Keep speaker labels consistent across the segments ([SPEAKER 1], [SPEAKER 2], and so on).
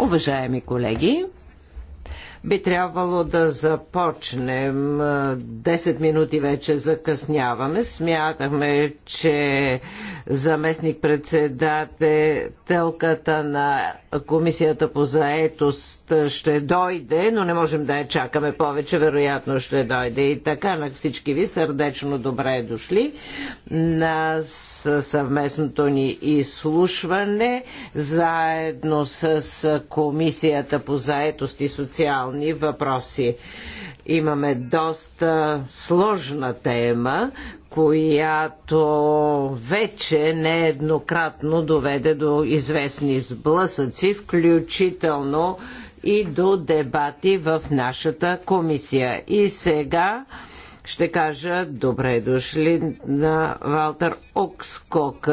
[SPEAKER 1] Уважаеми колеги, би трябвало да започнем. 10 минути вече закъсняваме. Смятахме, че заместник председателката на комисията по заетост ще дойде, но не можем да я чакаме повече, вероятно ще дойде. И така на всички ви сърдечно добре дошли на съвместното ни изслушване заедно с комисията по заетост и социални въпроси имаме доста сложна тема, която вече нееднократно доведе до известни сблъсъци, включително и до дебати в нашата комисия. И сега ще кажа добре дошли на Валтер Окскок,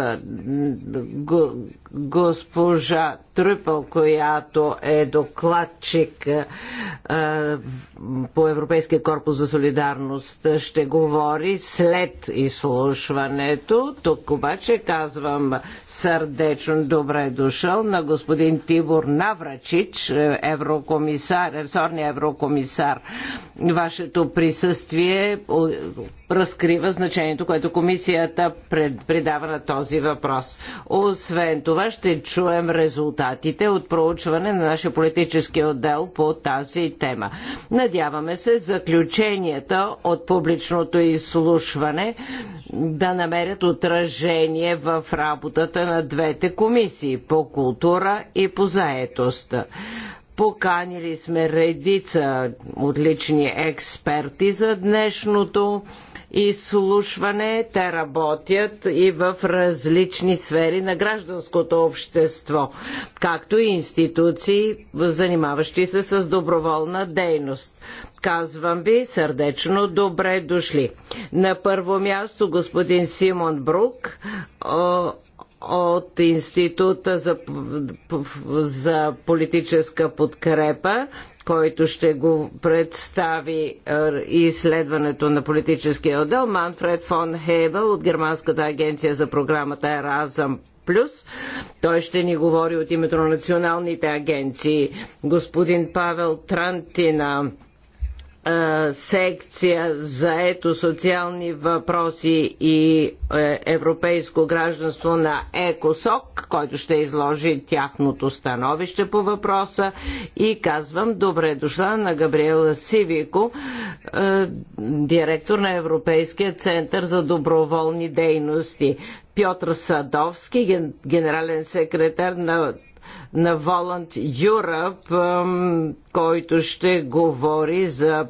[SPEAKER 1] госпожа Трюпел, която е докладчик е, по Европейския корпус за солидарност, ще говори след изслушването. Тук обаче казвам сърдечно добре дошъл на господин Тибор Наврачич, е, еврокомисар, ресорния еврокомисар. Вашето присъствие разкрива значението, което комисията пред, придава на този въпрос. Освен това ще чуем резултатите от проучване на нашия политически отдел по тази тема. Надяваме се заключенията от публичното изслушване да намерят отражение в работата на двете комисии по култура и по заетост. Поканили сме редица отлични експерти за днешното изслушване. Те работят и в различни сфери на гражданското общество, както и институции, занимаващи се с доброволна дейност. Казвам ви сърдечно добре дошли. На първо място господин Симон Брук от Института за, за политическа подкрепа, който ще го представи изследването на политическия отдел, Манфред фон Хейбел от Германската агенция за програмата Еразъм Плюс. Той ще ни говори от името на националните агенции. Господин Павел Трантина секция за ето социални въпроси и е, европейско гражданство на ЕКОСОК, който ще изложи тяхното становище по въпроса и казвам добре дошла на Габриела Сивико, е, директор на Европейския център за доброволни дейности. Пьотър Садовски, генерален секретар на на Воланд Юръп, който ще говори за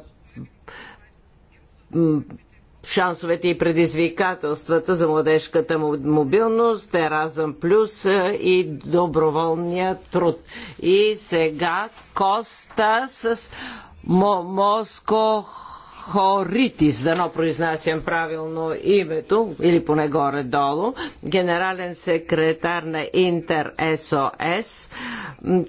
[SPEAKER 1] шансовете и предизвикателствата за младежката мобилност, Еразъм Плюс и доброволния труд. И сега Коста с Моско Хоритис, дано произнасям правилно името, или поне горе-долу, генерален секретар на Интер СОС,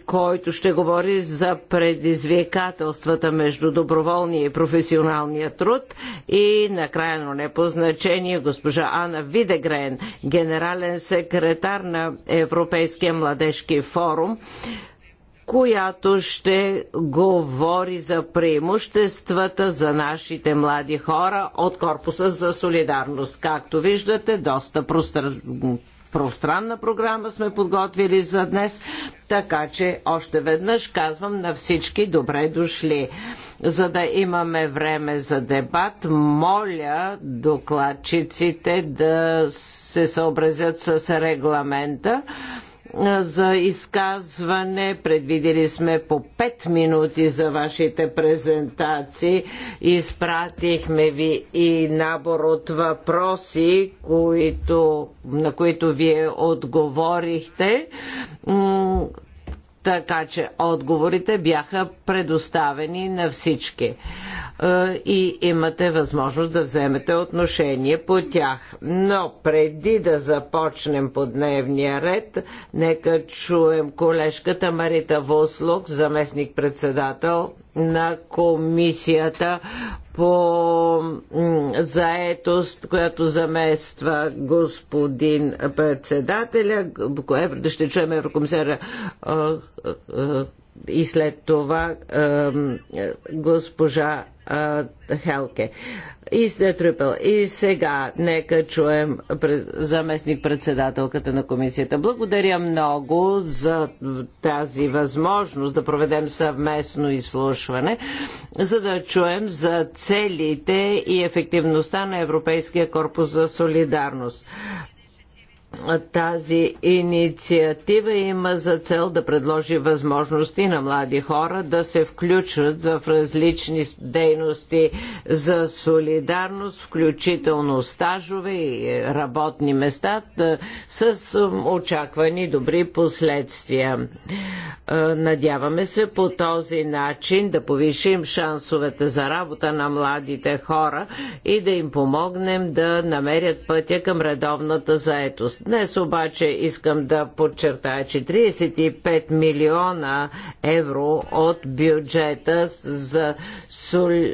[SPEAKER 1] който ще говори за предизвикателствата между доброволния и професионалния труд и накрая, но не по значение, госпожа Ана Видегрен, генерален секретар на Европейския младежки форум, която ще говори за преимуществата за нашите млади хора от Корпуса за солидарност. Както виждате, доста пространна програма сме подготвили за днес, така че още веднъж казвам на всички добре дошли. За да имаме време за дебат, моля докладчиците да се съобразят с регламента за изказване. Предвидели сме по 5 минути за вашите презентации. Изпратихме ви и набор от въпроси, които, на които вие отговорихте. Така че отговорите бяха предоставени на всички. Е, и имате възможност да вземете отношение по тях. Но преди да започнем по дневния ред, нека чуем колежката Марита Вослук, заместник-председател на комисията по заетост, която замества господин председателя. Ще чуем еврокомисаря и след това госпожа Хелке и Трюпел. И сега нека чуем заместник председателката на комисията. Благодаря много за тази възможност да проведем съвместно изслушване, за да чуем за целите и ефективността на Европейския корпус за солидарност тази инициатива има за цел да предложи възможности на млади хора да се включват в различни дейности за солидарност, включително стажове и работни места с очаквани добри последствия. Надяваме се по този начин да повишим шансовете за работа на младите хора и да им помогнем да намерят пътя към редовната заетост. Днес обаче искам да подчертая, че 35 милиона евро от бюджета за соль,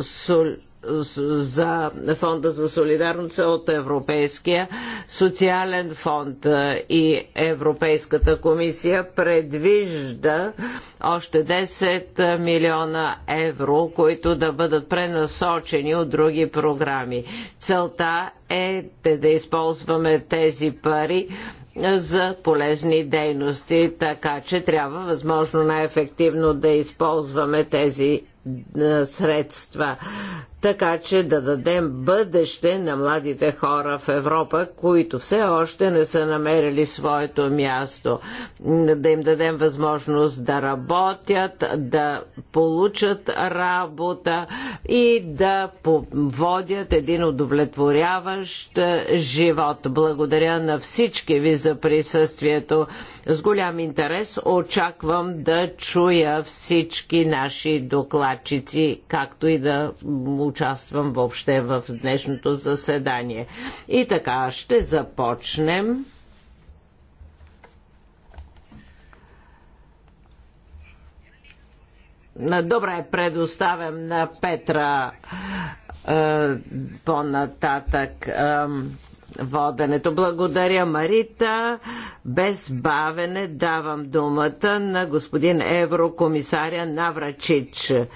[SPEAKER 1] соль за Фонда за солидарност от Европейския социален фонд и Европейската комисия предвижда още 10 милиона евро, които да бъдат пренасочени от други програми. Целта е да използваме тези пари за полезни дейности, така че трябва възможно най-ефективно да използваме тези средства така че да дадем бъдеще на младите хора в Европа, които все още не са намерили своето място. Да им дадем възможност да работят, да получат работа и да водят един удовлетворяващ живот. Благодаря на всички ви за присъствието. С голям интерес очаквам да чуя всички наши докладчици, както и да му участвам въобще в днешното заседание. И така, ще започнем. Добре, предоставям на Петра е, по-нататък е, воденето. Благодаря, Марита. Без бавене давам думата на господин еврокомисаря Наврачич. Е,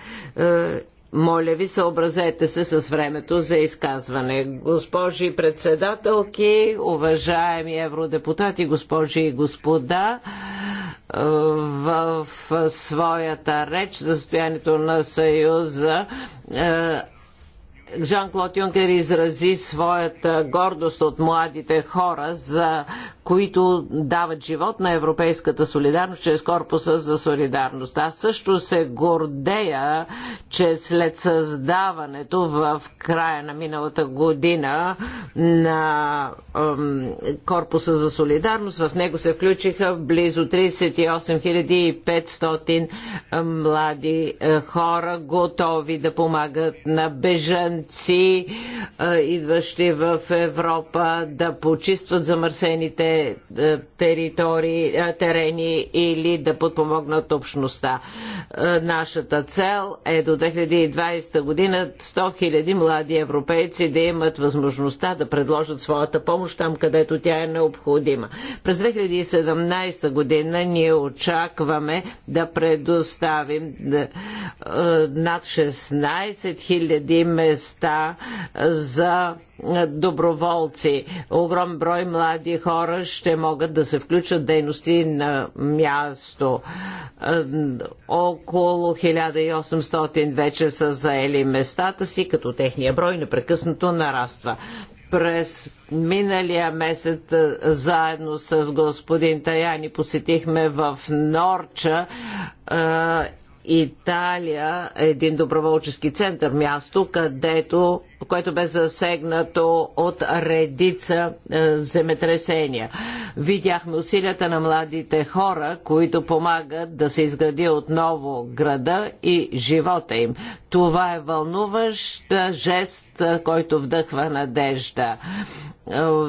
[SPEAKER 1] моля ви, съобразете се с времето за изказване. Госпожи председателки, уважаеми евродепутати, госпожи и господа, в своята реч за състоянието на Съюза е, Жан-Клод Юнкер изрази своята гордост от младите хора, за които дават живот на европейската солидарност чрез корпуса за солидарност. Аз също се гордея, че след създаването в края на миналата година на корпуса за солидарност, в него се включиха близо 38 500 млади е, хора, готови да помагат на бежанци немци, идващи в Европа, да почистват замърсените територии, терени или да подпомогнат общността. Нашата цел е до 2020 година 100 000 млади европейци да имат възможността да предложат своята помощ там, където тя е необходима. През 2017 година ние очакваме да предоставим над 16 000 места места за доброволци. Огром брой млади хора ще могат да се включат дейности на място. Около 1800 вече са заели местата си, като техния брой непрекъснато нараства през миналия месец заедно с господин Таяни посетихме в Норча Италия е един доброволчески център, място, където, което бе засегнато от редица е, земетресения. Видяхме усилията на младите хора, които помагат да се изгради отново града и живота им. Това е вълнуващ е, жест, е, който вдъхва надежда.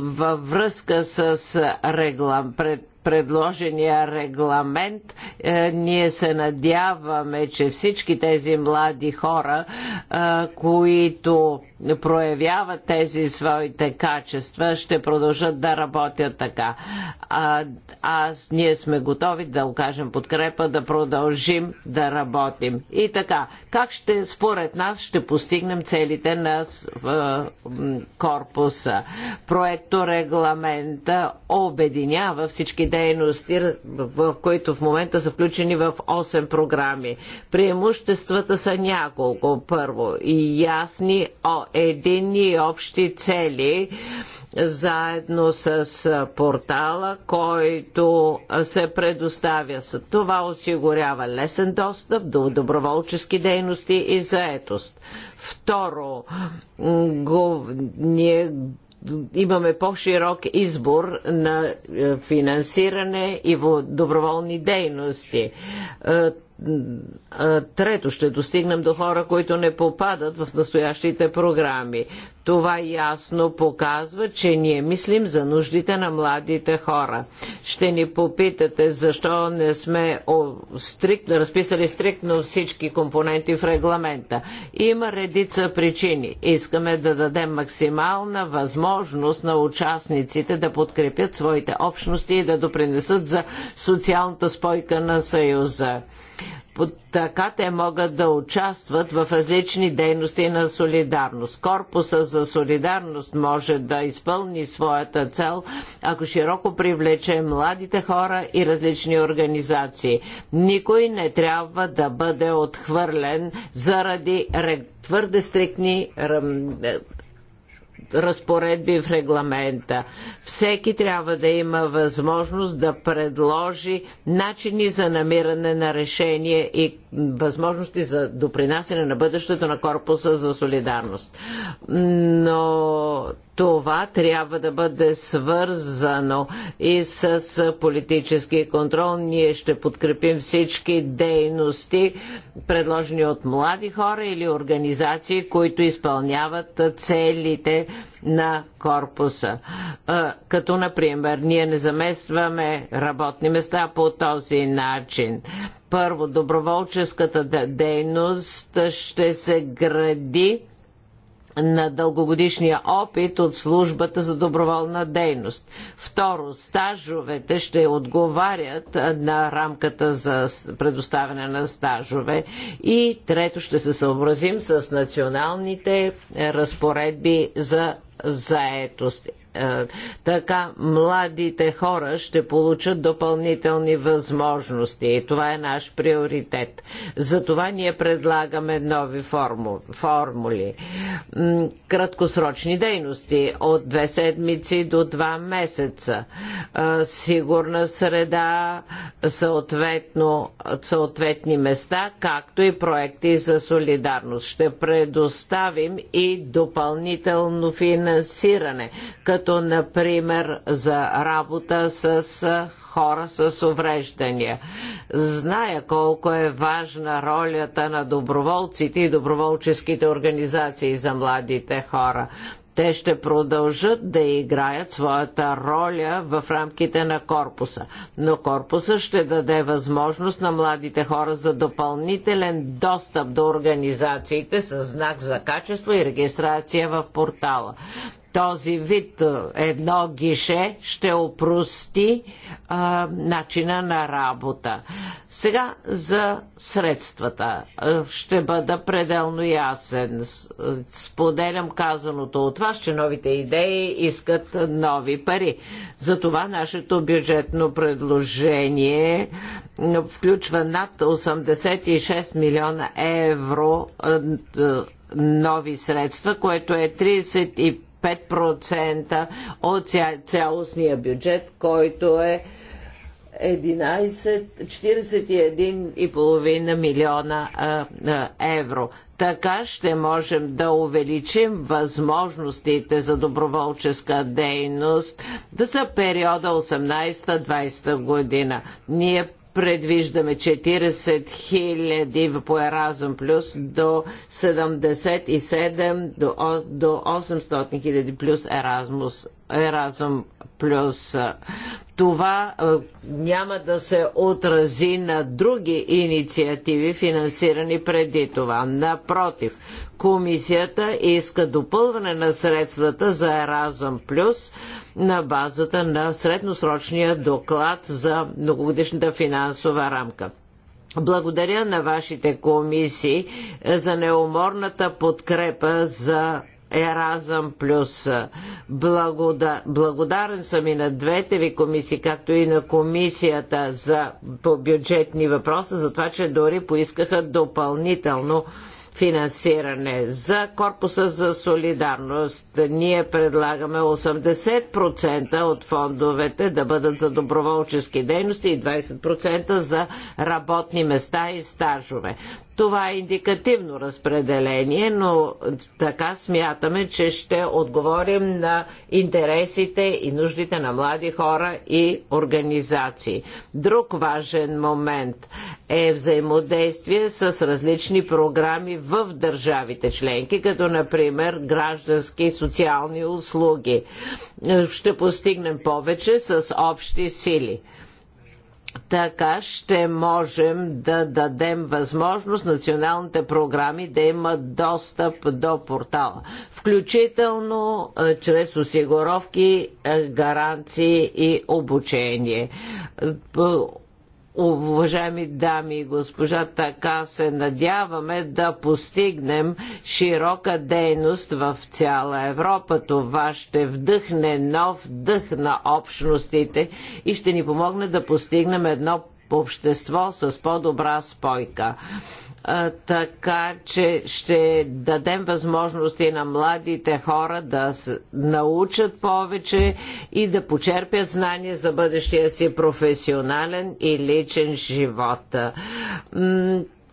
[SPEAKER 1] Във връзка с реглам, пред предложения регламент. Е, ние се надяваме, че всички тези млади хора, е, които проявяват тези своите качества, ще продължат да работят така. А, аз, ние сме готови да окажем подкрепа, да продължим да работим. И така, как ще, според нас, ще постигнем целите на корпуса? Проекто регламента обединява всички дейности, в които в момента са включени в 8 програми. Преимуществата са няколко. Първо, и ясни единни общи цели заедно с портала, който се предоставя. Това осигурява лесен достъп до доброволчески дейности и заетост. Второ, го, ние имаме по-широк избор на е, финансиране и доброволни дейности. Е, Трето, ще достигнем до хора, които не попадат в настоящите програми. Това ясно показва, че ние мислим за нуждите на младите хора. Ще ни попитате защо не сме о, разписали стриктно всички компоненти в регламента. Има редица причини. Искаме да дадем максимална възможност на участниците да подкрепят своите общности и да допринесат за социалната спойка на Съюза така те могат да участват в различни дейности на солидарност. Корпуса за солидарност може да изпълни своята цел, ако широко привлече младите хора и различни организации. Никой не трябва да бъде отхвърлен заради твърде стрикни разпоредби в регламента. Всеки трябва да има възможност да предложи начини за намиране на решение и възможности за допринасяне на бъдещето на корпуса за солидарност. Но това трябва да бъде свързано и с политически контрол. Ние ще подкрепим всички дейности, предложени от млади хора или организации, които изпълняват целите на корпуса. Като, например, ние не заместваме работни места по този начин. Първо, доброволческата дейност ще се гради на дългогодишния опит от службата за доброволна дейност. Второ, стажовете ще отговарят на рамката за предоставяне на стажове. И трето, ще се съобразим с националните разпоредби за заетост. Е, така младите хора ще получат допълнителни възможности и това е наш приоритет. Затова ние предлагаме нови формули. Краткосрочни дейности от две седмици до два месеца. Е, сигурна среда, съответно, съответни места, както и проекти за солидарност. Ще предоставим и допълнително финансиране, като като например за работа с хора с увреждания. Зная колко е важна ролята на доброволците и доброволческите организации за младите хора те ще продължат да играят своята роля в рамките на корпуса. Но корпуса ще даде възможност на младите хора за допълнителен достъп до организациите с знак за качество и регистрация в портала. Този вид едно гише ще опрости а, начина на работа. Сега за средствата. Ще бъда пределно ясен. Споделям казаното от вас, че новите идеи искат нови пари. Затова нашето бюджетно предложение включва над 86 милиона евро нови средства, което е 35 5% от цялостния бюджет, който е 11, 41,5 милиона а, а, евро. Така ще можем да увеличим възможностите за доброволческа дейност за периода 18-20 година. Ние предвиждаме 40 000 по Еразъм плюс до 77 до 800 000 плюс Еразмус Еразъм плюс. Това е, няма да се отрази на други инициативи, финансирани преди това. Напротив, комисията иска допълване на средствата за Еразъм плюс на базата на средносрочния доклад за многогодишната финансова рамка. Благодаря на вашите комисии е, за неуморната подкрепа за Еразъм Плюс. Благодарен съм и на двете ви комисии, както и на комисията за по бюджетни въпроса, за това, че дори поискаха допълнително финансиране. За Корпуса за солидарност ние предлагаме 80% от фондовете да бъдат за доброволчески дейности и 20% за работни места и стажове. Това е индикативно разпределение, но така смятаме, че ще отговорим на интересите и нуждите на млади хора и организации. Друг важен момент е взаимодействие с различни програми в държавите членки, като например граждански и социални услуги. Ще постигнем повече с общи сили. Така ще можем да дадем възможност националните програми да имат достъп до портала, включително е, чрез осигуровки, е, гаранции и обучение. Е, Уважаеми дами и госпожа, така се надяваме да постигнем широка дейност в цяла Европа. Това ще вдъхне нов дъх на общностите и ще ни помогне да постигнем едно общество с по-добра спойка така че ще дадем възможности на младите хора да научат повече и да почерпят знания за бъдещия си професионален и личен живот.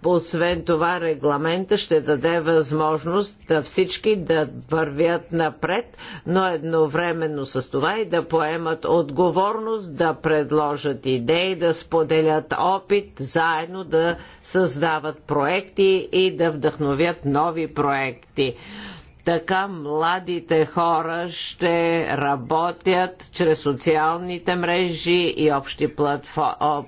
[SPEAKER 1] Освен това, регламента ще даде възможност на всички да вървят напред, но едновременно с това и да поемат отговорност, да предложат идеи, да споделят опит, заедно да създават проекти и да вдъхновят нови проекти. Така младите хора ще работят чрез социалните мрежи и общи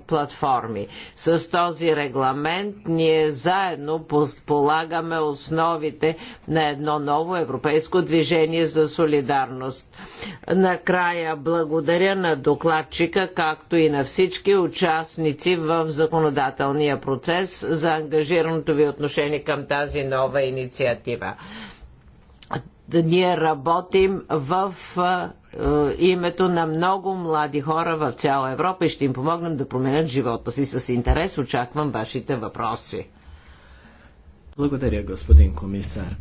[SPEAKER 1] платформи. С този регламент ние заедно полагаме основите на едно ново европейско движение за солидарност. Накрая благодаря на докладчика, както и на всички участници в законодателния процес за ангажираното ви отношение към тази нова инициатива ние работим в името на много млади хора в цяла Европа и ще им помогнем да променят живота си с интерес. Очаквам вашите въпроси.
[SPEAKER 2] Благодаря, господин комисар.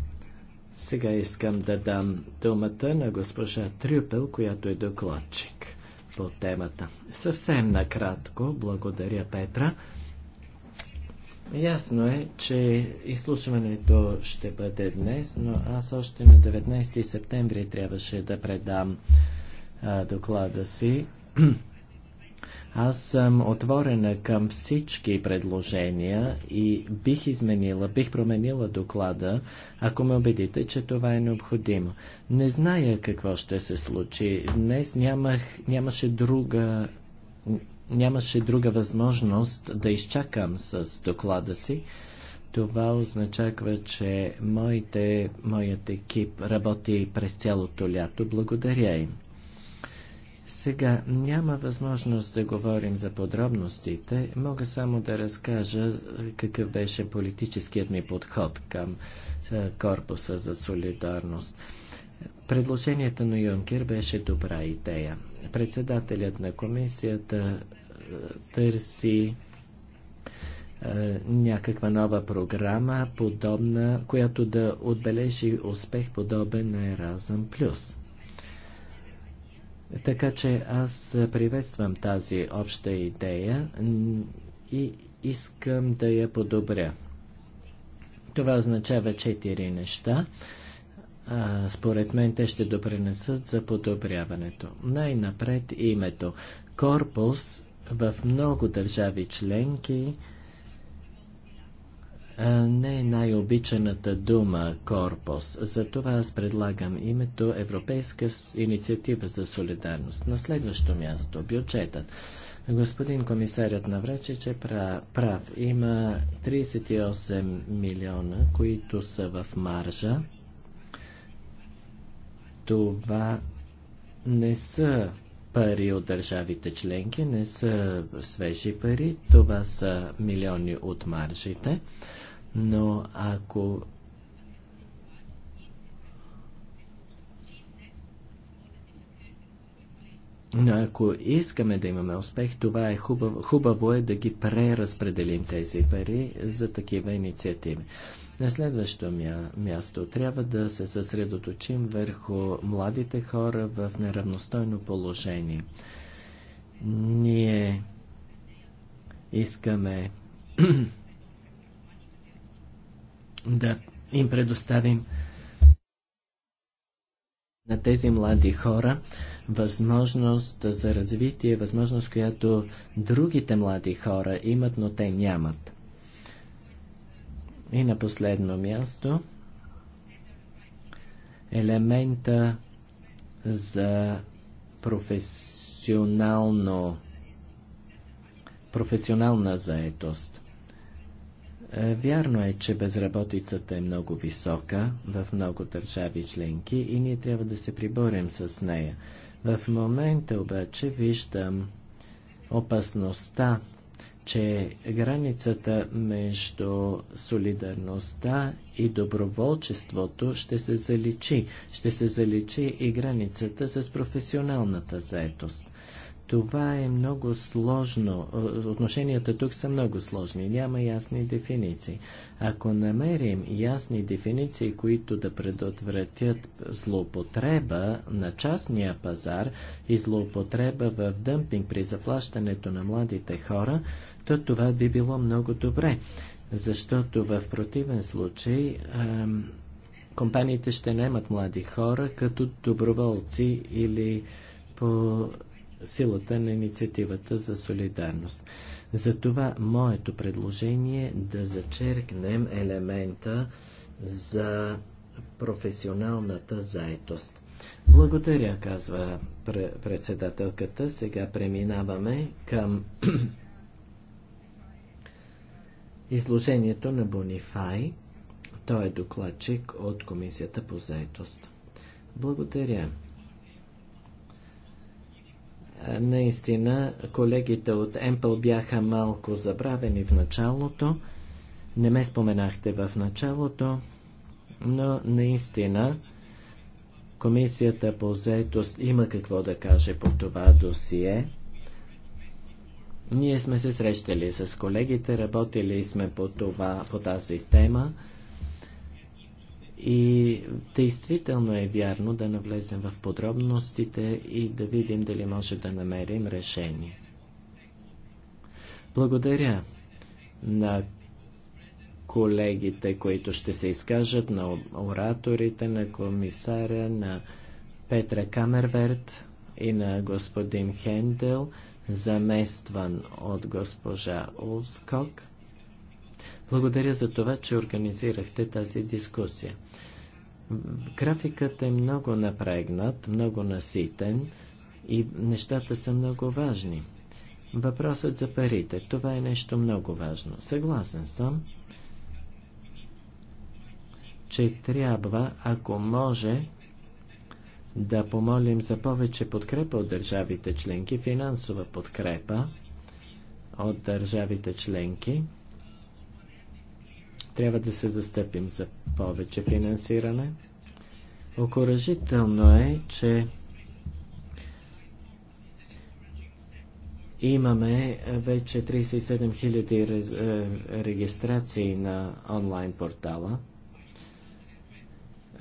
[SPEAKER 2] Сега искам да дам думата на госпожа Трюпел, която е докладчик по темата. Съвсем накратко, благодаря Петра. Ясно е, че изслушването ще бъде днес, но аз още на 19 септември трябваше да предам а, доклада си. Аз съм отворена към всички предложения и бих изменила, бих променила доклада, ако ме убедите, че това е необходимо. Не зная какво ще се случи. Днес нямах, нямаше друга нямаше друга възможност да изчакам с доклада си. Това означава, че моите, моят екип работи през цялото лято. Благодаря им. Сега няма възможност да говорим за подробностите. Мога само да разкажа е, какъв беше политическият ми подход към е, Корпуса за солидарност. Предложението на Юнкер беше добра идея председателят на комисията е, търси е, някаква нова програма, подобна, която да отбележи успех подобен на Еразъм Плюс. Така че аз приветствам тази обща идея и искам да я подобря. Това означава четири неща а, според мен те ще допринесат за подобряването. Най-напред името. Корпус в много държави членки не е най-обичаната дума корпус. Затова аз предлагам името Европейска инициатива за солидарност. На следващо място бюджетът. Господин комисарят наврече, че прав има 38 милиона, които са в маржа това не са пари от държавите членки, не са свежи пари, това са милиони от маржите, но ако Но ако искаме да имаме успех, това е хубаво. Хубаво е да ги преразпределим тези пари за такива инициативи. На следващо мя... място трябва да се съсредоточим върху младите хора в неравностойно положение. Ние искаме да им предоставим на тези млади хора възможност за развитие, възможност, която другите млади хора имат, но те нямат. И на последно място елемента за професионално професионална заетост. Е, вярно е, че безработицата е много висока в много държави членки и ние трябва да се приборим с нея. В момента обаче виждам опасността че границата между солидарността и доброволчеството ще се заличи. Ще се заличи и границата с професионалната заетост. Това е много сложно. Е, отношенията тук са много сложни. Няма ясни дефиниции. Ако намерим ясни дефиниции, които да предотвратят злоупотреба на частния пазар и злоупотреба в дъмпинг при заплащането на младите хора, то това би било много добре. Защото в противен случай компаниите ще наймат млади хора като доброволци или по силата на инициативата за солидарност. Затова моето предложение е да зачеркнем елемента за професионалната заетост. Благодаря, казва председателката. Сега преминаваме към изложението на Бонифай. Той е докладчик от Комисията по заетост. Благодаря. Наистина, колегите от Емпъл бяха малко забравени в началото. Не ме споменахте в началото, но наистина Комисията по заетост има какво да каже по това досие. Ние сме се срещали с колегите, работили сме по, това, по тази тема. И действително е вярно да навлезем в подробностите и да видим дали може да намерим решение. Благодаря на колегите, които ще се изкажат, на ораторите, на комисаря, на Петра Камерберт и на господин Хендел, заместван от госпожа Олскок. Благодаря за това, че организирахте тази дискусия. Графикът е много напрегнат, много наситен и нещата са много важни. Въпросът за парите. Това е нещо много важно. Съгласен съм, че трябва, ако може, да помолим за повече подкрепа от държавите членки, финансова подкрепа от държавите членки. Трябва да се застъпим за повече финансиране. Окоръжително е, че имаме вече 37 000 е, регистрации на онлайн портала.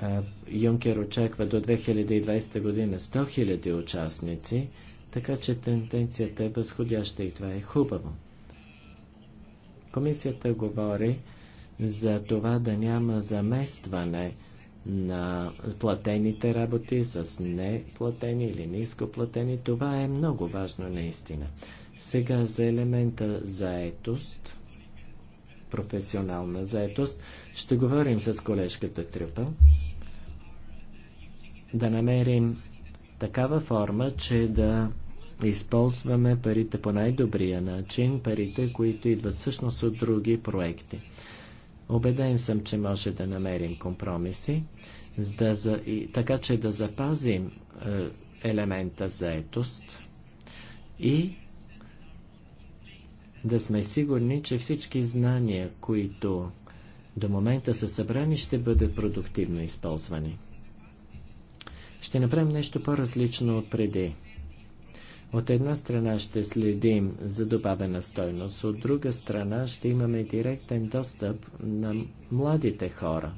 [SPEAKER 2] Е, Юнкер очаква до 2020 година 100 000 участници, така че тенденцията е възходяща и това е хубаво. Комисията говори за това да няма заместване на платените работи с неплатени или нископлатени. Това е много важно наистина. Сега за елемента заетост, професионална заетост, ще говорим с колежката Трюпел да намерим такава форма, че да използваме парите по най-добрия начин, парите, които идват всъщност от други проекти. Обеден съм, че може да намерим компромиси, да за, и, така че да запазим е, елемента заетост и да сме сигурни, че всички знания, които до момента са събрани, ще бъдат продуктивно използвани. Ще направим нещо по-различно от преди. От една страна ще следим за добавена стойност, от друга страна ще имаме директен достъп на младите хора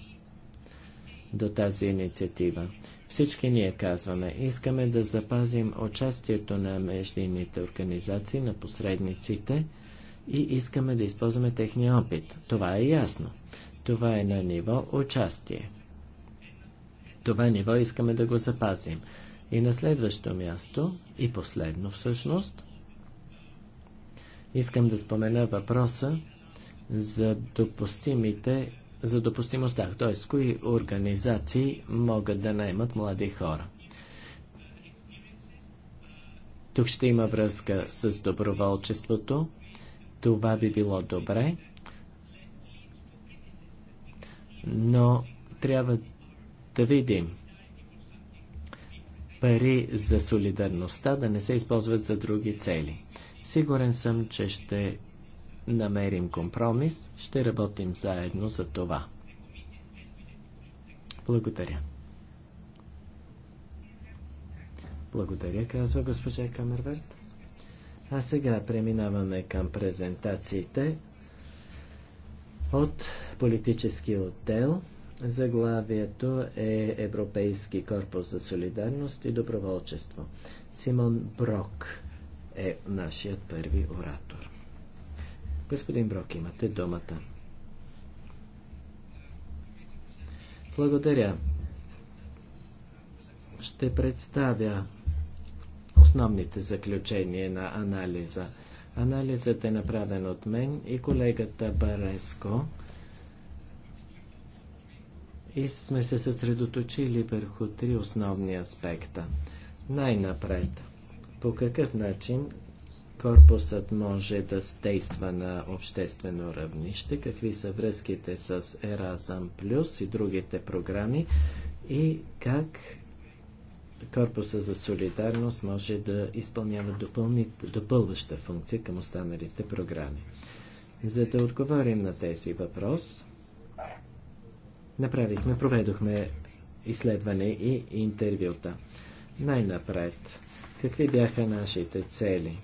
[SPEAKER 2] до тази инициатива. Всички ние казваме, искаме да запазим участието на междинните организации, на посредниците и искаме да използваме техния опит. Това е ясно. Това е на ниво участие. Това ниво искаме да го запазим. И на следващо място, и последно всъщност, искам да спомена въпроса за допустимите за допустимостта, т.е. кои организации могат да наймат млади хора. Тук ще има връзка с доброволчеството. Това би било добре, но трябва да видим пари за солидарността да не се използват за други цели. Сигурен съм, че ще намерим компромис, ще работим заедно за това. Благодаря. Благодаря, казва госпожа Камерверт. А сега преминаваме към презентациите от политическия отдел. Заглавието е Европейски корпус за солидарност и доброволчество. Симон Брок е нашият първи оратор. Господин Брок, имате думата. Благодаря. Ще представя основните заключения на анализа. Анализът е направен от мен и колегата Бареско и сме се съсредоточили върху три основни аспекта. Най-напред, по какъв начин корпусът може да действа на обществено равнище, какви са връзките с Erasmus Plus и другите програми и как корпуса за солидарност може да изпълнява допълни, допълваща функция към останалите програми. За да отговорим на тези въпрос, направихме, проведохме изследване и интервюта. Най-напред, какви бяха нашите цели?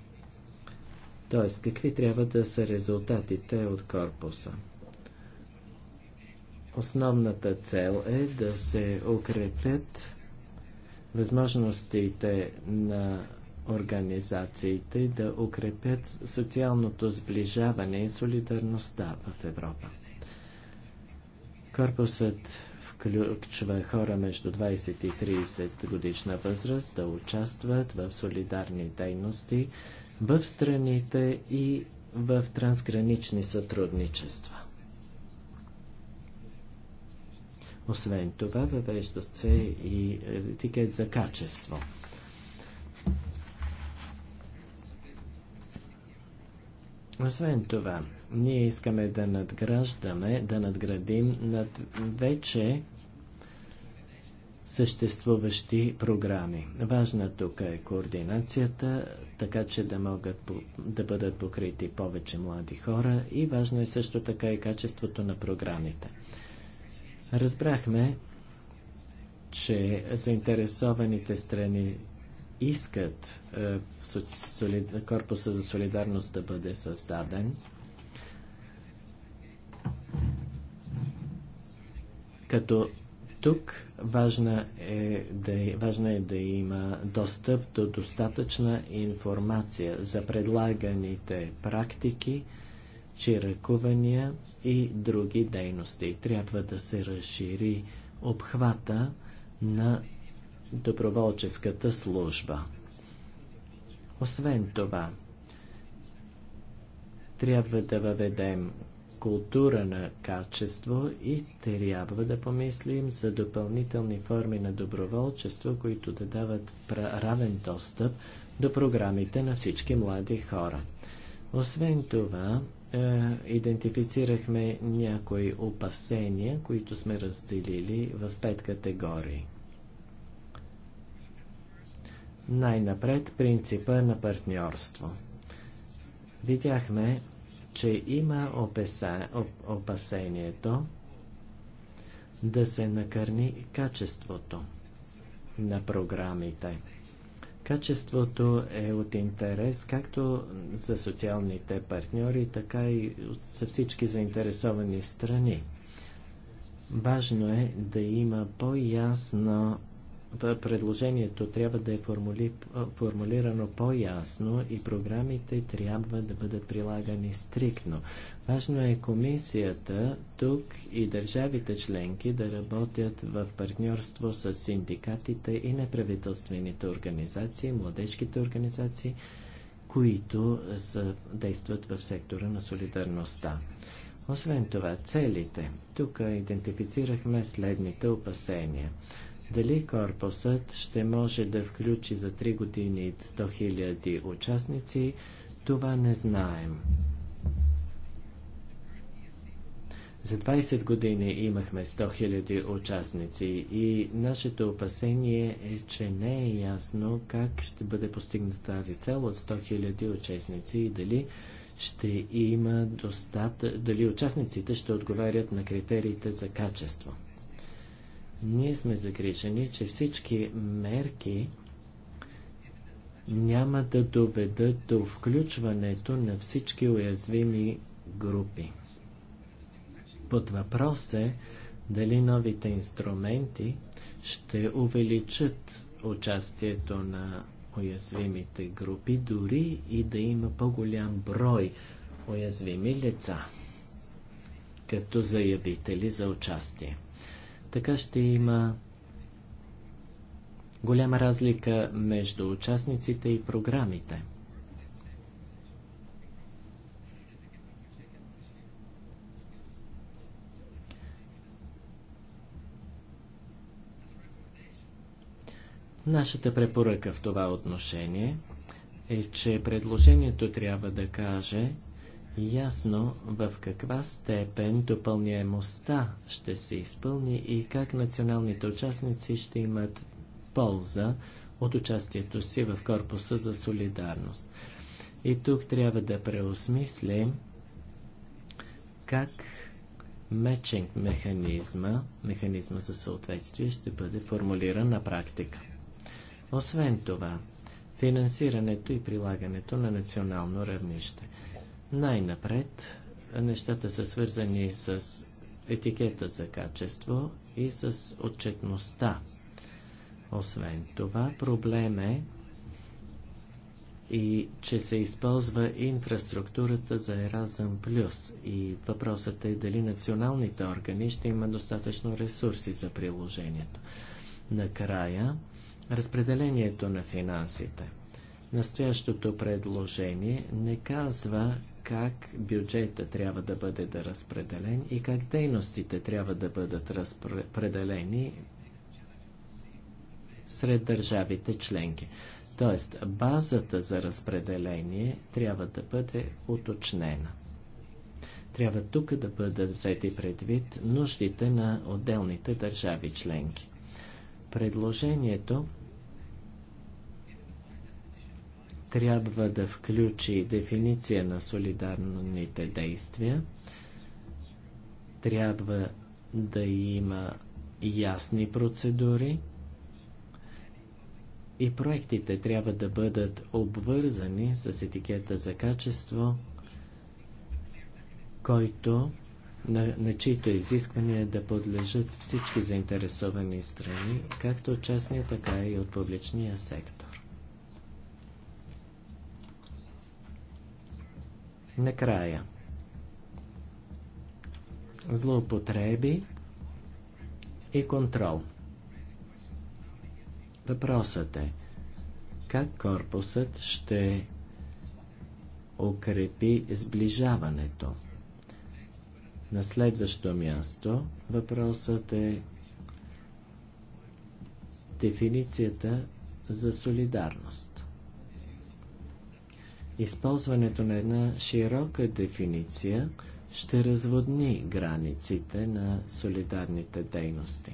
[SPEAKER 2] Тоест, какви трябва да са резултатите от корпуса? Основната цел е да се укрепят възможностите на организациите да укрепят социалното сближаване и солидарността в Европа. Корпусът включва хора между 20 и 30 годишна възраст да участват в солидарни дейности в страните и в трансгранични сътрудничества. Освен това, въвежда се и етикет за качество. Освен това, ние искаме да надграждаме, да надградим над вече съществуващи програми. Важна тук е координацията, така че да могат да бъдат покрити повече млади хора и важно е също така и качеството на програмите. Разбрахме, че заинтересованите страни искат е, корпуса за солидарност да бъде създаден. Като тук важна е, да, важно е да има достъп до достатъчна информация за предлаганите практики, чиракувания и други дейности. Трябва да се разшири обхвата на доброволческата служба. Освен това, трябва да въведем култура на качество и трябва да помислим за допълнителни форми на доброволчество, които да дават равен достъп до програмите на всички млади хора. Освен това, е, идентифицирахме някои опасения, които сме разделили в пет категории. Най-напред принципа на партньорство. Видяхме, че има опеса, об, опасението да се накърни качеството на програмите. Качеството е от интерес както за социалните партньори, така и за всички заинтересовани страни. Важно е да има по-ясно предложението трябва да е формули, формулирано по-ясно и програмите трябва да бъдат прилагани стриктно. Важно е комисията тук и държавите членки да работят в партньорство с синдикатите и неправителствените организации, младежките организации, които са, действат в сектора на солидарността. Освен това, целите. Тук идентифицирахме следните опасения – дали корпусът ще може да включи за 3 години 100 000 участници, това не знаем. За 20 години имахме 100 000 участници и нашето опасение е, че не е ясно как ще бъде постигната тази цел от 100 000 участници и дали ще има достатъчно, дали участниците ще отговарят на критериите за качество. Ние сме загрижени, че всички мерки няма да доведат до включването на всички уязвими групи. Под въпрос е дали новите инструменти ще увеличат участието на уязвимите групи, дори и да има по-голям брой уязвими лица като заявители за участие. Така ще има голяма разлика между участниците и програмите. Нашата препоръка в това отношение е, че предложението трябва да каже, ясно в каква степен допълняемостта ще се изпълни и как националните участници ще имат полза от участието си в Корпуса за солидарност. И тук трябва да преосмислим как мечинг механизма, механизма за съответствие ще бъде формулиран на практика. Освен това, финансирането и прилагането на национално равнище – най-напред нещата са свързани с етикета за качество и с отчетността. Освен това, проблем е и че се използва инфраструктурата за Еразъм Плюс. И въпросът е дали националните органи ще има достатъчно ресурси за приложението. Накрая, разпределението на финансите. Настоящото предложение не казва как бюджета трябва да бъде да разпределен и как дейностите трябва да бъдат разпределени сред държавите членки. Тоест, базата за разпределение трябва да бъде уточнена. Трябва тук да бъдат взети предвид нуждите на отделните държави членки. Предложението трябва да включи дефиниция на солидарните действия, трябва да има ясни процедури и проектите трябва да бъдат обвързани с етикета за качество, който на, на чието изисквания да подлежат всички заинтересовани страни, както от частния, така и от публичния сектор. Накрая. Злоупотреби и контрол. Въпросът е как корпусът ще укрепи сближаването. На следващо място въпросът е дефиницията за солидарност. Използването на една широка дефиниция ще разводни границите на солидарните дейности.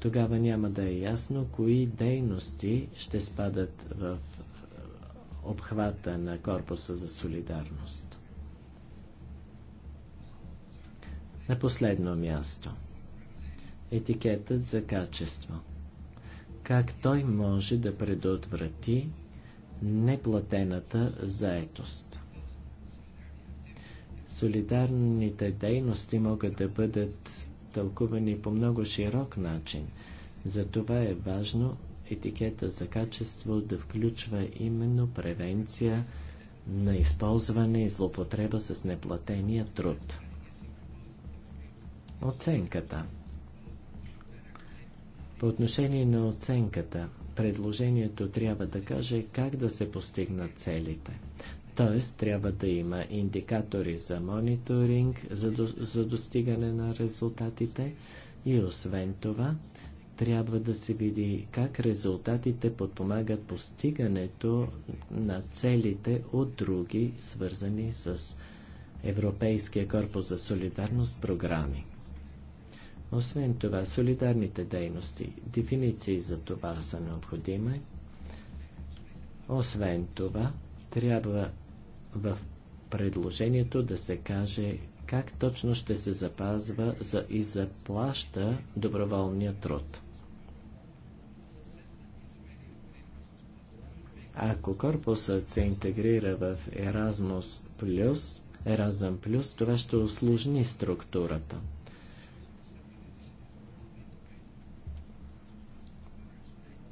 [SPEAKER 2] Тогава няма да е ясно кои дейности ще спадат в е, обхвата на Корпуса за солидарност. На последно място. Етикетът за качество. Как той може да предотврати неплатената заетост. Солидарните дейности могат да бъдат тълкувани по много широк начин. Затова е важно етикета за качество да включва именно превенция на използване и злопотреба с неплатения труд. Оценката По отношение на оценката – предложението трябва да каже как да се постигнат целите. Тоест, трябва да има индикатори за мониторинг, за, до, за достигане на резултатите и освен това, трябва да се види как резултатите подпомагат постигането на целите от други, свързани с Европейския корпус за солидарност програми. Освен това, солидарните дейности, дефиниции за това са необходими. Освен това, трябва в предложението да се каже как точно ще се запазва за и заплаща доброволния труд. Ако корпусът се интегрира в Erasmus+, Erasmus+, това ще усложни структурата.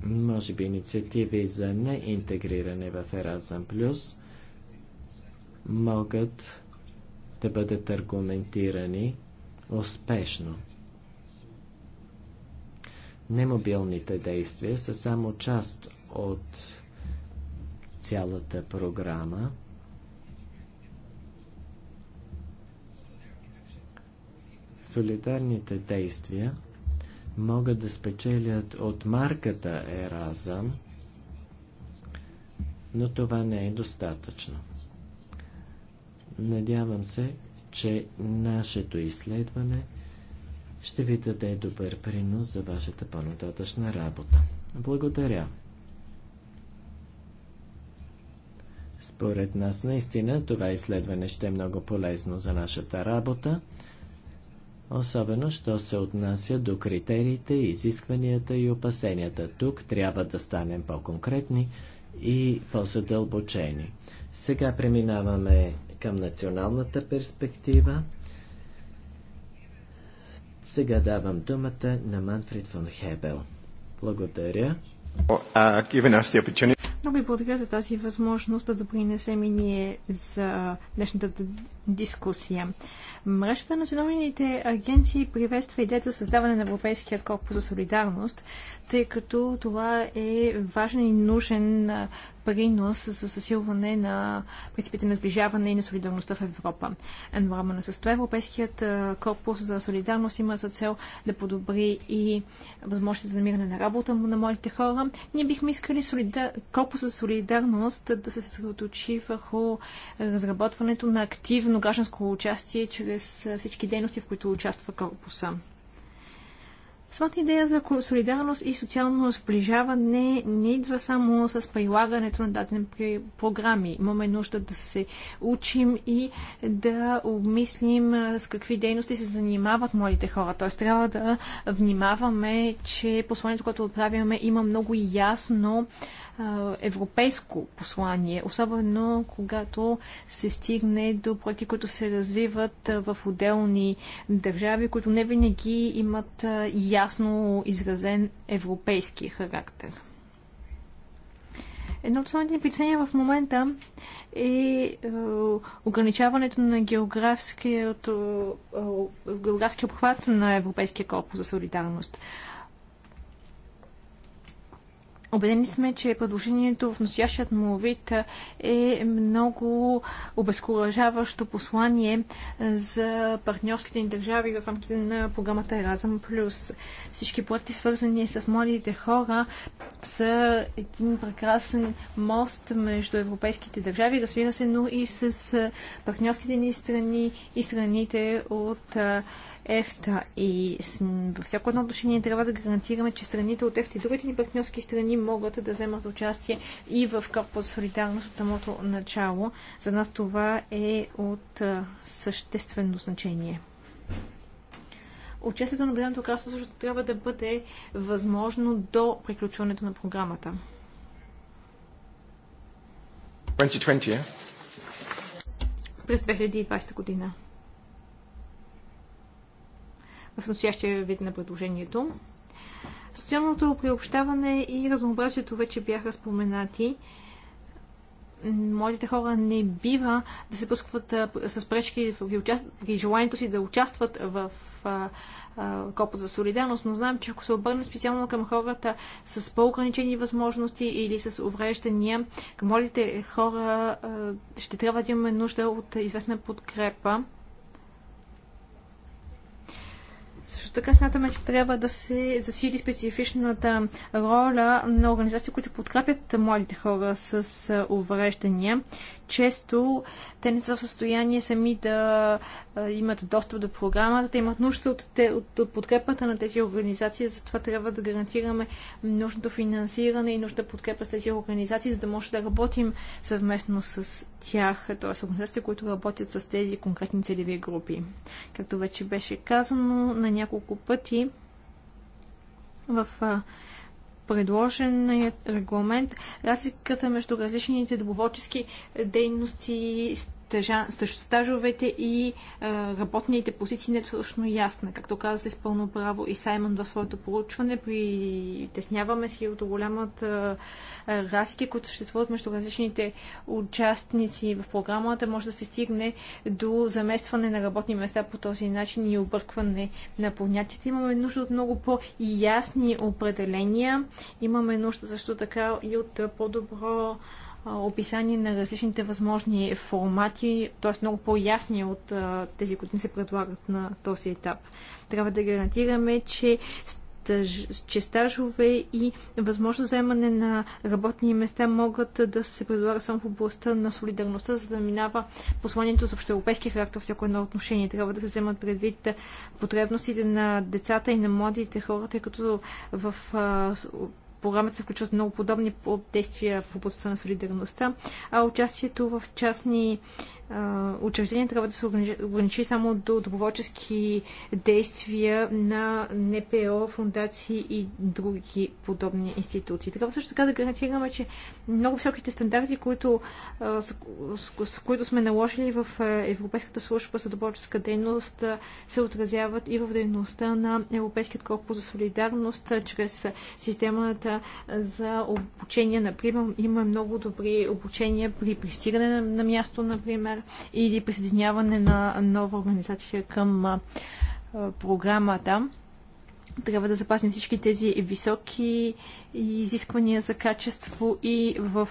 [SPEAKER 2] може би инициативи за неинтегриране в Еразъм Плюс могат да бъдат аргументирани успешно. Немобилните действия са само част от цялата програма. Солидарните действия – могат да спечелят от марката Еразъм, но това не е достатъчно. Надявам се, че нашето изследване ще ви даде добър принос за вашата по-нататъчна работа. Благодаря! Според нас наистина това изследване ще е много полезно за нашата работа особено що се отнася до критериите, изискванията и опасенията. Тук трябва да станем по-конкретни и по-задълбочени. Сега преминаваме към националната перспектива. Сега давам думата на Манфрид фон Хебел. Благодаря. Много ви
[SPEAKER 3] благодаря за тази възможност да допринесем и ние за днешната дискусия. Мрежата на националните агенции приветства идеята за създаване на Европейският корпус за солидарност, тъй като това е важен и нужен принос за засилване на принципите на сближаване и на солидарността в Европа. Едновременно с това Европейският корпус за солидарност има за цел да подобри и възможности за намиране на работа на младите хора. Ние бихме искали солидар... корпус за солидарност да се съсредоточи върху разработването на активна активно гражданско участие чрез всички дейности, в които участва корпуса. Самата идея за солидарност и социално сближаване не идва само с прилагането на дадени програми. Имаме нужда да се учим и да обмислим с какви дейности се занимават младите хора. Т.е. трябва да внимаваме, че посланието, което отправяме, има много ясно европейско послание, особено когато се стигне до проекти, които се развиват в отделни държави, които не винаги имат ясно изразен европейски характер. Едно от основните притеснения в момента е, е ограничаването на е, е, географския обхват на Европейския корпус за солидарност. Обедени сме, че предложението в настоящият му вид е много обезкуражаващо послание за партньорските ни държави в рамките на програмата Еразъм Плюс. Всички проекти, свързани с младите хора, са един прекрасен мост между европейските държави, разбира се, но и с партньорските ни страни и страните от ЕФТА и във всяко едно отношение трябва да гарантираме, че страните от ЕФТА и другите ни партньорски страни могат да вземат участие и в корпус солидарност от самото начало. За нас това е от съществено значение. Участието на Обединеното кралство също трябва да бъде възможно до приключването на програмата. 2020, През 2020 година в настоящия вид на предложението. Социалното приобщаване и разнообразието вече бяха споменати. Младите хора не бива да се блъскват с пречки при желанието си да участват в Копа за солидарност, но знаем, че ако се обърнем специално към хората с по-ограничени възможности или с увреждания, към младите хора ще трябва да имаме нужда от известна подкрепа. Също така смятаме, че трябва да се засили специфичната роля на организации, които подкрепят младите хора с увреждания често те не са в състояние сами да имат достъп до програмата, да имат нужда от, те, от, от подкрепата на тези организации, затова трябва да гарантираме нужното финансиране и нужда подкрепа с тези организации, за да може да работим съвместно с тях, т.е. организациите, които работят с тези конкретни целеви групи. Както вече беше казано на няколко пъти, в предложеният регламент разликата между различните доброволчески дейности стажовете и а, е, работните позиции не е точно ясна. Както каза с пълно право и Саймон в своето проучване, притесняваме си от голямата е, разлика, които съществуват между различните участници в програмата. Може да се стигне до заместване на работни места по този начин и объркване на понятията. Имаме нужда от много по-ясни определения. Имаме нужда също така и от по-добро описание на различните възможни формати, т.е. много по-ясни от тези, които ни се предлагат на този етап. Трябва да гарантираме, че че стажове и възможно заемане на работни места могат да се предлагат само в областта на солидарността, за да минава посланието за общеевропейски характер всяко едно отношение. Трябва да се вземат предвид потребностите на децата и на младите хора, тъй като в програмата се включват много подобни действия в областта на солидарността, а участието в частни учреждение трябва да се ограничи само до доброволчески действия на НПО, фундации и други подобни институции. Трябва също така да гарантираме, че много високите стандарти, които, с, с, с които сме наложили в Европейската служба за доброволческа дейност, се отразяват и в дейността на Европейският корпус за солидарност чрез системата за обучение. Например, има много добри обучения при пристигане на място, например, или присъединяване на нова организация към програмата. Трябва да запазим всички тези високи изисквания за качество и в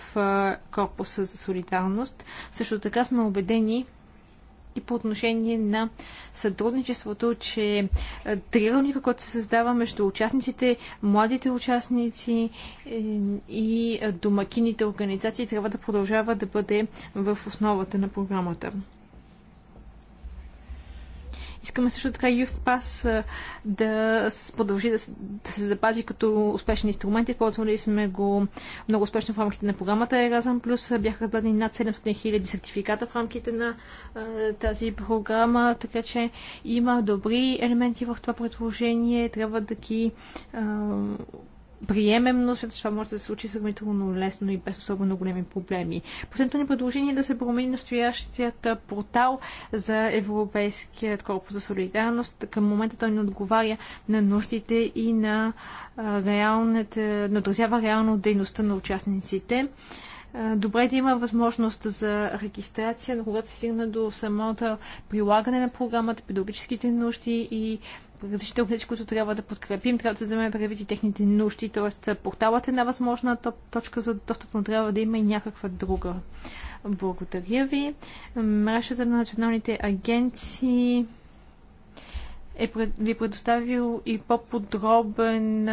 [SPEAKER 3] корпуса за солидарност. Също така сме убедени, и по отношение на сътрудничеството, че е, триъгълника, който се създава между участниците, младите участници е, и е, домакините организации, трябва да продължава да бъде в основата на програмата. Искаме също така Pass да продължи да, да се запази като успешен инструмент. Използвали сме го много успешно в рамките на програмата Erasmus+. Плюс бяха раздадени над 700 000 сертификата в рамките на а, тази програма, така че има добри елементи в това предложение. Трябва да ги а, приемем, но след това може да се случи сравнително лесно и без особено големи проблеми. Последното ни предложение е да се промени настоящият портал за Европейският корпус за солидарност. Към момента той не отговаря на нуждите и на реалните, не отразява реално дейността на участниците. Добре да има възможност за регистрация, но когато се стигна до самото прилагане на програмата, педагогическите нужди и различните организации, които трябва да подкрепим, трябва да се вземем предвид и техните нужди, т.е. порталът е една възможна точка за достъп, но трябва да има и някаква друга. Благодаря ви. Мрежата на националните агенции е ви предоставил и по-подробен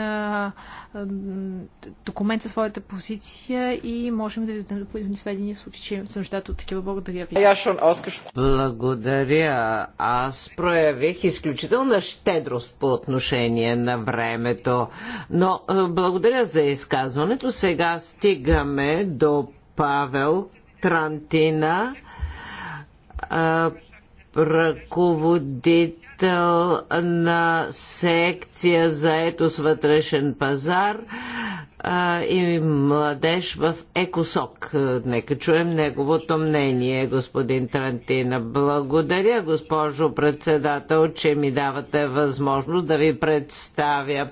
[SPEAKER 3] документ със своята позиция и можем да ви дадем допълнителни сведения в случай, че съм нуждаете от такива. Благодаря ви.
[SPEAKER 1] Благодаря. Аз проявих изключителна щедрост по отношение на времето, но благодаря за изказването. Сега стигаме до Павел Трантина, ръководител ръководител на секция за етос вътрешен пазар а, и младеж в ЕКОСОК. Е, нека чуем неговото мнение, господин Трантина. Благодаря, госпожо председател, че ми давате възможност да ви представя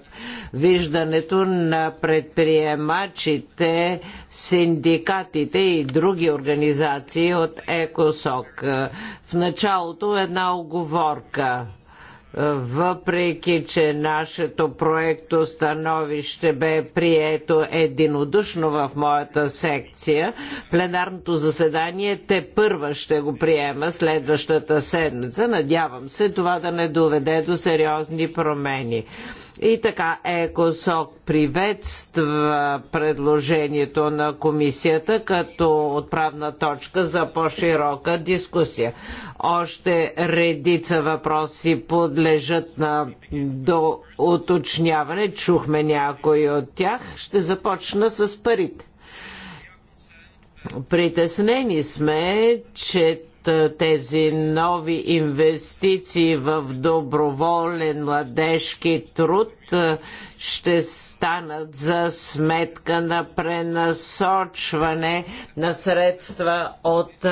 [SPEAKER 1] виждането на предприемачите, синдикатите и други организации от ЕКОСОК. Е, в началото една оговорка въпреки че нашето проекто становище бе прието единодушно в моята секция, пленарното заседание те първа ще го приема следващата седмица. Надявам се това да не доведе до сериозни промени. И така, ЕКОСОК приветства предложението на комисията като отправна точка за по-широка дискусия. Още редица въпроси подлежат на до уточняване. Чухме някои от тях. Ще започна с парите. Притеснени сме, че е, тези нови инвестиции в доброволен младежки труд е, ще станат за сметка на пренасочване на средства от е,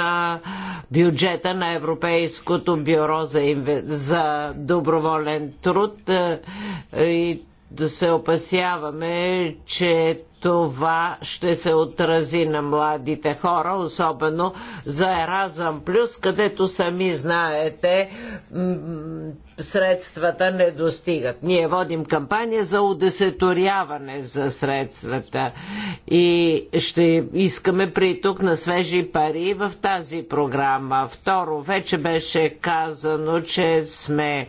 [SPEAKER 1] бюджета на Европейското бюро за, инве... за доброволен труд и да се опасяваме, че това ще се отрази на младите хора, особено за Еразъм Плюс, където сами знаете средствата не достигат. Ние водим кампания за удесеторяване за средствата и ще искаме приток на свежи пари в тази програма. Второ, вече беше казано, че сме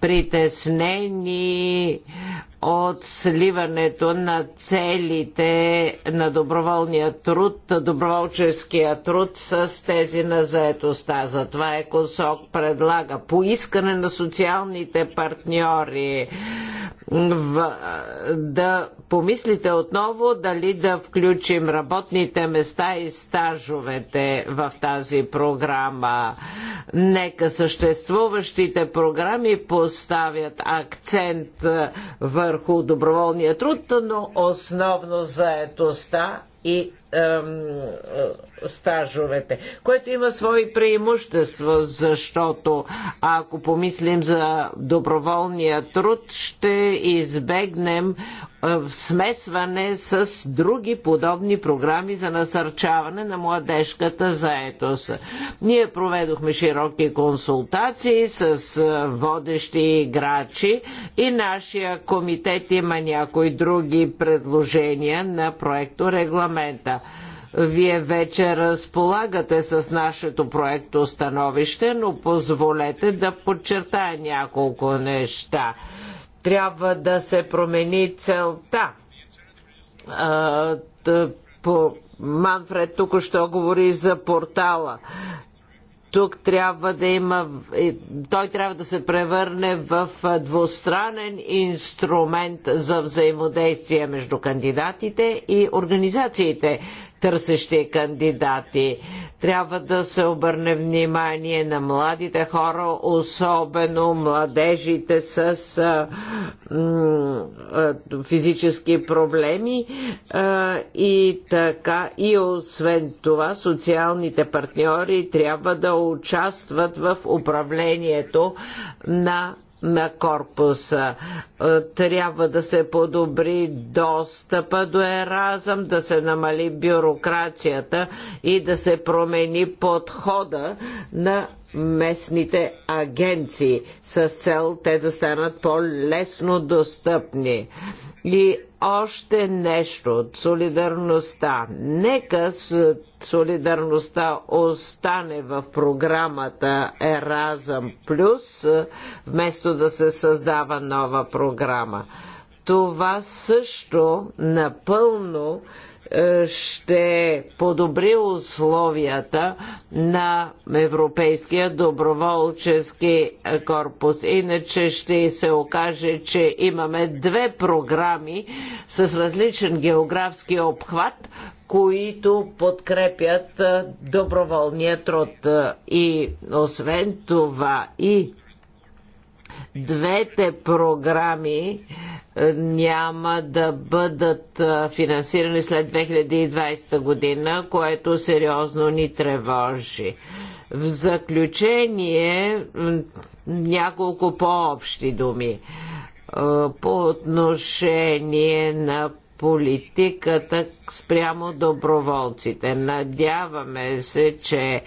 [SPEAKER 1] притеснени от сливането на целите на доброволния труд, доброволческия труд с тези на заетостта. Затова ЕКОСОК предлага поискане на социалните партньори в, да помислите отново дали да включим работните места и стажовете в тази програма. Нека съществуващите програми поставят акцент върху доброволния труд, но основно заетостта и стажовете, което има свои преимущества, защото ако помислим за доброволния труд, ще избегнем смесване с други подобни програми за насърчаване на младежката заетост. Ние проведохме широки консултации с водещи играчи и нашия комитет има някои други предложения на проекто регламента. Вие вече разполагате с нашето проекто становище, но позволете да подчертая няколко неща. Трябва да се промени целта. Манфред тук още говори за портала тук трябва да има, е, той трябва да се превърне в двустранен инструмент за взаимодействие между кандидатите и организациите търсещи кандидати. Трябва да се обърне внимание на младите хора, особено младежите с физически проблеми и така и освен това социалните партньори трябва да участват в управлението на на корпуса. Е, трябва да се подобри достъпа до еразъм, да се намали бюрокрацията и да се промени подхода на местните агенции с цел те да станат по-лесно достъпни. И още нещо от солидарността. Нека с солидарността остане в програмата Еразъм Плюс, вместо да се създава нова програма. Това също напълно е, ще подобри условията на Европейския доброволчески корпус. Иначе ще се окаже, че имаме две програми с различен географски обхват, които подкрепят доброволния труд. И освен това и двете програми няма да бъдат финансирани след 2020 година, което сериозно ни тревожи. В заключение няколко по-общи думи по отношение на политиката спрямо доброволците. Надяваме се, че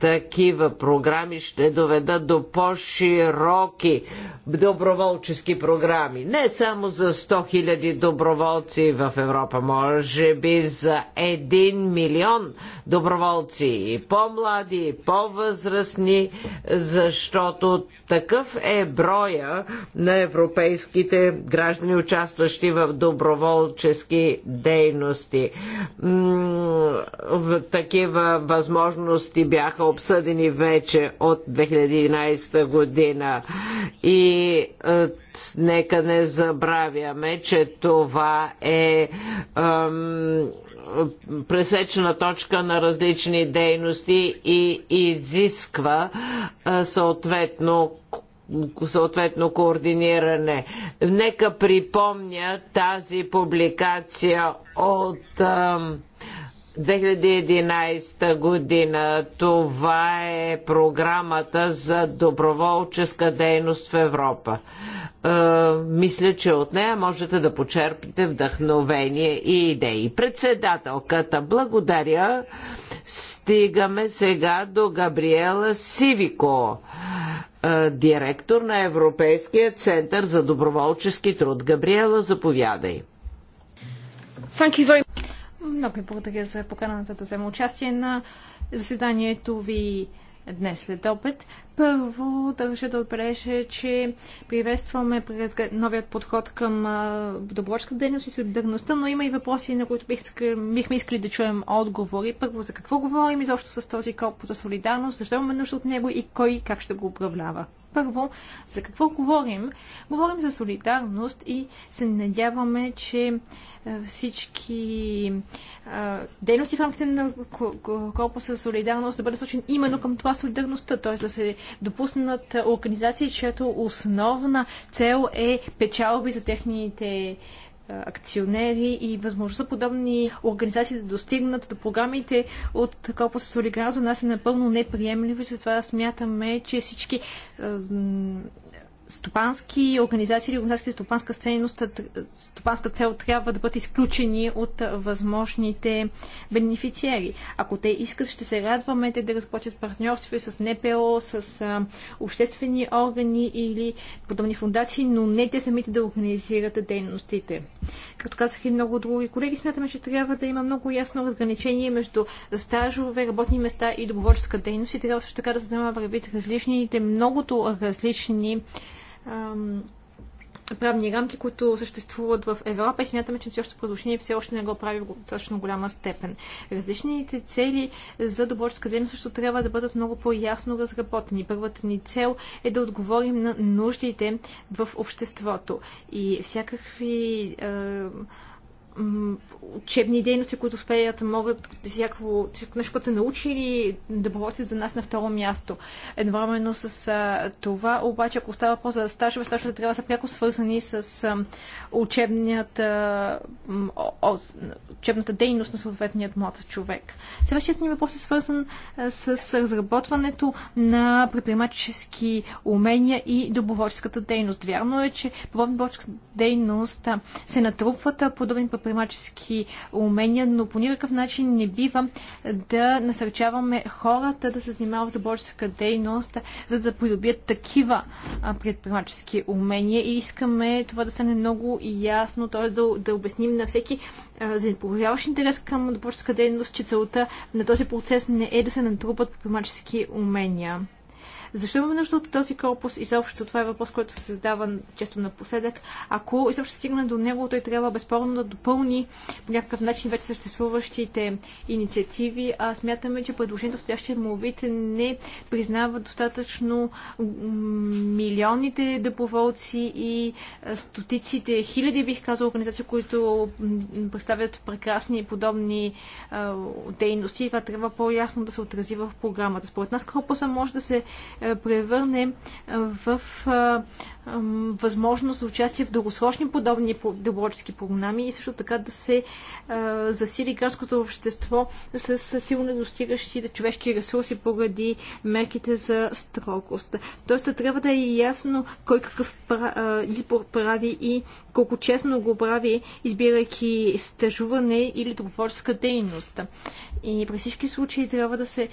[SPEAKER 1] такива програми ще доведат до по-широки доброволчески програми. Не само за 100 000 доброволци в Европа, може би за 1 милион доброволци и по-млади, и по-възрастни, защото такъв е броя на европейските граждани, участващи в доброволчески дейности. Такива възможности бяха обсъдени вече от 2011 година и е, нека не забравяме, че това е ам, пресечна точка на различни дейности и изисква съответно съответно координиране. Нека припомня тази публикация от 2011 година. Това е програмата за доброволческа дейност в Европа. Е, мисля, че от нея можете да почерпите вдъхновение и идеи. Председателката, благодаря. Стигаме сега до Габриела Сивико, е, директор на Европейския център за доброволчески труд. Габриела, заповядай.
[SPEAKER 3] Thank you very much. Много ви благодаря за поканата да взема участие на заседанието ви днес след обед. Първо, държа да отбележа, че приветстваме новият подход към доброчка дейност и солидарността, но има и въпроси, на които бих, бихме искали да чуем отговори. Първо, за какво говорим изобщо с този корпус за солидарност, защо имаме нужда от него и кой как ще го управлява? Първо, за какво говорим? Говорим за солидарност и се надяваме, че всички а, дейности в рамките на корпуса солидарност да бъде сочен именно към това солидарността, т.е. да се допуснат организации, чието основна цел е печалби за техните е, акционери и възможността подобни организации да достигнат до програмите от с Солидар за нас е напълно неприемливо и затова смятаме, че всички е, стопански организации или организации с стопанска ценност, стопанска цел трябва да бъдат изключени от възможните бенефициери. Ако те искат, ще се радваме те да разплатят партньорство с НПО, с а, обществени органи или подобни фундации, но не те самите да организират дейностите. Като казах и много други колеги, смятаме, че трябва да има много ясно разграничение между стажове, работни места и доброволческа дейност и трябва също така да се взема предвид различните, многото различни правни рамки, които съществуват в Европа и смятаме, че настоящото продължение все още не го прави в достатъчно голяма степен. Различните цели за доброческа дейност също трябва да бъдат много по-ясно разработени. Първата ни цел е да отговорим на нуждите в обществото и всякакви е, учебни дейности, които успеят, могат всякакво, всяко нещо, което са научили, да работят за нас на второ място. Едновременно с а, това, обаче, ако става по за стажове, стажовете трябва да са пряко свързани с а, учебнията, о, о, учебната дейност на съответният млад човек. Следващият ни въпрос е свързан а, с разработването на предприемачески умения и доброволческата дейност. Вярно е, че доброволческата дейност се натрупват подобни предприемачески умения, но по никакъв начин не бива да насърчаваме хората да се занимават с доброческа дейност, за да придобият такива предприемачески умения. И искаме това да стане много ясно, т.е. Да, да обясним на всеки заинтересуващ интерес към доброческа дейност, че целта на този процес не е да се натрупат предприемачески умения. Защо имаме нужда от този корпус? Изобщо това е въпрос, който се задава често напоследък. Ако изобщо стигне до него, той трябва безспорно да допълни по някакъв начин вече съществуващите инициативи. А смятаме, че предложението в стоящия му вид не признава достатъчно милионите доброволци и стотиците, хиляди бих казал, организации, които представят прекрасни и подобни дейности. Това трябва по-ясно да се отрази в програмата. Според нас корпуса може да се превърне в възможност за участие в дългосрочни подобни доброволчески програми и също така да се засили градското общество с, силно недостигащите човешки ресурси поради мерките за строгост. Тоест трябва да е ясно кой какъв избор прави и колко честно го прави, избирайки стъжуване или доброволческа дейност. И при всички случаи трябва да се,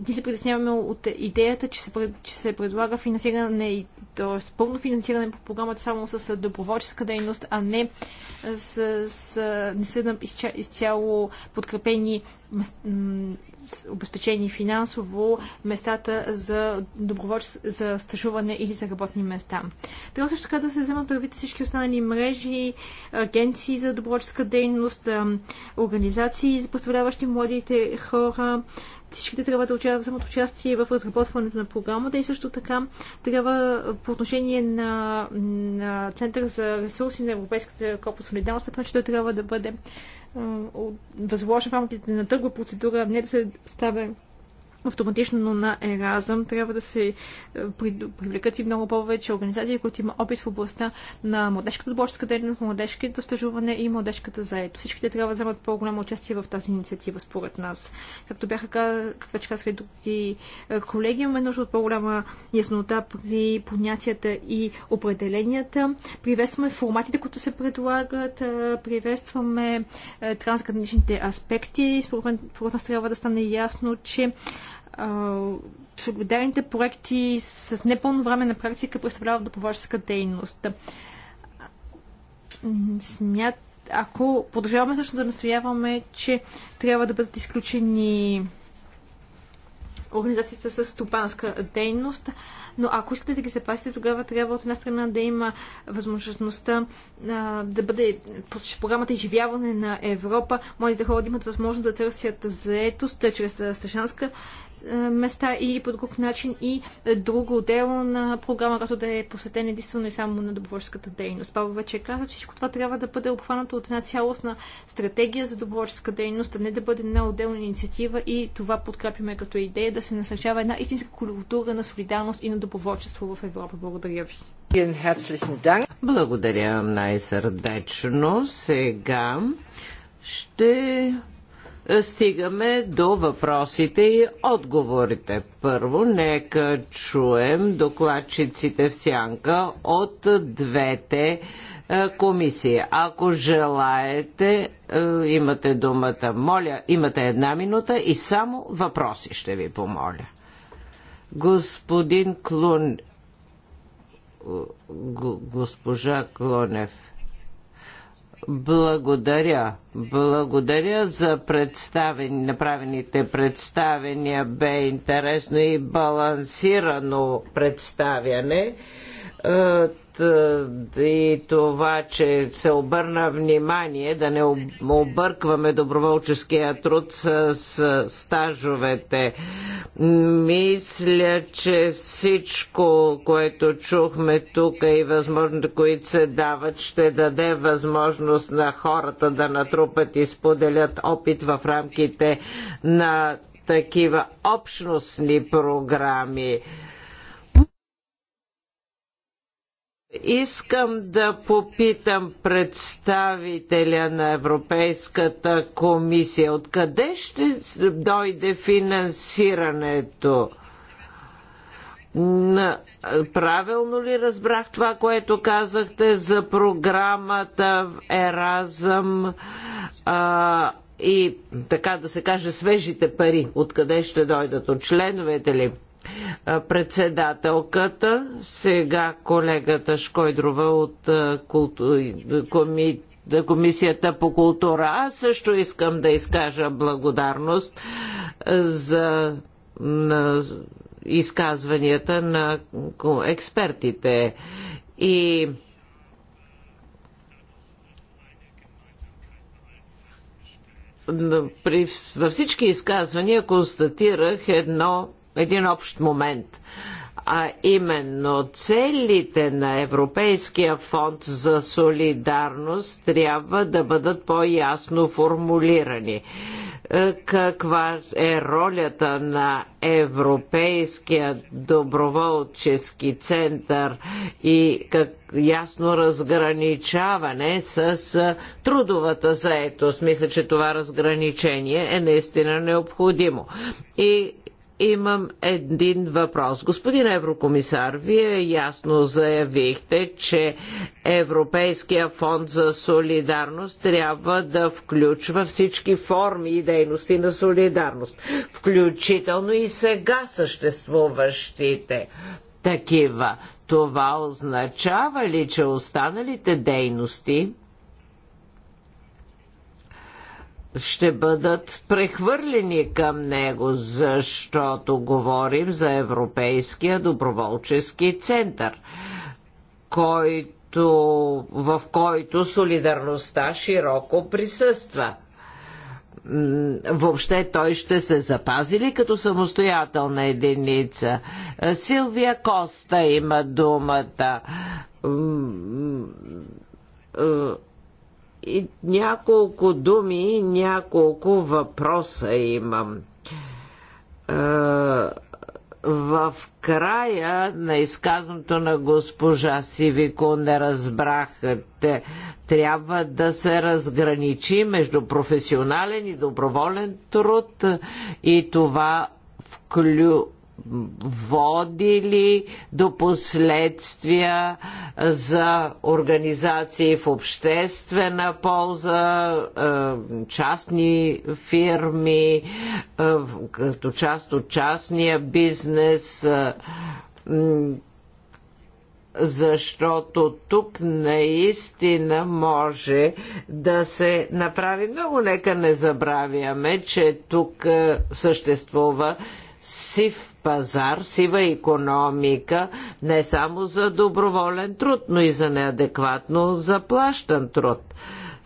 [SPEAKER 3] да се притесняваме от идеята, че се, че се предлага финансиране, т.е пълно финансиране по програмата само с доброволческа дейност, а не с, с не са изцяло подкрепени обезпечени финансово местата за доброволче, за стажуване или за работни места. Трябва също така да се вземат предвид всички останали мрежи, агенции за доброволческа дейност, организации, за представляващи младите хора, всичките трябва да участват, вземат участие в разработването на програмата и също така трябва по отношение на, на Център за ресурси на Европейската корпус солидарност, смятам, че той трябва да бъде възложен в рамките на търгова процедура, не да се ставя автоматично на Еразъм. Трябва да се е, привлекат и много повече организации, които има опит в областта на младежката доборческа дейност, младежкото стажуване и младежката заето. Всичките трябва да вземат по-голямо участие в тази инициатива, според нас. Както бяха, вече казаха и други е, колеги, имаме нужда от по-голяма яснота при понятията и определенията. Приветстваме форматите, които се предлагат, е, приветстваме трансграничните аспекти. Според нас трябва да стане ясно, че солидарните проекти с непълно време на практика представляват доброволческа дейност. Смят, ако продължаваме също да настояваме, че трябва да бъдат изключени организацията с стопанска дейност, но ако искате да ги запасите, тогава трябва от една страна да има възможността а, да бъде посрещу програмата изживяване на Европа, младите хора да имат възможност да търсят заетост чрез стъжанска места или по друг начин и друго дело на програма, като да е посветена единствено и само на доброволческата дейност. Павло вече каза, че всичко това трябва да бъде обхванато от една цялостна стратегия за доброволческа дейност, а не да бъде една отделна инициатива и това подкрепяме като идея да се насърчава една истинска култура на солидарност и на доброволчество в Европа. Благодаря ви.
[SPEAKER 1] Благодаря най-сърдечно. Сега ще е, стигаме до въпросите и отговорите. Първо, нека чуем докладчиците в сянка от двете е, комисии. Ако желаете, е, имате думата. Моля, имате една минута и само въпроси ще ви помоля. Господин Клун... Госпожа Клонев. Благодаря. Благодаря за представени, направените представения. Бе интересно и балансирано представяне е, е, и това, че се обърна внимание да не объркваме доброволческия труд с, стажовете. Мисля, че всичко, което чухме тук и възможности, които се дават, ще даде възможност на хората да натрупат и споделят опит в рамките на такива общностни програми. Искам да попитам представителя на Европейската комисия, откъде ще дойде финансирането? Правилно ли разбрах това, което казахте за програмата в Еразъм а, и така да се каже свежите пари? Откъде ще дойдат? От членовете ли? председателката, сега колегата Шкойдрова от култу... Комисията по култура. Аз също искам да изкажа благодарност за изказванията на експертите. И при, във всички изказвания констатирах едно един общ момент а именно целите на Европейския фонд за солидарност трябва да бъдат по-ясно формулирани. Е, каква е ролята на Европейския доброволчески център и как ясно разграничаване с е, трудовата заетост. Мисля, че това разграничение е наистина необходимо. И имам един въпрос. Господин еврокомисар, вие ясно заявихте, че Европейския фонд за солидарност трябва да включва всички форми и дейности на солидарност, включително и сега съществуващите такива. Това означава ли, че останалите дейности ще бъдат прехвърлени към него, защото говорим за Европейския доброволчески център, който, в който солидарността широко присъства въобще той ще се запази ли като самостоятелна единица? Е, Силвия Коста има думата е, и няколко думи, няколко въпроса имам. Е, в края на изказването на госпожа Сивико не разбрахте. Трябва да се разграничи между професионален и доброволен труд и това вклю водили до последствия за организации в обществена полза, е, частни фирми, е, като част от частния бизнес, е, защото тук наистина може да се направи много. Нека не забравяме, че тук съществува сив пазар, сива економика, не само за доброволен труд, но и за неадекватно заплащан труд.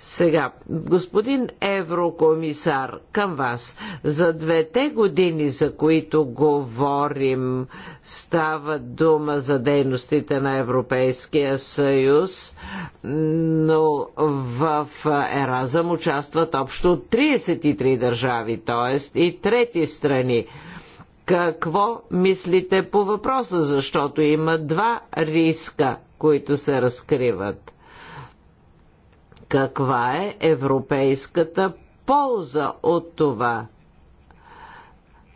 [SPEAKER 1] Сега, господин еврокомисар, към вас, за двете години, за които говорим, става дума за дейностите на Европейския съюз, но в Еразъм участват общо 33 държави, т.е. и трети страни. Какво мислите по въпроса, защото има два риска, които се разкриват? Каква е европейската полза от това?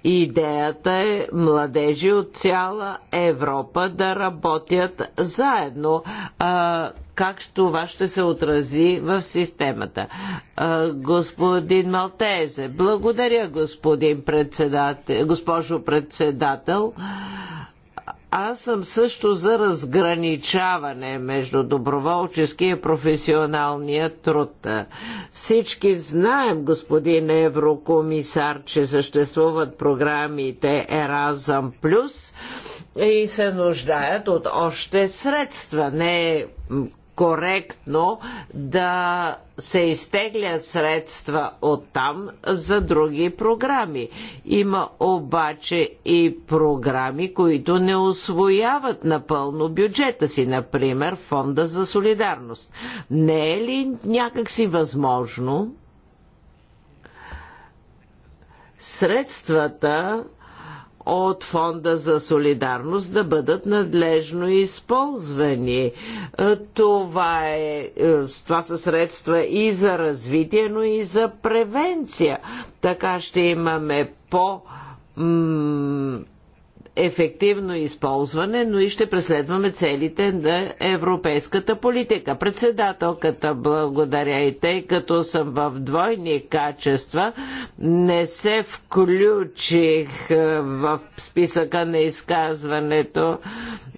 [SPEAKER 1] Идеята е младежи от цяла Европа да работят заедно. А, как това ще се отрази в системата? А, господин Малтезе, благодаря господин председател, госпожо председател аз съм също за разграничаване между доброволческия и професионалния труд. Всички знаем, господин еврокомисар, че съществуват програмите Еразъм Плюс и се нуждаят от още средства. Не е коректно да се изтеглят средства от там за други програми. Има обаче и програми, които не освояват напълно бюджета си, например Фонда за солидарност. Не е ли някакси възможно средствата от Фонда за солидарност да бъдат надлежно използвани. Е, това, е, е това са средства и за развитие, но и за превенция. Така ще имаме по- ефективно използване, но и ще преследваме целите на европейската политика. Председателката благодаря и тъй като съм в двойни качества, не се включих е, в списъка на изказването,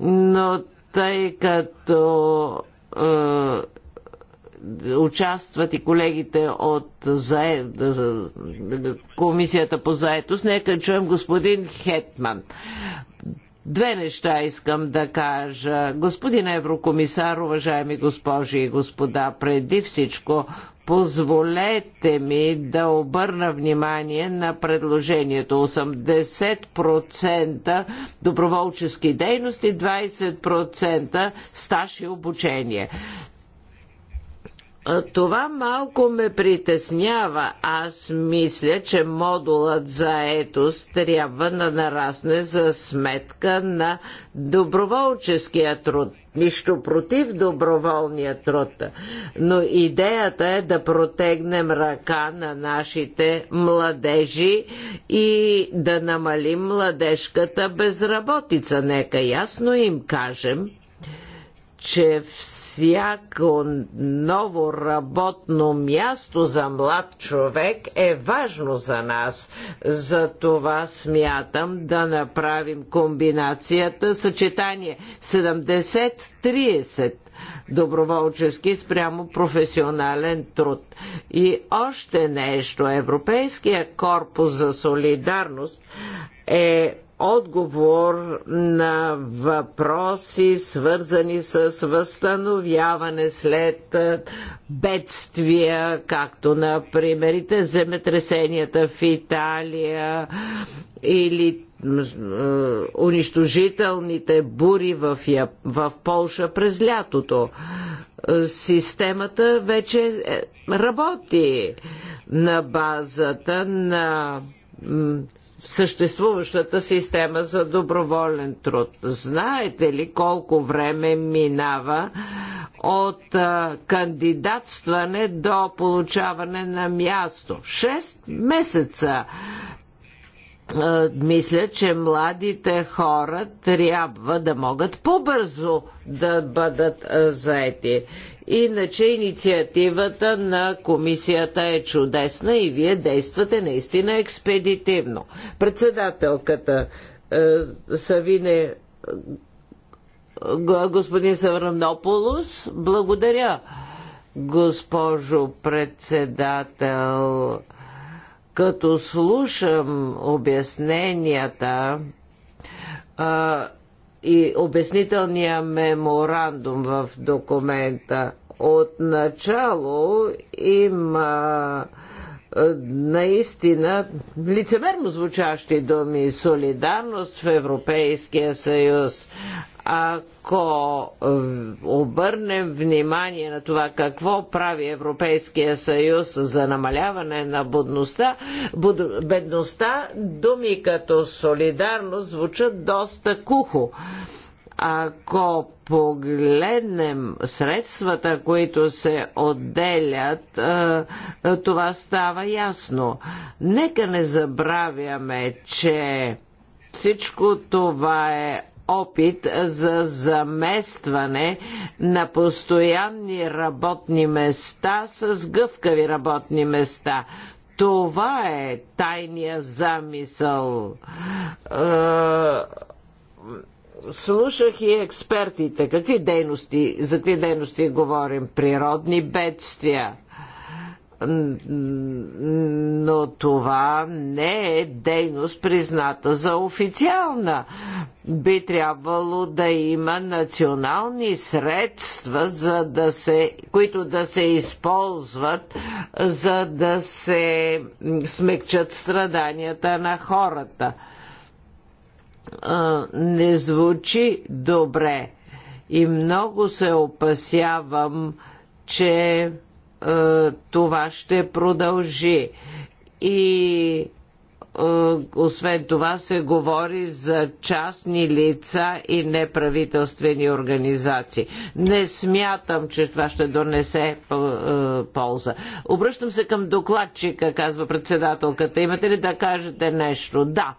[SPEAKER 1] но тъй като е, участват и колегите от зае... Комисията по заетост. Нека чуем господин Хетман. Две неща искам да кажа. Господин еврокомисар, уважаеми госпожи и господа, преди всичко позволете ми да обърна внимание на предложението 80% доброволчески дейности, 20% стаж и обучение. Това малко ме притеснява. Аз мисля, че модулът за етост трябва да нарасне за сметка на доброволческия труд. Нищо против доброволния труд. Но идеята е да протегнем ръка на нашите младежи и да намалим младежката безработица. Нека ясно им кажем, че всяко ново работно място за млад човек е важно за нас. За това смятам да направим комбинацията, съчетание 70-30 доброволчески спрямо професионален труд. И още нещо. Европейския корпус за солидарност е отговор на въпроси, свързани с възстановяване след бедствия, както например земетресенията в Италия или унищожителните бури в, Я... в Полша през лятото. Системата вече е, работи на базата на съществуващата система за доброволен труд. Знаете ли колко време минава от а, кандидатстване до получаване на място? Шест месеца мисля, че младите хора трябва да могат по-бързо да бъдат заети. Иначе инициативата на комисията е чудесна и вие действате наистина експедитивно. Председателката е, Савине е, господин Саврамнополос, благодаря. Госпожо председател, като слушам обясненията, и обяснителния меморандум в документа. От начало има е, наистина лицемерно звучащи думи солидарност в Европейския съюз, ако е, обърнем внимание на това какво прави Европейския съюз за намаляване на бедността, бедността, думи като солидарност звучат доста кухо ако погледнем средствата, които се отделят, е, е, това става ясно. Нека не забравяме, че всичко това е опит за заместване на постоянни работни места с гъвкави работни места. Това е тайния замисъл. Е, слушах и експертите. Какви дейности, за какви дейности говорим? Природни бедствия но това не е дейност призната за официална. Би трябвало да има национални средства, за да се, които да се използват, за да се смекчат страданията на хората. Не звучи добре и много се опасявам, че е, това ще продължи. И е, освен това се говори за частни лица и неправителствени организации. Не смятам, че това ще донесе е, полза. Обръщам се към докладчика, казва председателката. Имате ли да кажете нещо? Да.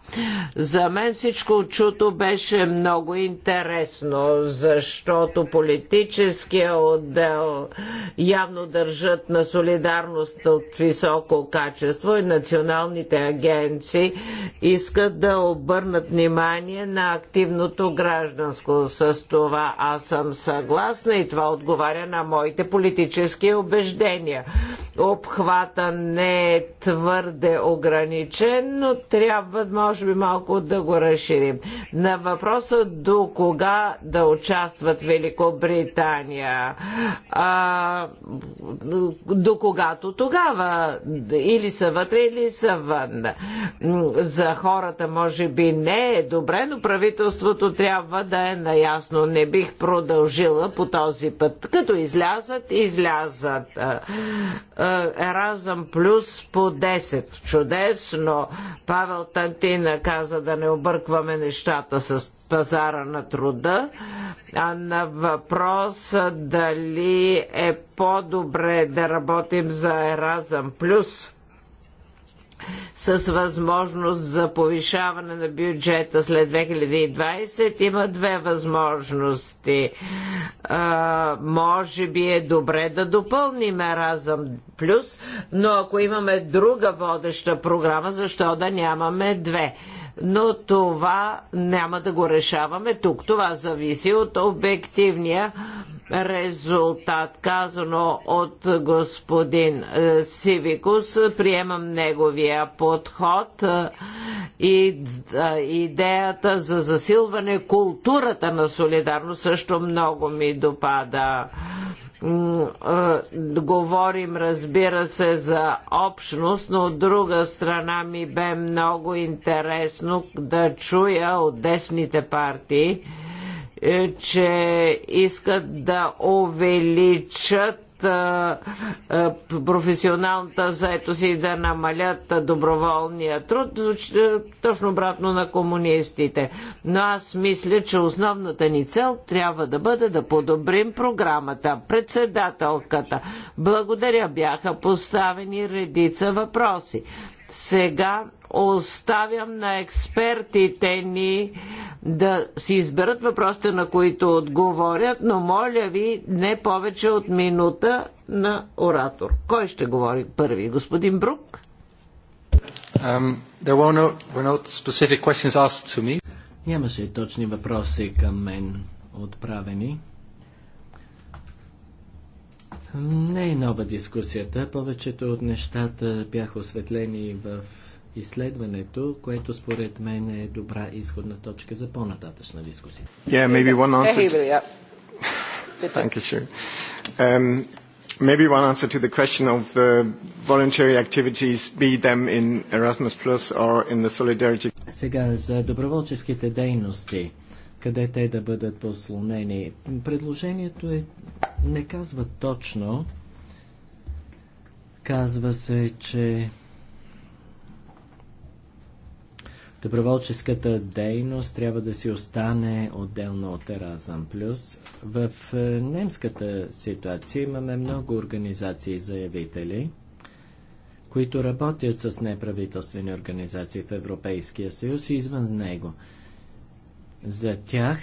[SPEAKER 1] За мен всичко чуто беше много интересно, защото политическия отдел явно държат на солидарност от високо качество и националните агенции политици искат да обърнат внимание на активното гражданско. С това аз съм съгласна и това отговаря на моите политически убеждения. Обхвата не е твърде ограничен, но трябва, може би, малко да го разширим. На въпроса до кога да участват Великобритания. А, до когато тогава или са вътре, или са вън за хората може би не е добре, но правителството трябва да е наясно. Не бих продължила по този път. Като излязат, излязат. Еразъм плюс по 10. Чудесно. Павел Тантина каза да не объркваме нещата с пазара на труда, а на въпроса дали е по-добре да работим за Еразъм плюс с възможност за повишаване на бюджета след 2020 има две възможности. А, може би е добре да допълним Еразъм Плюс, но ако имаме друга водеща програма, защо да нямаме две? но това няма да го решаваме тук. Това зависи от обективния резултат. Казано от господин е, Сивикус, приемам неговия подход е, и е, идеята за засилване културата на солидарност също много ми допада говорим, разбира се, за общност, но от друга страна ми бе много интересно да чуя от десните партии е, че искат да увеличат професионалната заетост и да намалят доброволния труд, е, точно обратно на комунистите. Но аз мисля, че основната ни цел трябва да бъде да подобрим програмата. Председателката, благодаря, бяха поставени редица въпроси. Сега оставям на експертите ни да си изберат въпросите, на които отговорят, но моля ви не повече от минута на оратор. Кой ще говори първи? Господин Брук? Um,
[SPEAKER 2] no, Нямаше точни въпроси към мен отправени. Не е нова дискусията. Повечето от нещата бяха осветлени в изследването, което според мен е добра изходна точка за по-нататъчна дискусия.
[SPEAKER 3] Yeah, maybe one
[SPEAKER 2] answer. To...
[SPEAKER 1] Thank you, sure. Um, maybe one answer to the question
[SPEAKER 2] of uh, voluntary activities, be them in Erasmus Plus or in the Solidarity. Сега за доброволческите дейности, къде те да бъдат послонени. Предложението е, не казва точно, казва се, че Доброволческата дейност трябва да си остане отделно от Еразъм Плюс. В е, немската ситуация имаме много организации заявители, които работят с неправителствени организации в Европейския съюз и извън него. За тях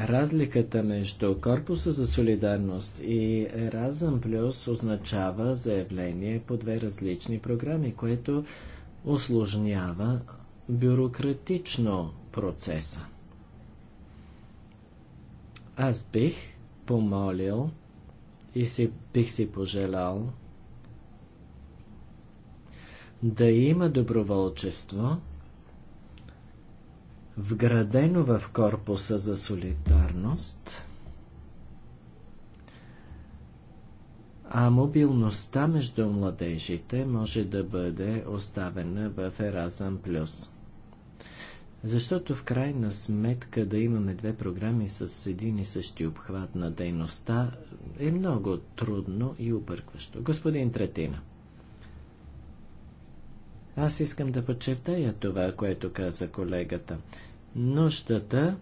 [SPEAKER 2] разликата между Корпуса за солидарност и Еразъм Плюс означава заявление по две различни програми, което осложнява бюрократично процеса. Аз бих помолил и си, бих си пожелал да има доброволчество, вградено в корпуса за солидарност, а мобилността между младежите може да бъде оставена в Еразъм Плюс. Защото в крайна сметка да имаме две програми с един и същи обхват на дейността е много трудно и объркващо. Господин Третина. Аз искам да подчертая това, което каза колегата. Нуждата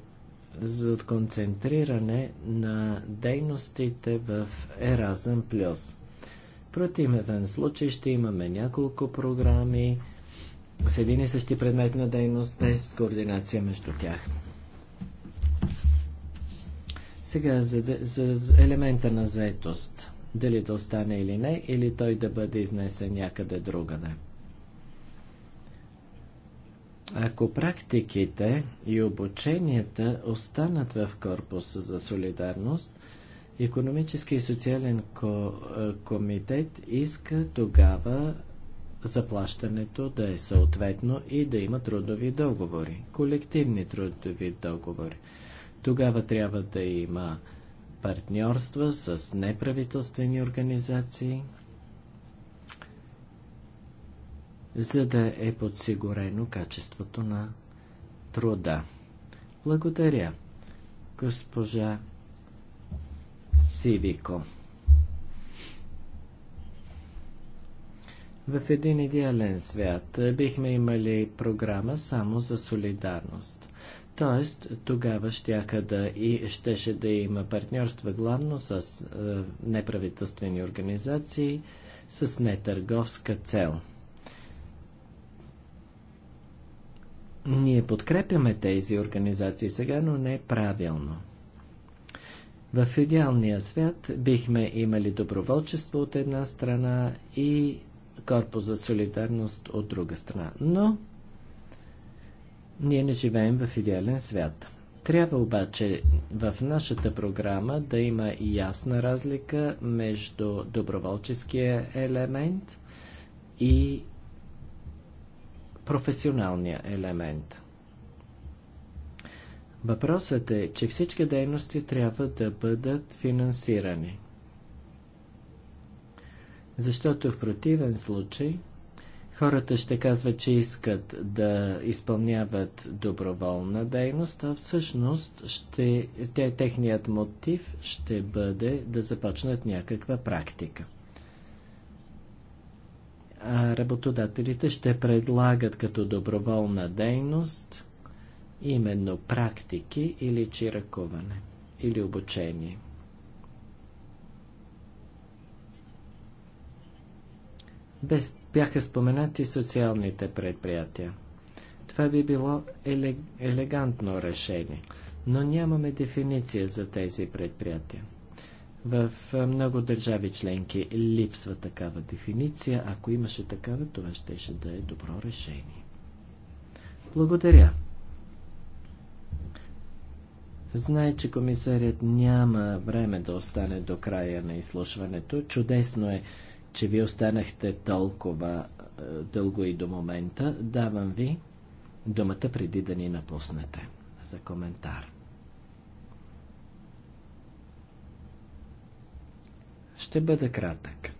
[SPEAKER 2] за концентриране на дейностите в Erasmus+. Плюс. Противен случай ще имаме няколко програми, с един и същи предмет на дейност без координация между тях. Сега за, за, за елемента на заетост. Дали да остане или не, или той да бъде изнесен някъде другаде. Ако практиките и обученията останат в корпуса за солидарност, Економически и социален е, комитет иска тогава заплащането да е съответно и да има трудови договори, колективни трудови договори. Тогава трябва да има партньорства с неправителствени организации, за да е подсигурено качеството на труда. Благодаря, госпожа Сивико. в един идеален свят бихме имали програма само за солидарност. Тоест, тогава щяха да и щеше да има партньорства главно с е, неправителствени организации с нетърговска цел. Ние подкрепяме тези организации сега, но не правилно. В идеалния свят бихме имали доброволчество от една страна и корпус за солидарност от друга страна. Но ние не живеем в идеален свят. Трябва обаче в нашата програма да има ясна разлика между доброволческия елемент и професионалния елемент. Въпросът е, че всички дейности трябва да бъдат финансирани. Защото в противен случай хората ще казват, че искат да изпълняват доброволна дейност, а всъщност ще, те, техният мотив ще бъде да започнат някаква практика. А работодателите ще предлагат като доброволна дейност именно практики или чиракуване или обучение – без, бяха споменати социалните предприятия. Това би било елег, елегантно решение, но нямаме дефиниция за тези предприятия. В много държави членки липсва такава дефиниция. Ако имаше такава, това щеше да е добро решение. Благодаря. Знае, че комисарят няма време да остане до края на изслушването. Чудесно е, че ви останахте толкова е, дълго и до момента. Давам ви думата преди да ни напуснете за коментар. Ще бъда кратък.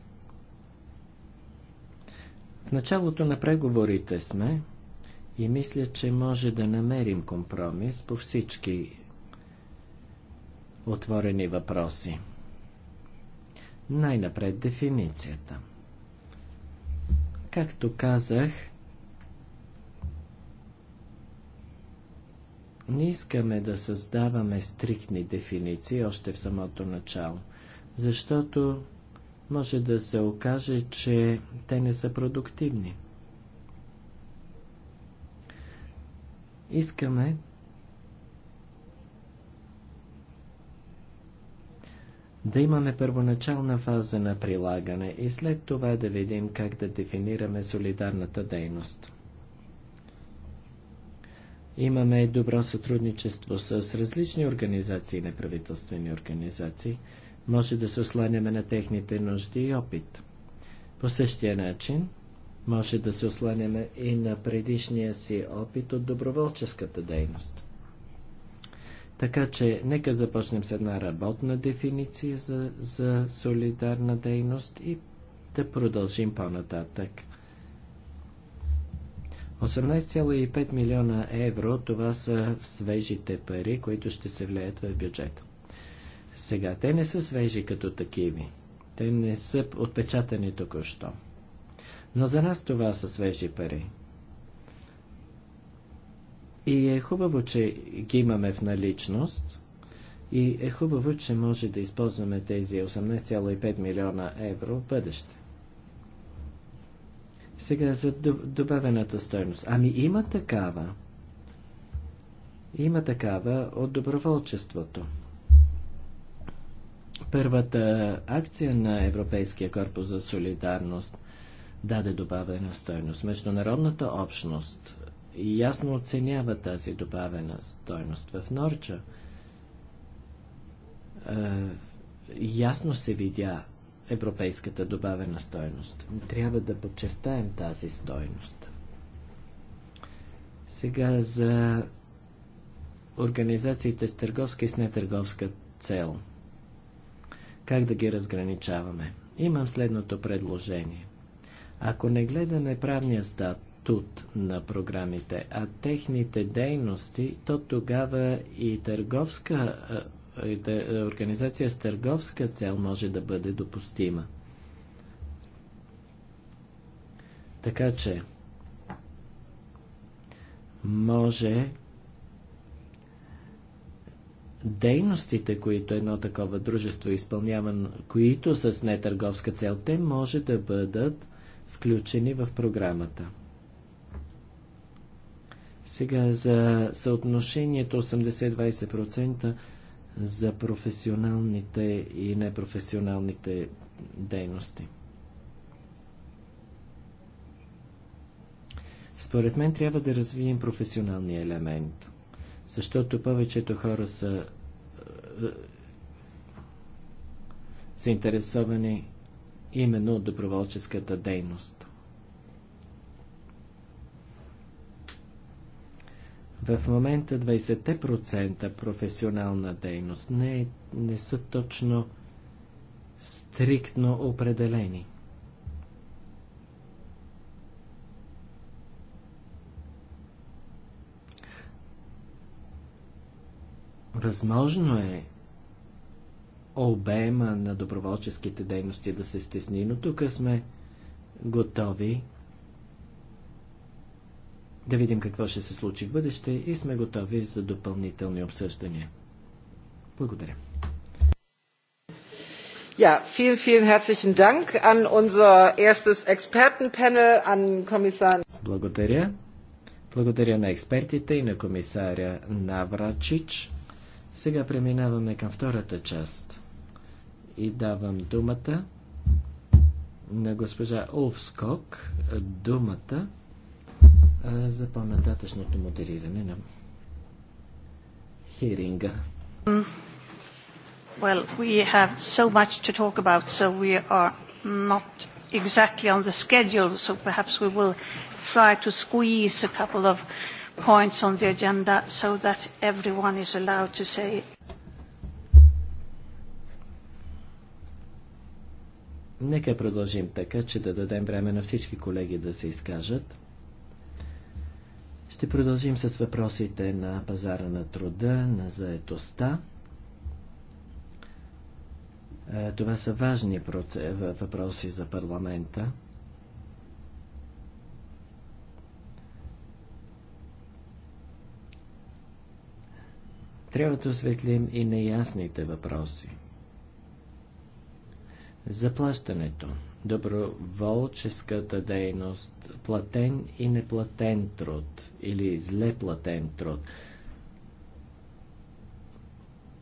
[SPEAKER 2] В началото на преговорите сме и мисля, че може да намерим компромис по всички отворени въпроси. Най-напред дефиницията. Както казах, не искаме да създаваме стриктни дефиниции още в самото начало, защото може да се окаже, че те не са продуктивни. Искаме да имаме първоначална фаза на прилагане и след това да видим как да дефинираме солидарната дейност. Имаме добро сътрудничество с различни организации и неправителствени организации. Може да се осланяме на техните нужди и опит. По същия начин може да се осланяме и на предишния си опит от доброволческата дейност. Така че нека започнем с една работна дефиниция за, за солидарна дейност и да продължим по-нататък. 18,5 милиона евро това са свежите пари, които ще се влеят в бюджета. Сега, те не са свежи като такиви. Те не са отпечатани току-що. Но за нас това са свежи пари. И е хубаво, че ги имаме в наличност. И е хубаво, че може да използваме тези 18,5 милиона евро в бъдеще. Сега за добавената стойност. Ами има такава. Има такава от доброволчеството. Първата акция на Европейския корпус за солидарност даде добавена стойност. Международната общност ясно оценява тази добавена стойност. В Норча е, ясно се видя европейската добавена стойност. Трябва да подчертаем тази стойност. Сега за организациите с търговска и с нетърговска цел. Как да ги разграничаваме? Имам следното предложение. Ако не гледаме правния стат, статут на програмите, а техните дейности, то тогава и търговска и да, организация с търговска цел може да бъде допустима. Така че може дейностите, които едно такова дружество изпълнява, които с нетърговска цел, те може да бъдат включени в програмата. Сега за съотношението 80-20% за професионалните и непрофесионалните дейности. Според мен трябва да развием професионалния елемент, защото повечето хора са е, заинтересовани именно от доброволческата дейност. В момента 20% професионална дейност не, е, не са точно стриктно определени. Възможно е обема на доброволческите дейности да се стесни, но тук сме готови да видим какво ще се случи в бъдеще и сме готови за допълнителни обсъждания. Благодаря.
[SPEAKER 1] Ja, vielen, vielen herzlichen Dank an unser erstes Expertenpanel, an Kommissar.
[SPEAKER 2] Благодаря. Благодаря на експертите и на комисаря Наврачич. Сега преминаваме към втората част и давам думата на госпожа Олвскок думата за по-нататъчното модериране на хиринга.
[SPEAKER 3] Well, we have so much to talk about, so we are not exactly on the schedule, so perhaps we will try to squeeze a couple of points on the agenda so that everyone is allowed to say
[SPEAKER 2] Нека продължим така, че да дадем време на всички колеги да се изкажат. Ще продължим с въпросите на пазара на труда, на заетостта. Е, това са важни въпроси за парламента. Трябва да осветлим и неясните въпроси. Заплащането доброволческата дейност, платен и неплатен труд или зле платен труд.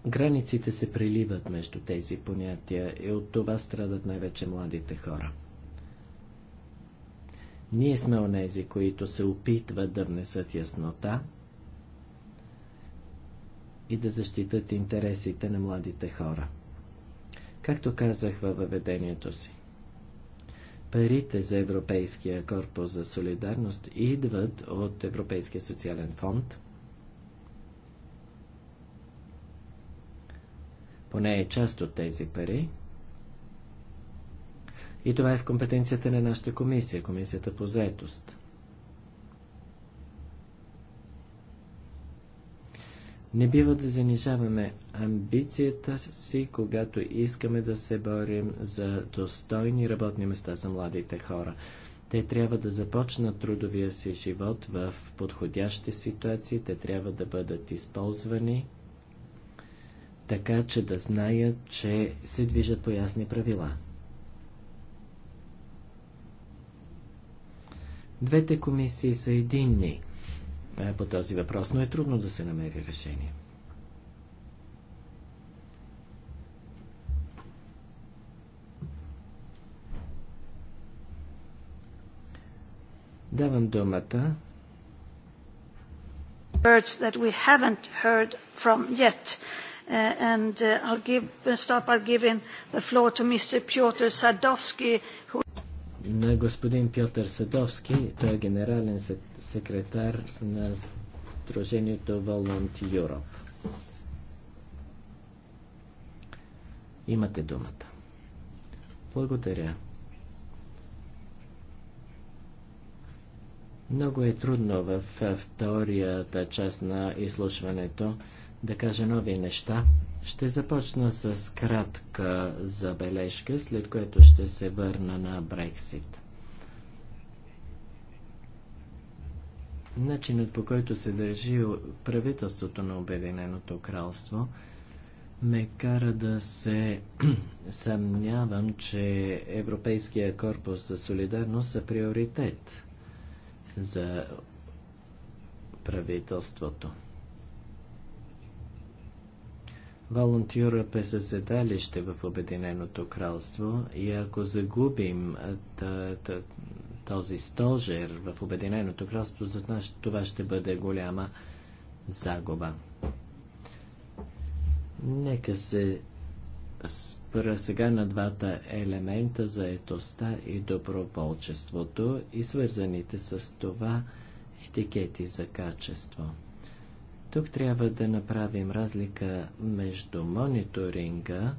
[SPEAKER 2] Границите се приливат между тези понятия и от това страдат най-вече младите хора. Ние сме онези, които се опитват да внесат яснота и да защитат интересите на младите хора. Както казах във въведението си, Парите за Европейския корпус за солидарност идват от Европейския социален фонд. Поне е част от тези пари. И това е в компетенцията на нашата комисия, комисията по заетост. Не бива да занижаваме амбицията си, когато искаме да се борим за достойни работни места за младите хора. Те трябва да започнат трудовия си живот в подходящи ситуации, те трябва да бъдат използвани, така че да знаят, че се движат по ясни правила. Двете комисии са единни по този въпрос, но е трудно да се намери решение. Давам думата.
[SPEAKER 3] Birds that we haven't heard from yet. Uh, and uh, I'll give, start by giving the floor to Mr. Piotr Sadovsky, Who
[SPEAKER 2] на господин Пьотър Садовски, той е генерален секретар на Дружението Волонт Юроп. Имате думата. Благодаря. Много е трудно в вторията част на изслушването да кажа нови неща, ще започна с кратка забележка, след което ще се върна на Брексит. Начинът по който се държи правителството на Обединеното кралство ме кара да се съмнявам, че Европейския корпус за солидарност е приоритет за правителството. Волонтюръп е със седалище в Обединеното кралство и ако загубим този стожер в Обединеното кралство, за нас това ще бъде голяма загуба. Нека се спра сега на двата елемента за етоста и доброволчеството и свързаните с това етикети за качество. Тук трябва да направим разлика между мониторинга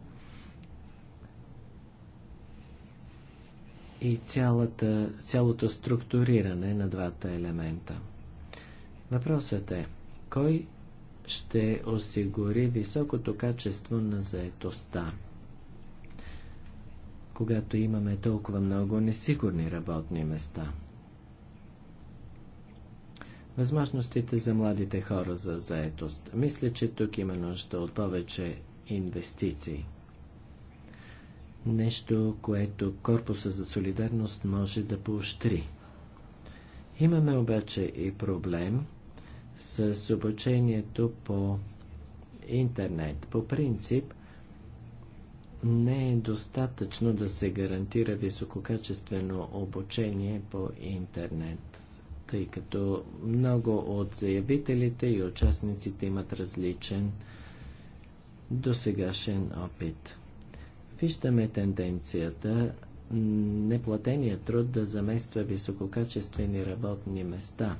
[SPEAKER 2] и цялата, цялото структуриране на двата елемента. Въпросът е, кой ще осигури високото качество на заетостта? Когато имаме толкова много несигурни работни места – Възможностите за младите хора за заетост. Мисля, че тук има нужда от повече инвестиции. Нещо, което Корпуса за солидарност може да поощри. Имаме обаче и проблем с обучението по интернет. По принцип, не е достатъчно да се гарантира висококачествено обучение по интернет тъй като много от заявителите и участниците имат различен досегашен опит. Виждаме тенденцията неплатения труд да замества висококачествени работни места.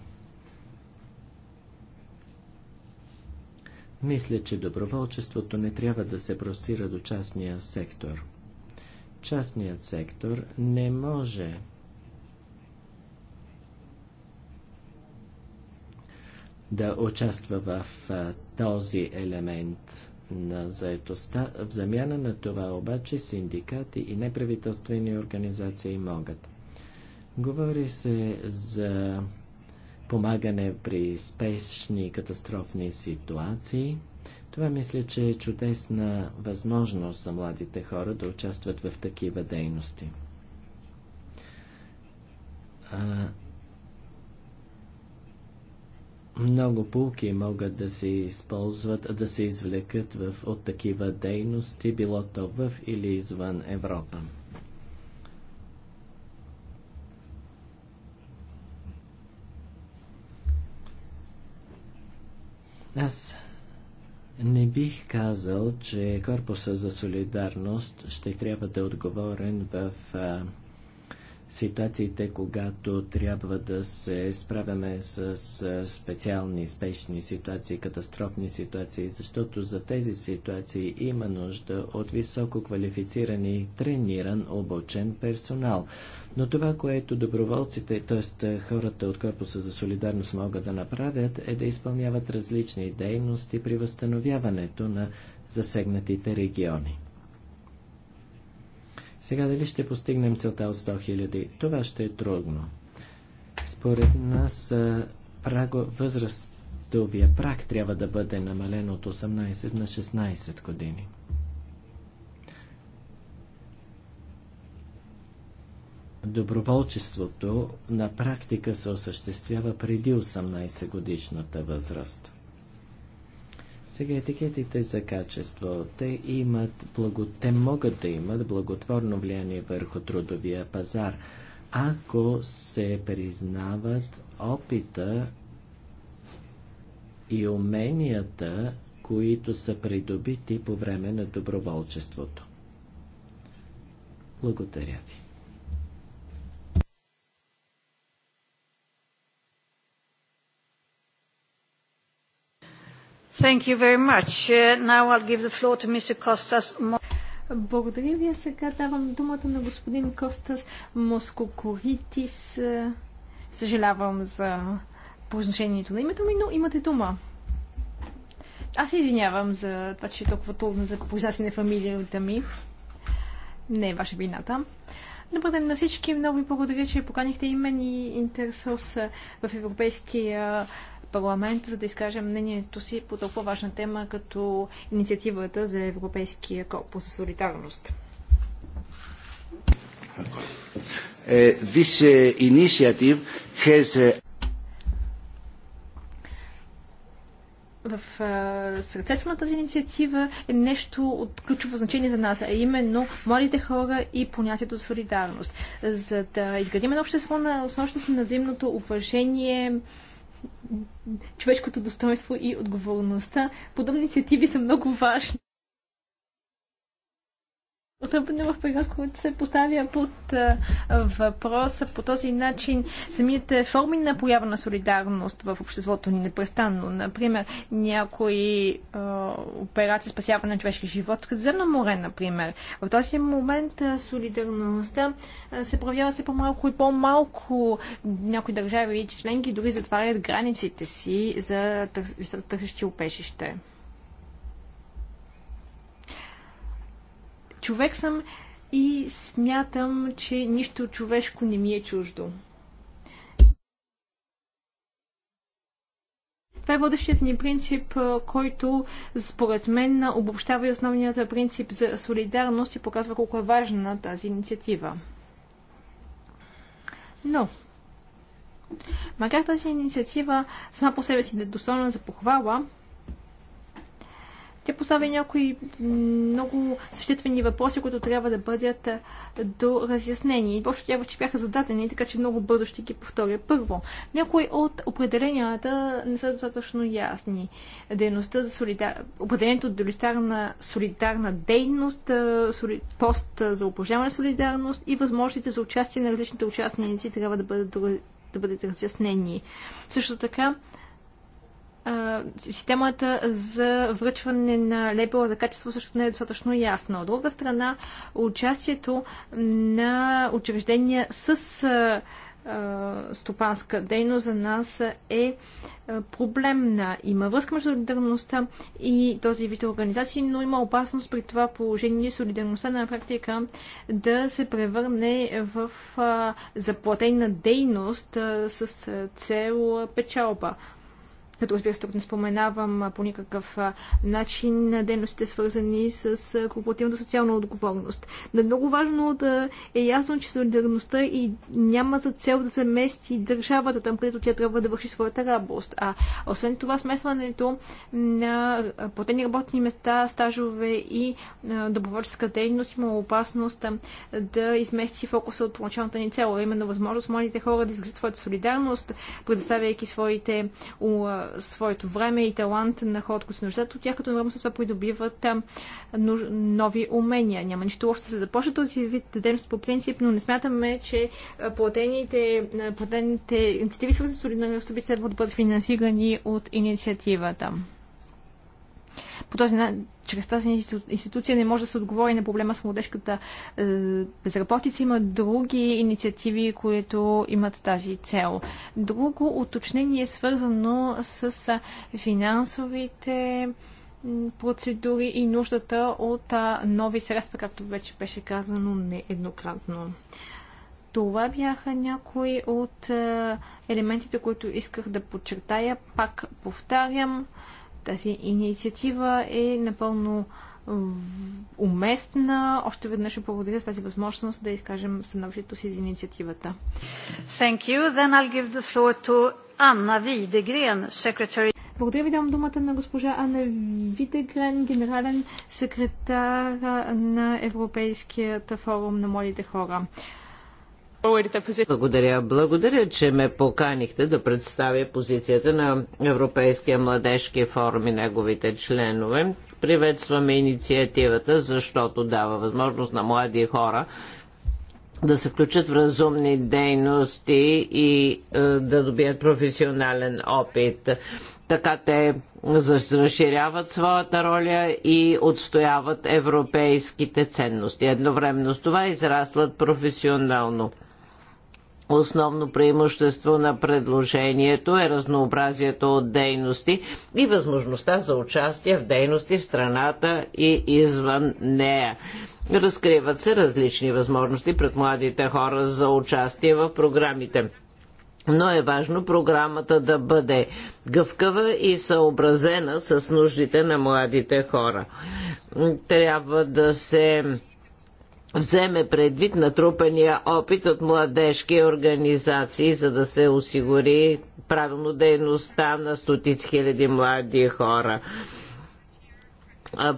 [SPEAKER 2] Мисля, че доброволчеството не трябва да се простира до частния сектор. Частният сектор не може да участва в този елемент на заетостта. В замяна на това обаче синдикати и неправителствени организации могат. Говори се за помагане при спешни катастрофни ситуации. Това мисля, че е чудесна възможност за младите хора да участват в такива дейности. А, много пулки могат да се използват, да се извлекат в, от такива дейности, било то в или извън Европа. Аз не бих казал, че Корпуса за солидарност ще трябва да е отговорен в а, ситуациите, когато трябва да се справяме с специални, спешни ситуации, катастрофни ситуации, защото за тези ситуации има нужда от високо квалифицирани, трениран, обучен персонал. Но това, което доброволците, т.е. хората от Корпуса за солидарност могат да направят, е да изпълняват различни дейности при възстановяването на засегнатите региони. Сега дали ще постигнем целта от 100 000? Това ще е трудно. Според нас праго, възрастовия прак трябва да бъде намален от 18 на 16 години. Доброволчеството на практика се осъществява преди 18 годишната възраст. Сега етикетите за качество, те, имат благо... те могат да имат благотворно влияние върху трудовия пазар, ако се признават опита и уменията, които са придобити по време на доброволчеството. Благодаря ви.
[SPEAKER 3] Thank you very much. Uh, now I'll give the floor to Mr. Благодаря ви. Сега давам думата на господин Костас Москокоритис. Е, съжалявам за произношението на името ми, но имате дума. Аз се извинявам за това, че е толкова трудно за произнасяне фамилията ми. Не е ваша вината. Добър ден на всички. Много ви благодаря, че поканихте и мен и Интерсос в Европейския парламент, за да изкажем мнението си по толкова важна тема, като инициативата за Европейския корпус за солидарност.
[SPEAKER 2] Е, this е, initiative has е,
[SPEAKER 3] в сърцето на тази инициатива е нещо от ключово значение за нас, а именно младите хора и понятието солидарност. За да изградим едно общество на основата на взаимното уважение, човешкото достоинство и отговорността. Подобни инициативи са много важни. Особено в период, който се поставя под въпроса по този начин самите форми на поява на солидарност в обществото ни непрестанно. Например, някои операции спасяване на човешки живот, земно море, например. В този момент солидарността се проявява все по-малко и по-малко. Някои държави и членки дори затварят границите си за търсещи тър... тър... тър... опешище. Човек съм и смятам, че нищо човешко не ми е чуждо. Това е водещият ни принцип, който според мен обобщава и основният принцип за солидарност и показва колко е важна тази инициатива. Но, макар тази инициатива сама по себе си да е достойна за похвала, тя поставя някои много съществени въпроси, които трябва да бъдат до разяснени. Просто тя вече бяха зададени, така че много бързо ще ги повторя. Първо, някои от определенията не са достатъчно ясни. Дейността за солидар... Определението от солидарна, солидарна дейност, соли... пост за упражняване на солидарност и възможностите за участие на различните участници трябва да бъдат, да бъдат разяснени. Също така, системата за връчване на лебела за качество също не е достатъчно ясна. От друга страна, участието на учреждения с а, стопанска дейност за нас е проблемна. Има връзка между солидарността и този вид организации, но има опасност при това положение солидарността на практика да се превърне в заплатена дейност с цел печалба като разбира се, тук не споменавам по никакъв начин дейностите свързани с корпоративната социална отговорност. Но е много важно да е ясно, че солидарността и няма за цел да замести държавата там, където тя трябва да върши своята работа. А освен това, смесването на платени работни места, стажове и доброволческа дейност има опасност да измести фокуса от поначалната ни цел, именно възможност младите хора да изградят своята солидарност, предоставяйки своите своето време и талант на хората, които се нуждаят от тях, като наравно с това придобиват нови умения. Няма нищо лошо да се започне този вид дейност по принцип, но не смятаме, че платените, платените инициативи, свързани с солидарността, би следвало да бъдат финансирани от инициативата. По този начин, чрез тази институция не може да се отговори на проблема с младежката е, безработица. Има други инициативи, които имат тази цел. Друго уточнение е свързано с финансовите процедури и нуждата от нови средства, както вече беше казано нееднократно. Това бяха някои от е, елементите, които исках да подчертая. Пак повтарям, тази инициатива е напълно уместна. Още веднъж благодаря за тази възможност да изкажем становището си за инициативата. Thank you. Then I'll give the floor to Anna Widegren, secretary. Благодаря ви, давам думата на госпожа Анна Видегрен, генерален секретар на Европейският форум на младите хора.
[SPEAKER 1] Благодаря. Благодаря, че ме поканихте да представя позицията на Европейския младежки форум и неговите членове. Приветстваме инициативата, защото дава възможност на млади хора да се включат в разумни дейности и е, да добият професионален опит. Така те разширяват своята роля и отстояват европейските ценности. Едновременно с това израстват професионално. Основно преимущество на предложението е разнообразието от дейности и възможността за участие в дейности в страната и извън нея. Разкриват се различни възможности пред младите хора за участие в програмите. Но е важно програмата да бъде гъвкава и съобразена с нуждите на младите хора. Трябва да се вземе предвид натрупания опит от младежки организации, за да се осигури правилно дейността на стотици хиляди млади хора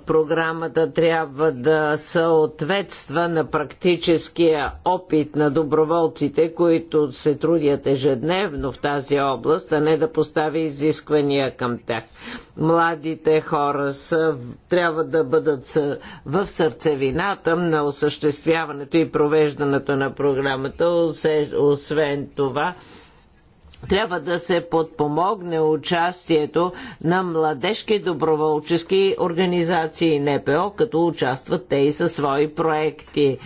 [SPEAKER 1] програмата трябва да съответства на практическия опит на доброволците, които се трудят ежедневно в тази област, а не да постави изисквания към тях. Младите хора са, трябва да бъдат в сърцевината на осъществяването и провеждането на програмата. Освен това, трябва да се подпомогне участието на младежки доброволчески организации НПО, като участват те и със свои проекти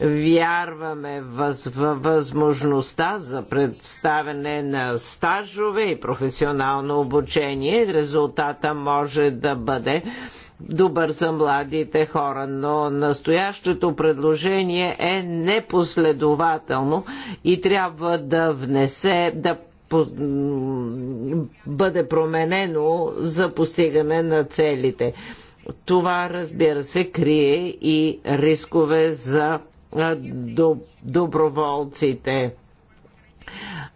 [SPEAKER 1] вярваме в възможността за представяне на стажове и професионално обучение. Резултата може да бъде добър за младите хора, но настоящото предложение е непоследователно и трябва да внесе, да бъде променено за постигане на целите. Това, разбира се, крие и рискове за доброволците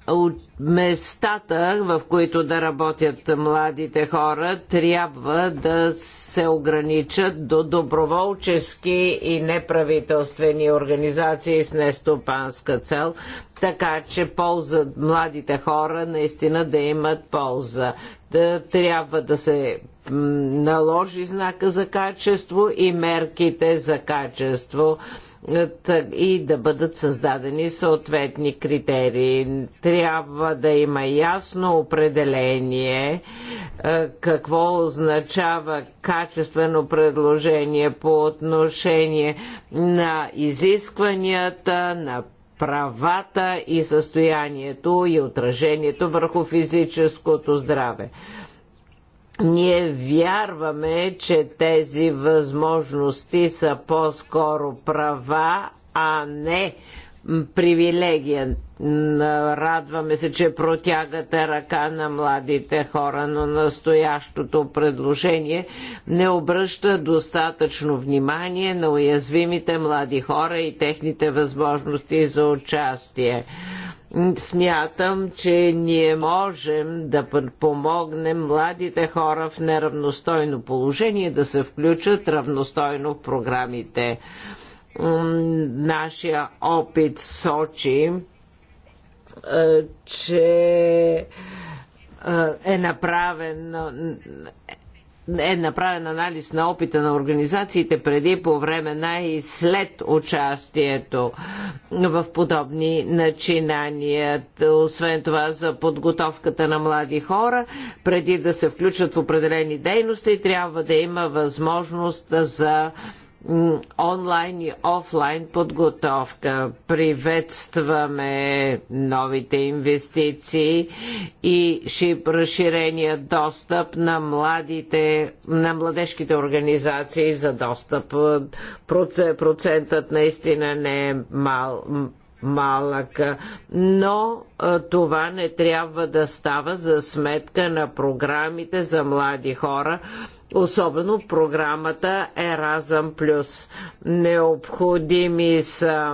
[SPEAKER 1] от местата, в които да работят младите хора, трябва да се ограничат до доброволчески и неправителствени организации с нестопанска цел, така че полза младите хора наистина да имат полза. Да, трябва да се наложи знака за качество и мерките за качество е, и да бъдат създадени съответни критерии. Трябва да има ясно определение е, какво означава качествено предложение по отношение на изискванията, на правата и състоянието и отражението върху физическото здраве. Ние вярваме, че тези възможности са по-скоро права, а не привилегия. Радваме се, че протягате ръка на младите хора, но настоящото предложение не обръща достатъчно внимание на уязвимите млади хора и техните възможности за участие. Смятам, че ние можем да помогнем младите хора в неравностойно положение да се включат равностойно в програмите. Нашия опит сочи, че е направен е направен анализ на опита на организациите преди, по време на и след участието в подобни начинания. Освен това за подготовката на млади хора, преди да се включат в определени дейности, трябва да има възможност за онлайн и офлайн подготовка. Приветстваме новите инвестиции и разширения достъп на младите, на младежките организации за достъп. Процентът наистина не е мал, малък, но това не трябва да става за сметка на програмите за млади хора, особено програмата Еразъм Плюс. Необходими са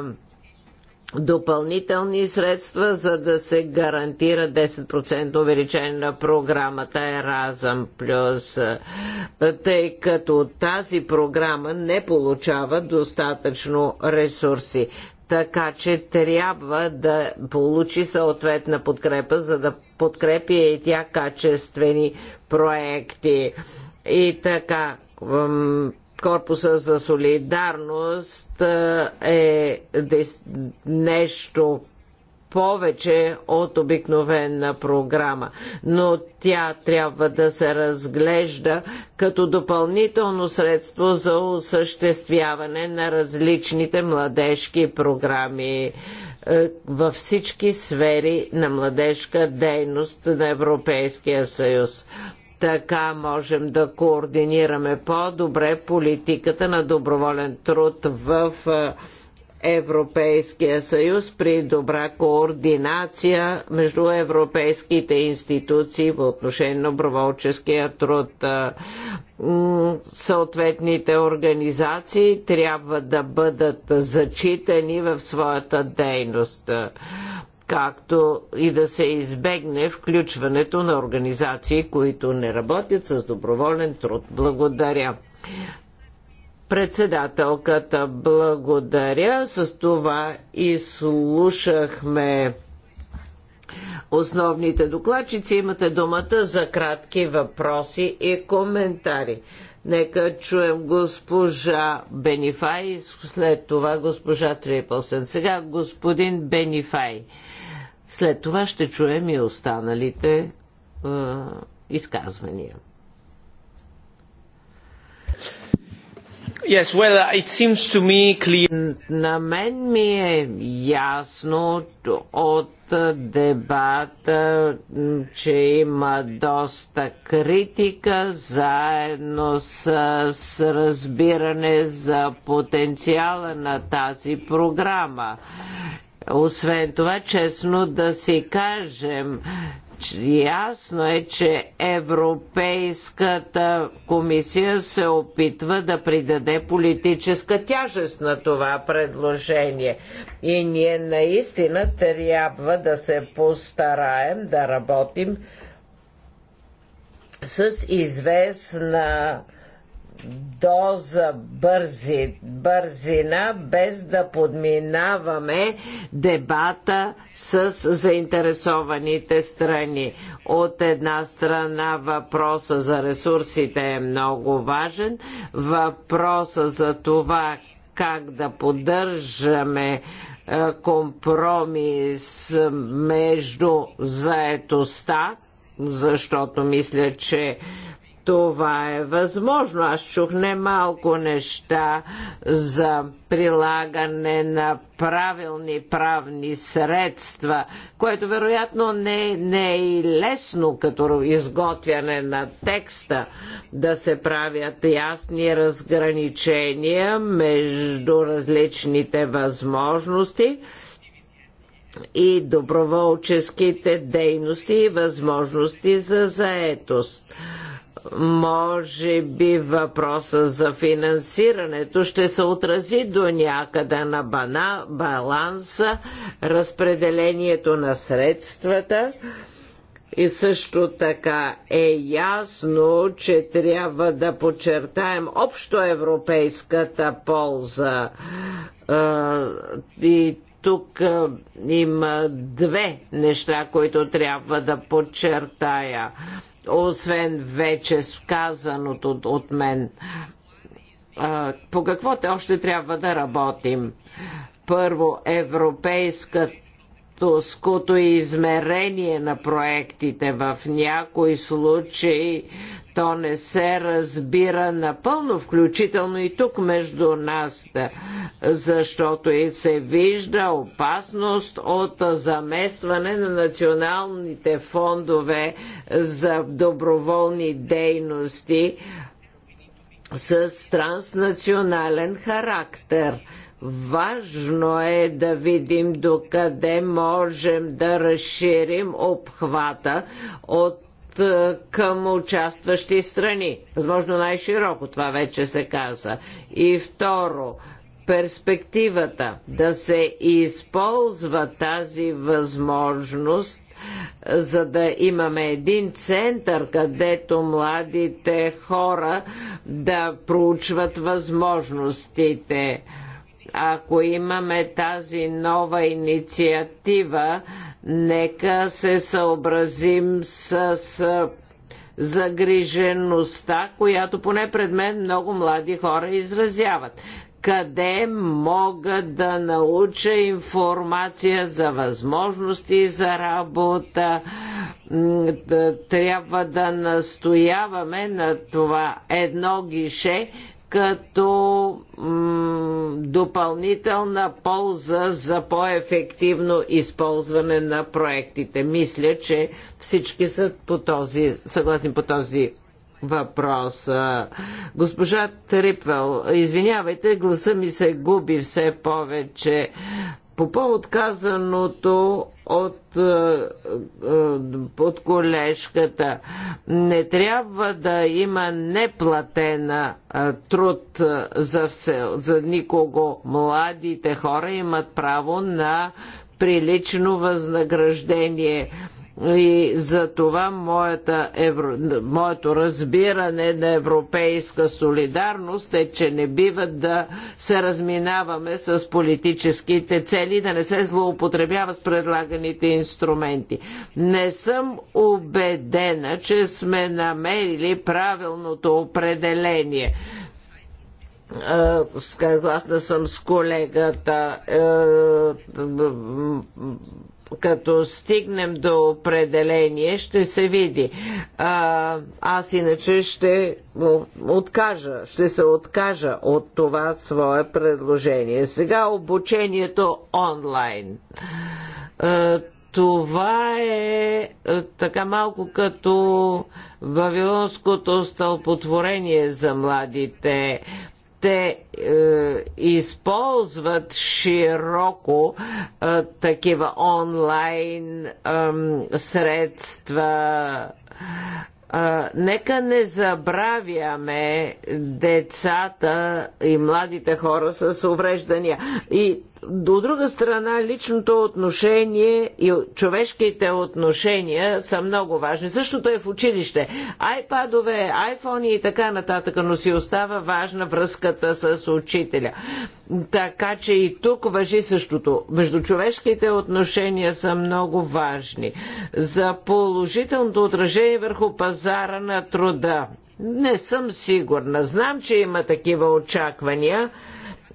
[SPEAKER 1] допълнителни средства, за да се гарантира 10% увеличение на програмата Еразъм Плюс, тъй като тази програма не получава достатъчно ресурси така че трябва да получи съответна подкрепа, за да подкрепи и тя качествени проекти. И така, Корпуса за солидарност е нещо повече от обикновена програма, но тя трябва да се разглежда като допълнително средство за осъществяване на различните младежки програми е, във всички сфери на младежка дейност на Европейския съюз. Така можем да координираме по-добре политиката на доброволен труд в е, Европейския съюз при добра координация между европейските институции в отношение на доброволческия труд. Съответните организации трябва да бъдат зачитани в своята дейност както и да се избегне включването на организации, които не работят с доброволен труд. Благодаря. Председателката, благодаря. С това изслушахме основните докладчици. Имате думата за кратки въпроси и коментари. Нека чуем госпожа Бенифай, след това госпожа Трипълсен. Сега господин Бенифай. След това ще чуем и останалите е, изказвания. Yes, well, it seems to me clear. На мен ми е ясно от дебата, че има доста критика, заедно с разбиране за потенциала на тази програма. Освен това, честно да си кажем, Ясно е, че Европейската комисия се опитва да придаде политическа тяжест на това предложение. И ние наистина трябва да се постараем да работим с известна доза бързи, бързина, без да подминаваме дебата с заинтересованите страни. От една страна въпроса за ресурсите е много важен, въпроса за това как да поддържаме е, компромис между заетостта, защото мисля, че това е възможно. Аз чух немалко неща за прилагане на правилни правни средства, което вероятно не, не е и лесно като изготвяне на текста да се правят ясни разграничения между различните възможности и доброволческите дейности и възможности за заетост може би въпроса за финансирането ще се отрази до някъде на бана, баланса, разпределението на средствата. И също така е ясно, че трябва да подчертаем общоевропейската полза и тук има две неща, които трябва да подчертая, освен вече сказаното от мен. По какво те още трябва да работим? Първо, европейската ското измерение на проектите в някои случаи то не се разбира напълно, включително и тук между нас, защото и се вижда опасност от заместване на националните фондове за доброволни дейности с транснационален характер. Важно е да видим докъде можем да разширим обхвата от е, към участващи страни. Възможно най-широко това вече се каза. И второ, перспективата да се използва тази възможност е, за да имаме един център, където младите хора да проучват възможностите. Ако имаме тази нова инициатива, Нека се съобразим с, загрижеността, която поне пред мен много млади хора изразяват. Къде мога да науча информация за възможности за работа? Трябва да настояваме на това едно гише като допълнителна полза за по-ефективно използване на проектите. Мисля, че всички са по този, съгласни по този въпрос. Госпожа Трипвел, извинявайте, гласа ми се губи все повече. По повод казаното от, е, е, от колежката, не трябва да има неплатена е, труд за, все, за никого. Младите хора имат право на прилично възнаграждение. И за това моята евро... моето разбиране на европейска солидарност е, че не бива да се разминаваме с политическите цели, да не се злоупотребява с предлаганите инструменти. Не съм убедена, че сме намерили правилното определение съгласна съм с колегата е, като стигнем до определение, ще се види. А, аз иначе ще откажа, ще се откажа от това свое предложение. Сега обучението онлайн. А, това е така малко като вавилонското стълпотворение за младите. Те е, използват широко е, такива онлайн е, средства. Е, нека не забравяме децата и младите хора с увреждания. И до друга страна, личното отношение и човешките отношения са много важни. Същото е в училище. Айпадове, айфони и така нататък, но си остава важна връзката с учителя. Така че и тук въжи същото. Между човешките отношения са много важни. За положителното отражение върху пазара на труда. Не съм сигурна. Знам, че има такива очаквания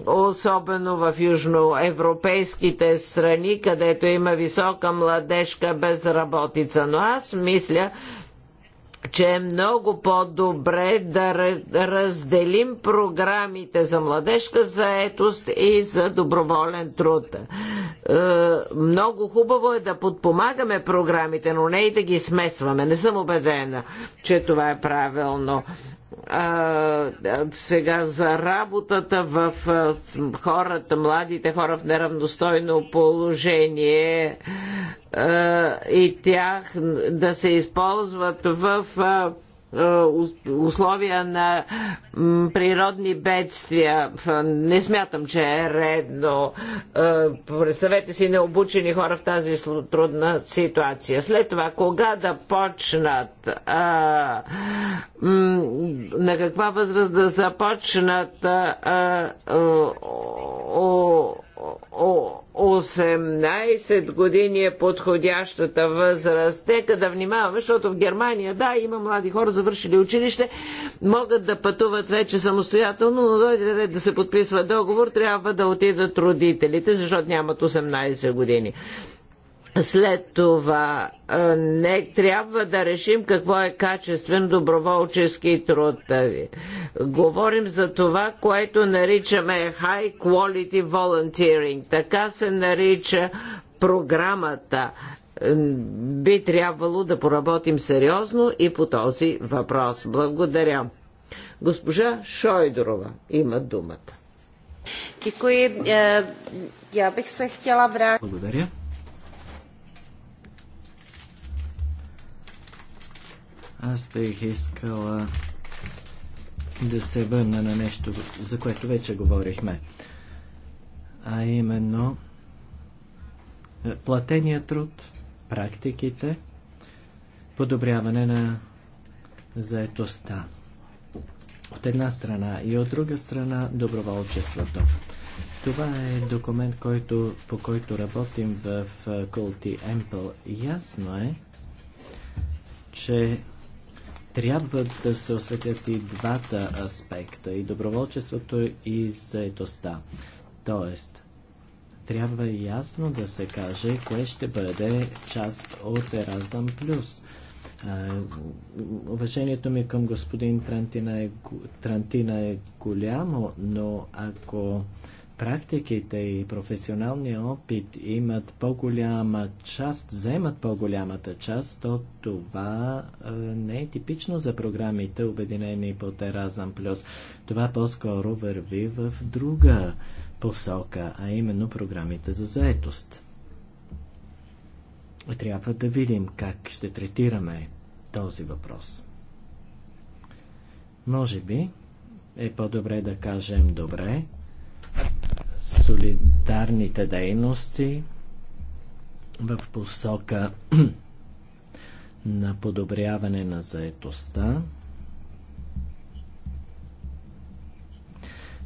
[SPEAKER 1] особено в южноевропейските страни, където има висока младежка безработица. Но аз мисля, че е много по-добре да разделим програмите за младежка заетост и за доброволен труд. Е, много хубаво е да подпомагаме програмите, но не и да ги смесваме. Не съм убедена, че това е правилно а, сега за работата в а, хората, младите хора в неравностойно положение а, и тях да се използват в а, е, условия на природни бедствия. Не смятам, че е редно. Е, представете си необучени хора в тази трудна ситуация. След това, кога да почнат, е, на каква възраст да започнат 18 години е подходящата възраст. Нека да внимаваме, защото в Германия, да, има млади хора, завършили училище, могат да пътуват вече самостоятелно, но дойде ред да се подписва договор, трябва да отидат родителите, защото нямат 18 години. След това не трябва да решим какво е качествен доброволчески труд. Нали? Говорим за това, което наричаме high quality volunteering. Така се нарича програмата. Би трябвало да поработим сериозно и по този въпрос. Благодаря. Госпожа Шойдорова има думата. Е,
[SPEAKER 2] Благодаря. Аз бих искала да се върна на нещо, за което вече говорихме. А именно е, платения труд, практиките, подобряване на заетостта. От една страна и от друга страна доброволчеството. Това е документ, който, по който работим в е, Култи Емпл. Ясно е, че трябва да се осветят и двата аспекта, и доброволчеството, и заедостта. Тоест, трябва ясно да се каже, кое ще бъде част от Еразъм Плюс. уважението ми към господин Трантина е, Трантина е голямо, но ако практиките и професионалния опит имат по-голяма част, вземат по-голямата част, то това е, не е типично за програмите, обединени под Еразъм Плюс. Това по-скоро върви в друга посока, а именно програмите за заетост. Трябва да видим как ще третираме този въпрос. Може би е по-добре да кажем добре, солидарните дейности в посока на подобряване на заетостта.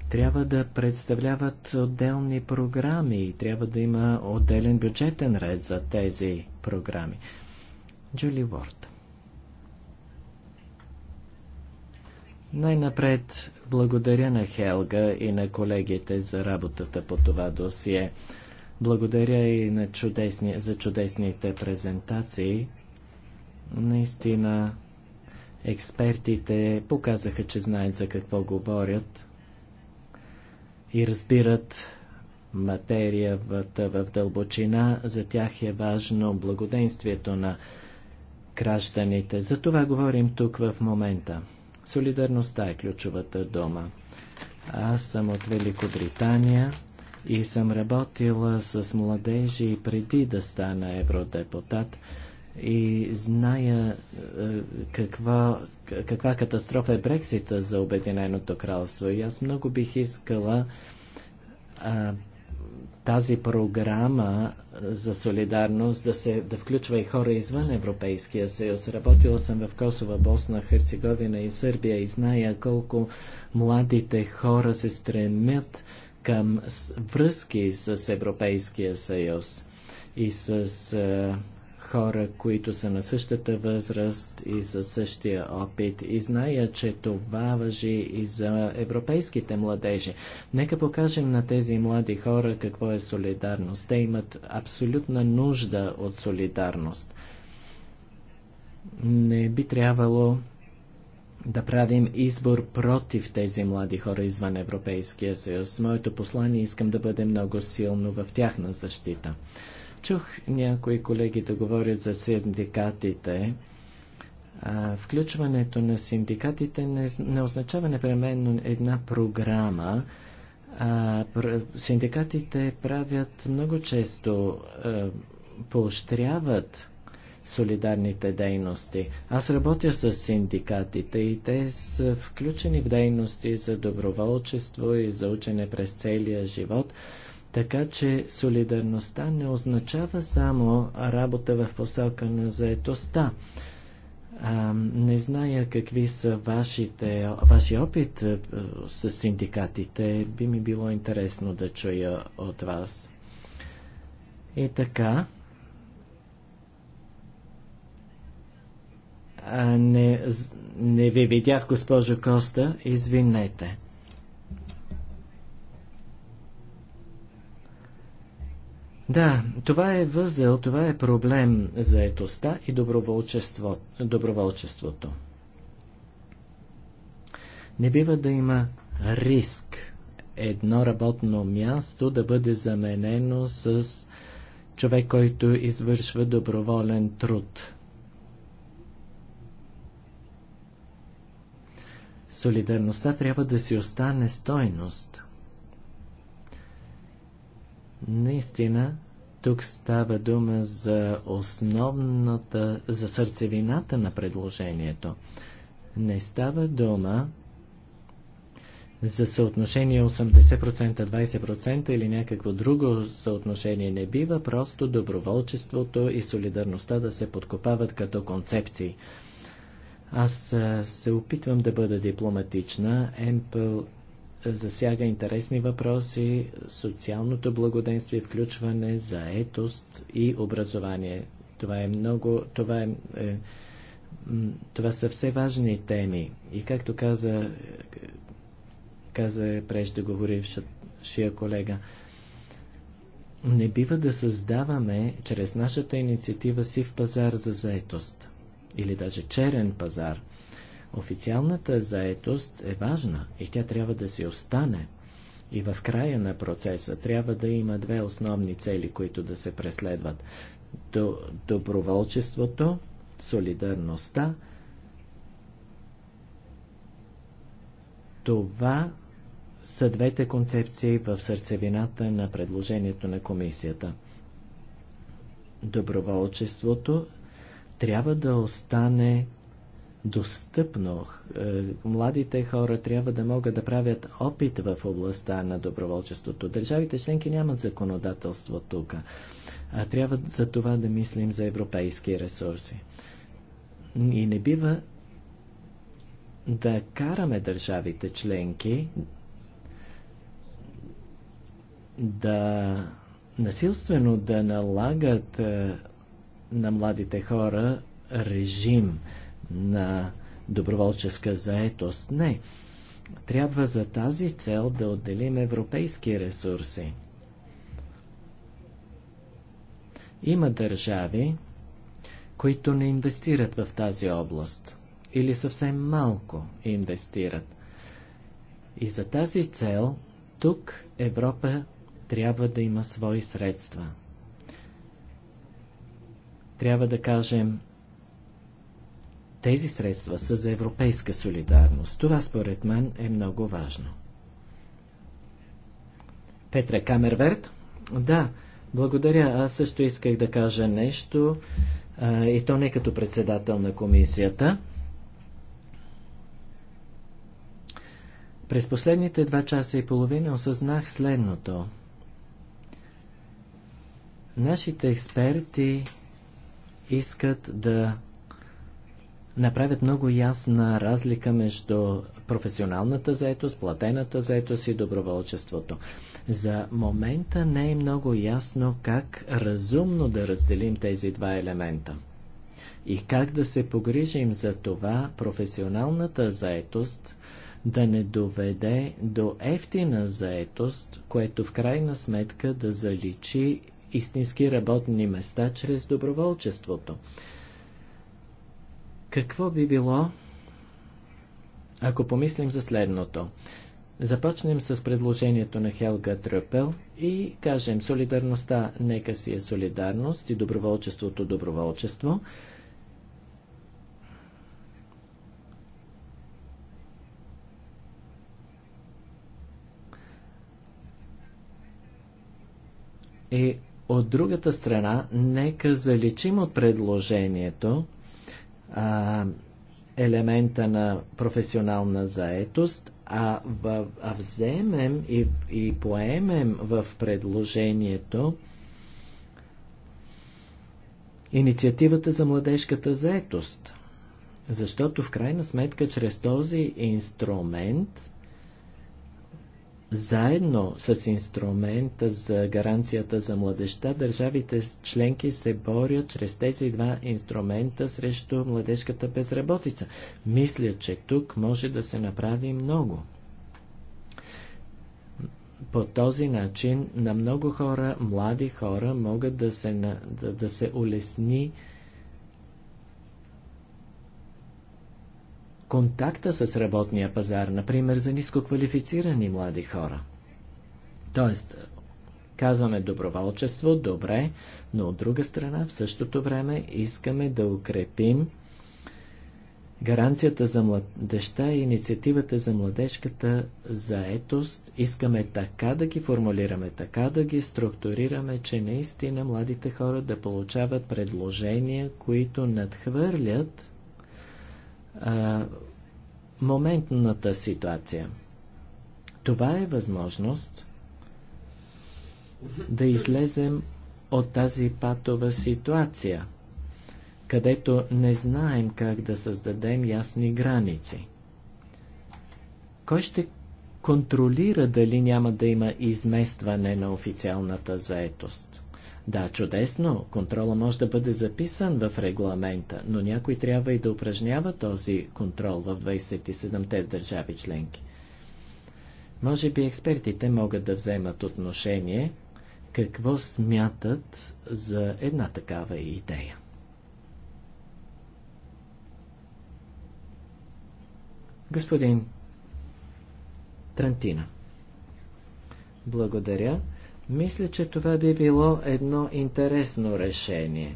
[SPEAKER 2] Трябва да представляват отделни програми и трябва да има отделен бюджетен ред за тези програми. Джули Уорд. Най-напред благодаря на Хелга и на колегите за работата по това досие. Благодаря и на чудесни, за чудесните презентации. Наистина, експертите показаха, че знаят за какво говорят и разбират материята в дълбочина. За тях е важно благоденствието на гражданите. За това говорим тук в момента. Солидарността е ключовата дума. Аз съм от Великобритания и съм работила с младежи преди да стана евродепутат и зная е, каква, каква катастрофа е Брексита за Обединеното кралство. И аз много бих искала а, тази програма за солидарност да, се, да включва и хора извън Европейския съюз. Работила съм в Косова, Босна, Херцеговина и Сърбия и зная колко младите хора се стремят към връзки с Европейския съюз и с хора, които са на същата възраст и със същия опит и знаят, че това въжи и за европейските младежи. Нека покажем на тези млади хора какво е солидарност. Те имат абсолютна нужда от солидарност. Не би трябвало да правим избор против тези млади хора извън Европейския съюз. Моето послание искам да бъде много силно в тяхна защита. Чух някои колеги да говорят за синдикатите. А, включването на синдикатите не, не означава непременно една програма. А, пр синдикатите правят много често, а, поощряват солидарните дейности. Аз работя с синдикатите и те са включени в дейности за доброволчество и за учене през целия живот. Така че солидарността не означава само работа в посока на заетостта. не зная какви са вашите, ваши опит с синдикатите. Би ми било интересно да чуя от вас. И така. не, не ви видях, госпожо Коста. Извинете. Да, това е възел, това е проблем за етостта и доброволчество, доброволчеството. Не бива да има риск едно работно място да бъде заменено с човек, който извършва доброволен труд. Солидарността трябва да си остане стойност. Наистина, тук става дума за основната, за сърцевината на предложението. Не става дума за съотношение 80%, 20% или някакво друго съотношение не бива, просто доброволчеството и солидарността да се подкопават като концепции. Аз се опитвам да бъда дипломатична. Емпъл засяга интересни въпроси, социалното благоденствие, включване, заетост и образование. Това е много, това е, е това са все важни теми. И както каза, каза преждеговорившия колега, не бива да създаваме чрез нашата инициатива сив пазар за заетост или даже черен пазар – Официалната заетост е важна и тя трябва да си остане. И в края на процеса трябва да има две основни цели, които да се преследват. Доброволчеството, солидарността. Това са двете концепции в сърцевината на предложението на комисията. Доброволчеството трябва да остане достъпно. Е, младите хора трябва да могат да правят опит в областта на доброволчеството. Държавите членки нямат законодателство тук. А трябва за това да мислим за европейски ресурси. И не бива да караме държавите членки да насилствено да налагат е, на младите хора режим – на доброволческа заетост. Не. Трябва за тази цел да отделим европейски ресурси. Има държави, които не инвестират в тази област или съвсем малко инвестират. И за тази цел тук Европа трябва да има свои средства. Трябва да кажем, тези средства са за европейска солидарност. Това според мен е много важно. Петра Камерверт? Да, благодаря. Аз също исках да кажа нещо а, и то не като председател на комисията. През последните два часа и половина осъзнах следното. Нашите експерти искат да направят много ясна разлика между професионалната заетост, платената заетост и доброволчеството. За момента не е много ясно как разумно да разделим тези два елемента и как да се погрижим за това професионалната заетост да не доведе до ефтина заетост, което в крайна сметка да заличи истински работни места чрез доброволчеството. Какво би било, ако помислим за следното? Започнем с предложението на Хелга Тръпел и кажем солидарността нека си е солидарност и доброволчеството доброволчество. И от другата страна, нека заличим от предложението а, елемента на професионална заетост, а, в, а вземем и, и поемем в предложението инициативата за младежката заетост. Защото в крайна сметка чрез този инструмент заедно с инструмента за гаранцията за младеща, държавите членки се борят чрез тези два инструмента срещу младежката безработица. Мисля, че тук може да се направи много. По този начин на много хора, млади хора, могат да се, да, да се улесни контакта с работния пазар, например за нискоквалифицирани млади хора. Тоест, казваме доброволчество, добре, но от друга страна в същото време искаме да укрепим гаранцията за младеща и инициативата за младежката заетост. Искаме така да ги формулираме, така да ги структурираме, че наистина младите хора да получават предложения, които надхвърлят а, моментната ситуация. Това е възможност да излезем от тази патова ситуация, където не знаем как да създадем ясни граници. Кой ще контролира дали няма да има изместване на официалната заетост? Да, чудесно, контрола може да бъде записан в регламента, но някой трябва и да упражнява този контрол в 27-те държави членки. Може би експертите могат да вземат отношение какво смятат за една такава идея. Господин Трантина. Благодаря. Мисля, че това би било едно интересно решение.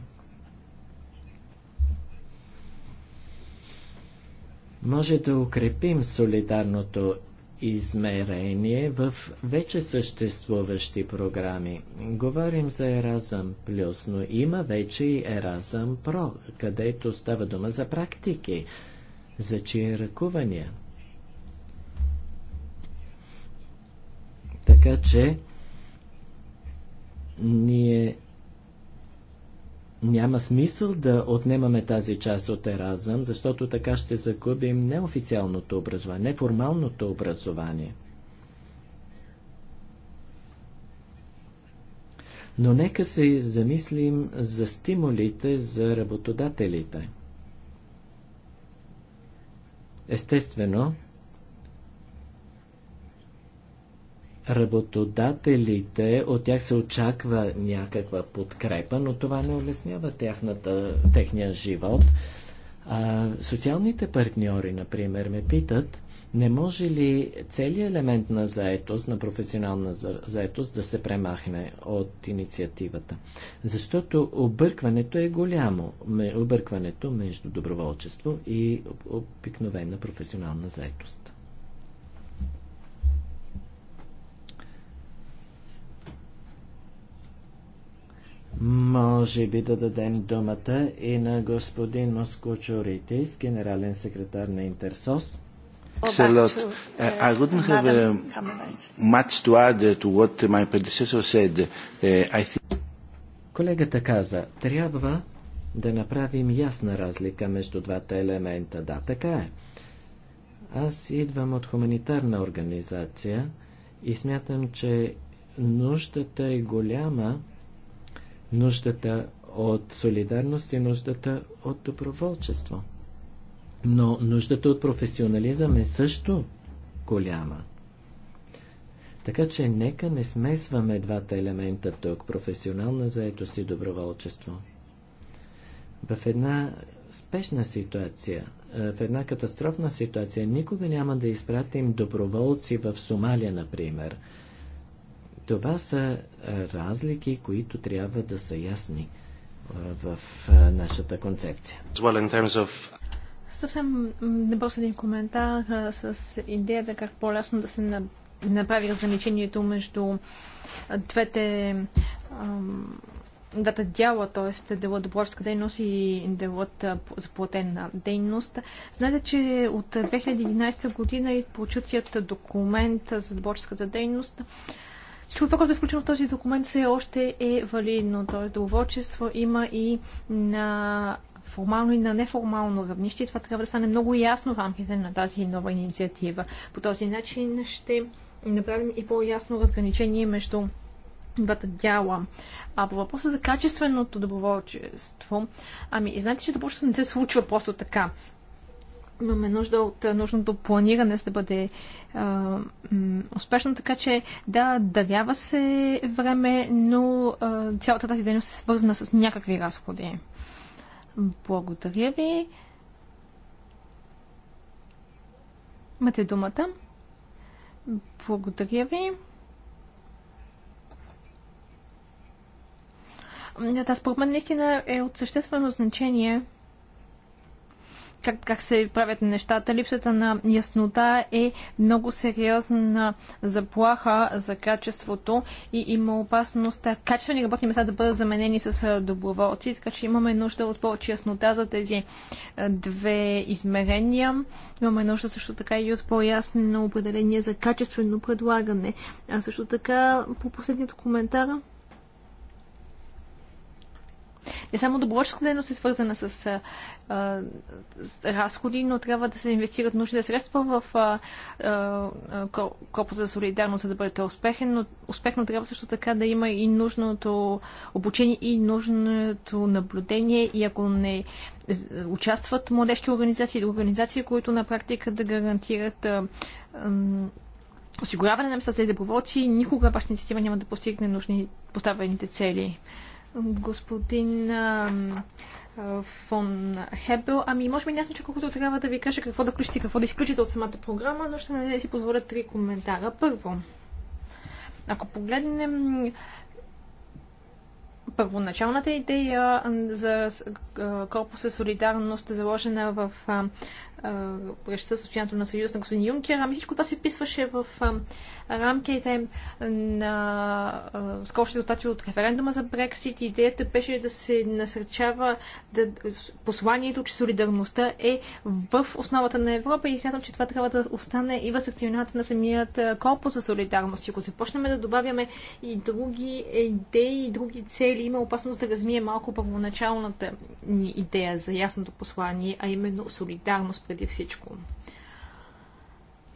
[SPEAKER 2] Може да укрепим солидарното измерение в вече съществуващи програми. Говорим за Еразъм Плюс, но има вече и Еразъм Про, където става дума за практики, за чие ръкувания. Така че ние няма смисъл да отнемаме тази част от Еразъм, защото така ще загубим неофициалното образование, неформалното образование. Но нека се замислим за стимулите за работодателите. Естествено, работодателите, от тях се очаква някаква подкрепа, но това не улеснява тяхната, техния живот. А, социалните партньори, например, ме питат, не може ли целият елемент на заетост, на професионална заетост, да се премахне от инициативата? Защото объркването е голямо. Объркването между доброволчество и обикновена професионална заетост. Може би да дадем думата и на господин Москочоритис, генерален секретар на Интерсос. Uh, I wouldn't have uh, much to add uh, to what my predecessor said. Uh, I think... Колегата каза, трябва да направим ясна разлика между двата елемента. Да, така е. Аз идвам от хуманитарна организация и смятам, че нуждата е голяма нуждата от солидарност и нуждата от доброволчество. Но нуждата от професионализъм е също голяма. Така че нека не смесваме двата елемента тук – професионална заетост и доброволчество. В една спешна ситуация, в една катастрофна ситуация, никога няма да изпратим доброволци в Сомалия, например – това са разлики, които трябва да са ясни в нашата концепция.
[SPEAKER 3] Съвсем набърз един коментар а, с идеята как по-лесно да се направи разграничението между двете двата дяла, т.е. делът доброволческа дейност и делът заплатена дейност. Знаете, че от 2011 година и получутият документ за доброволческата дейност всичко това, което е включено в този документ, все още е валидно. Тоест договорчество има и на формално и на неформално равнище. Това трябва да стане много ясно в рамките на тази нова инициатива. По този начин ще направим и по-ясно разграничение между двата дяла. А по въпроса за качественото доброволчество, ами, знаете, че доброволчеството не се случва просто така имаме нужда от нужното планиране, за да бъде а, успешно. Така че да, дарява се време, но а, цялата тази дейност е свързана с някакви разходи. Благодаря ви. Имате думата. Благодаря ви. Да, според мен наистина е от съществено значение как, как се правят нещата. Липсата на яснота е много сериозна заплаха за качеството и има опасност качествени работни места да бъдат заменени с доброволци, така че имаме нужда от повече яснота за тези две измерения. Имаме нужда също така и от по-ясно определение за качествено предлагане. А също така, по последният коментар, не само доброволческата дейност е свързана с, а, с разходи, но трябва да се инвестират нужните средства в а, а, за солидарност, за да бъдете успехен, но успехно трябва също така да има и нужното обучение и нужното наблюдение и ако не участват младежки организации организации, които на практика да гарантират а, а, осигуряване на места за доброволци, никога вашата инициатива няма да постигне нужни поставените цели господин фон Хебел. Ами, може би не е че колкото трябва да ви кажа какво да включите, какво да изключите от самата програма, но ще не си позволя три коментара. Първо, ако погледнем първоначалната идея за корпуса солидарност, заложена в преща състоянието на съюз на господин Юнкер. Ами всичко това се вписваше в рамките на скорите резултати от референдума за Брексит. Идеята беше да се насърчава да, посланието, че солидарността е в основата на Европа и смятам, че това трябва да остане и в сърцевината на самият корпус за солидарност. И ако започнем да добавяме и други идеи, и други цели, има опасност да размие малко първоначалната ни идея за ясното послание, а именно солидарност преди всичко.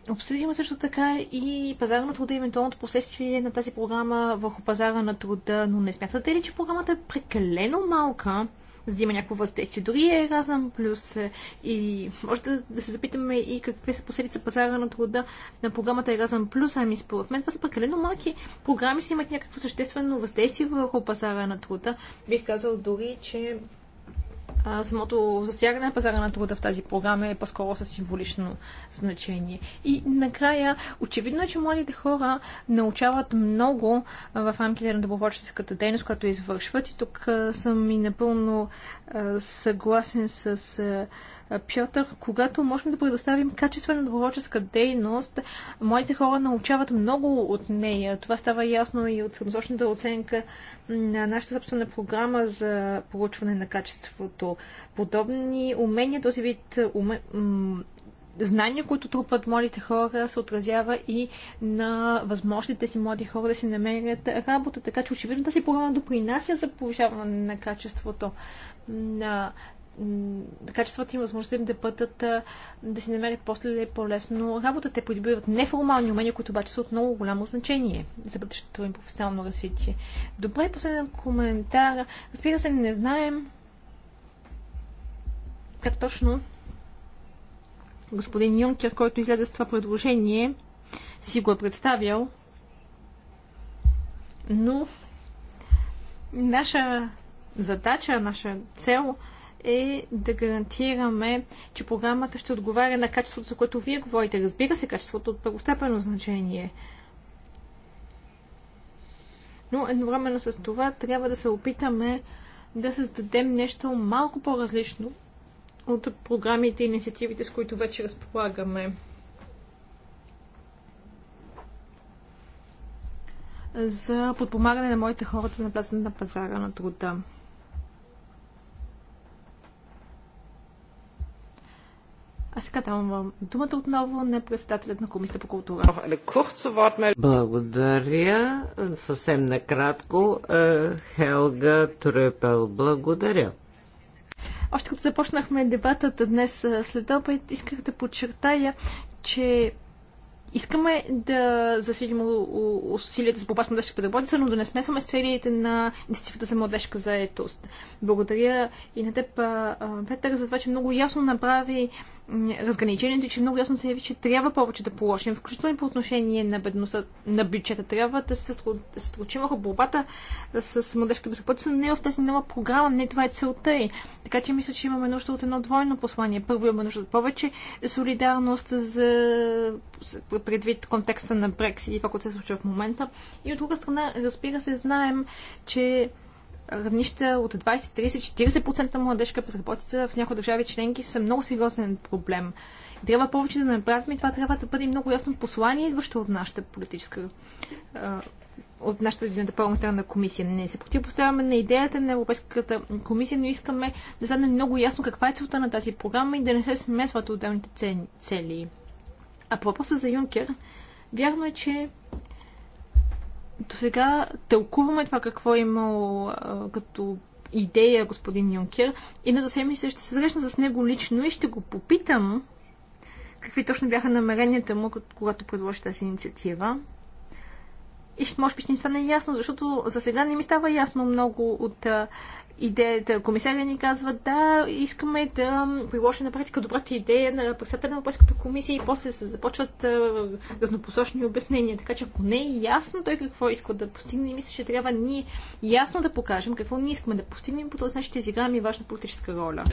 [SPEAKER 3] Обсъдим също така и пазара на труда и евентуалното последствие на тази програма върху пазара на труда, но не смятате ли, че програмата е прекалено малка, за да има някакво въздействие? Дори е разъм плюс е, и може да, да се запитаме и какви са последици пазара на труда на програмата Еразъм плюс, ами според мен това са прекалено малки програми, си имат някакво съществено въздействие върху пазара на труда. Бих казал дори, че самото засягане на пазара на труда в тази програма е по-скоро със символично значение. И накрая, очевидно е, че младите хора научават много в рамките на доброволческата дейност, която извършват. И тук съм и напълно съгласен с Пьотър, когато можем да предоставим качествена доброволческа дейност, моите хора научават много от нея. Това става ясно и от средносрочната оценка на нашата собствена програма за получване на качеството. Подобни умения, този вид уме... знания, които трупат младите хора, се отразява и на възможностите си млади хора да си намерят работа. Така че очевидно тази програма допринася за повишаване на качеството качествата и възможността им да бъдат, да си намерят после по-лесно работа. Те придобиват неформални умения, които обаче са от много голямо значение за бъдещето им професионално развитие. Добре, последен коментар. Разбира се, не знаем как точно господин Юнкер, който излезе с това предложение, си го е представял. Но наша задача, наша цел е да гарантираме, че програмата ще отговаря на качеството, за което вие говорите. Разбира се, качеството от първостепенно значение. Но едновременно с това трябва да се опитаме да създадем нещо малко по-различно от програмите и инициативите, с които вече разполагаме. за подпомагане на моите хората на плацата на пазара на труда. А сега давам вам думата отново на председателят на Комисията по култура.
[SPEAKER 1] Благодаря. Съвсем накратко. Е, Хелга Трюпел. Благодаря.
[SPEAKER 3] Още като започнахме дебатата днес е, след обед, исках да подчертая, че искаме да засилим усилията за борба младежка педагогица, но да не смесваме с целите на инициативата за младежка заетост. Благодаря и на теб, Петър, за това, че много ясно направи разграничението, че много ясно се яви, че трябва повече да положим, включително и по отношение на бедността на бюджета. Трябва да се случим върху борбата с младежката безработица, но не в тази нова програма, не това е целта й. Така че мисля, че имаме нужда от едно двойно послание. Първо имаме нужда от повече солидарност за предвид контекста на Брексит и това, което се случва в момента. И от друга страна, разбира се, знаем, че равнища от 20, 30, 40% младежка безработица в някои държави членки са много сериозен проблем. И трябва повече да направим и това трябва да бъде много ясно послание, идващо от нашата политическа от нашата парламентарна комисия. Не се противопоставяме на идеята на Европейската комисия, но искаме да стане много ясно каква е целта на тази програма и да не се смесват отделните цели. А по въпроса за Юнкер, вярно е, че до сега тълкуваме това какво е имал като идея господин Юнкер. И на мисля, ще се срещна с него лично и ще го попитам какви точно бяха намеренията му, когато предложи тази инициатива. И ще, може би ще ни стане ясно, защото за сега не ми става ясно много от а, идеята. Комисария ни казва, да, искаме да приложим на практика добрата идея на председателя на Европейската комисия и после се започват разнопосочни обяснения. Така че ако не е ясно той какво иска да постигне, мисля, че трябва ние ясно да покажем какво ние искаме да постигнем. По този начин ще изиграем и важна политическа роля.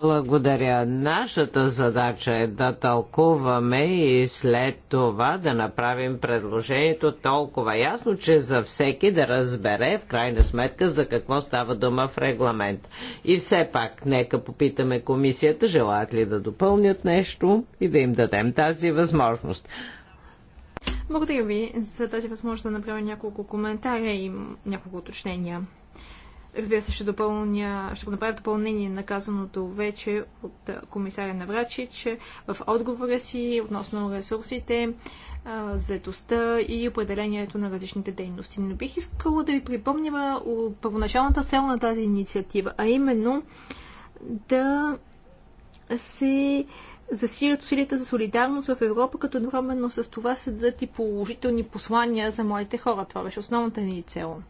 [SPEAKER 1] Благодаря. Нашата задача е да тълкуваме и след това да направим предложението толкова ясно, че за всеки да разбере в крайна сметка за какво става дума в регламент. И все пак, нека попитаме комисията, желаят ли да допълнят нещо и да им дадем тази възможност.
[SPEAKER 3] Благодаря ви за тази възможност да направя няколко коментаря и няколко уточнения. Разбира се, ще, допълня, ще направя допълнение на казаното вече от комисаря Наврачич в отговора си относно ресурсите заедостта и определението на различните дейности. Но бих искала да ви припомня първоначалната цел на тази инициатива, а именно да се засилят усилията за солидарност в Европа, като едновременно с това се дадат и положителни послания за моите хора. Това беше основната ни цел.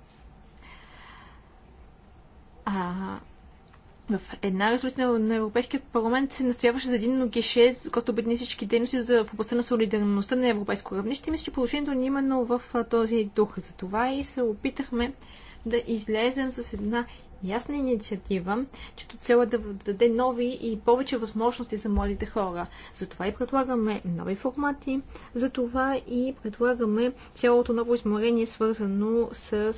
[SPEAKER 3] А в една развитие на Европейския парламент се настояваше за един гише, който обедини всички дейности за, в областта на солидарността на европейско равнище. Мисля, че положението ни е именно в този дух. За това и се опитахме да излезем с една ясна инициатива, чето цел е да даде нови и повече възможности за младите хора. Затова и предлагаме нови формати, затова и предлагаме цялото ново изморение, свързано с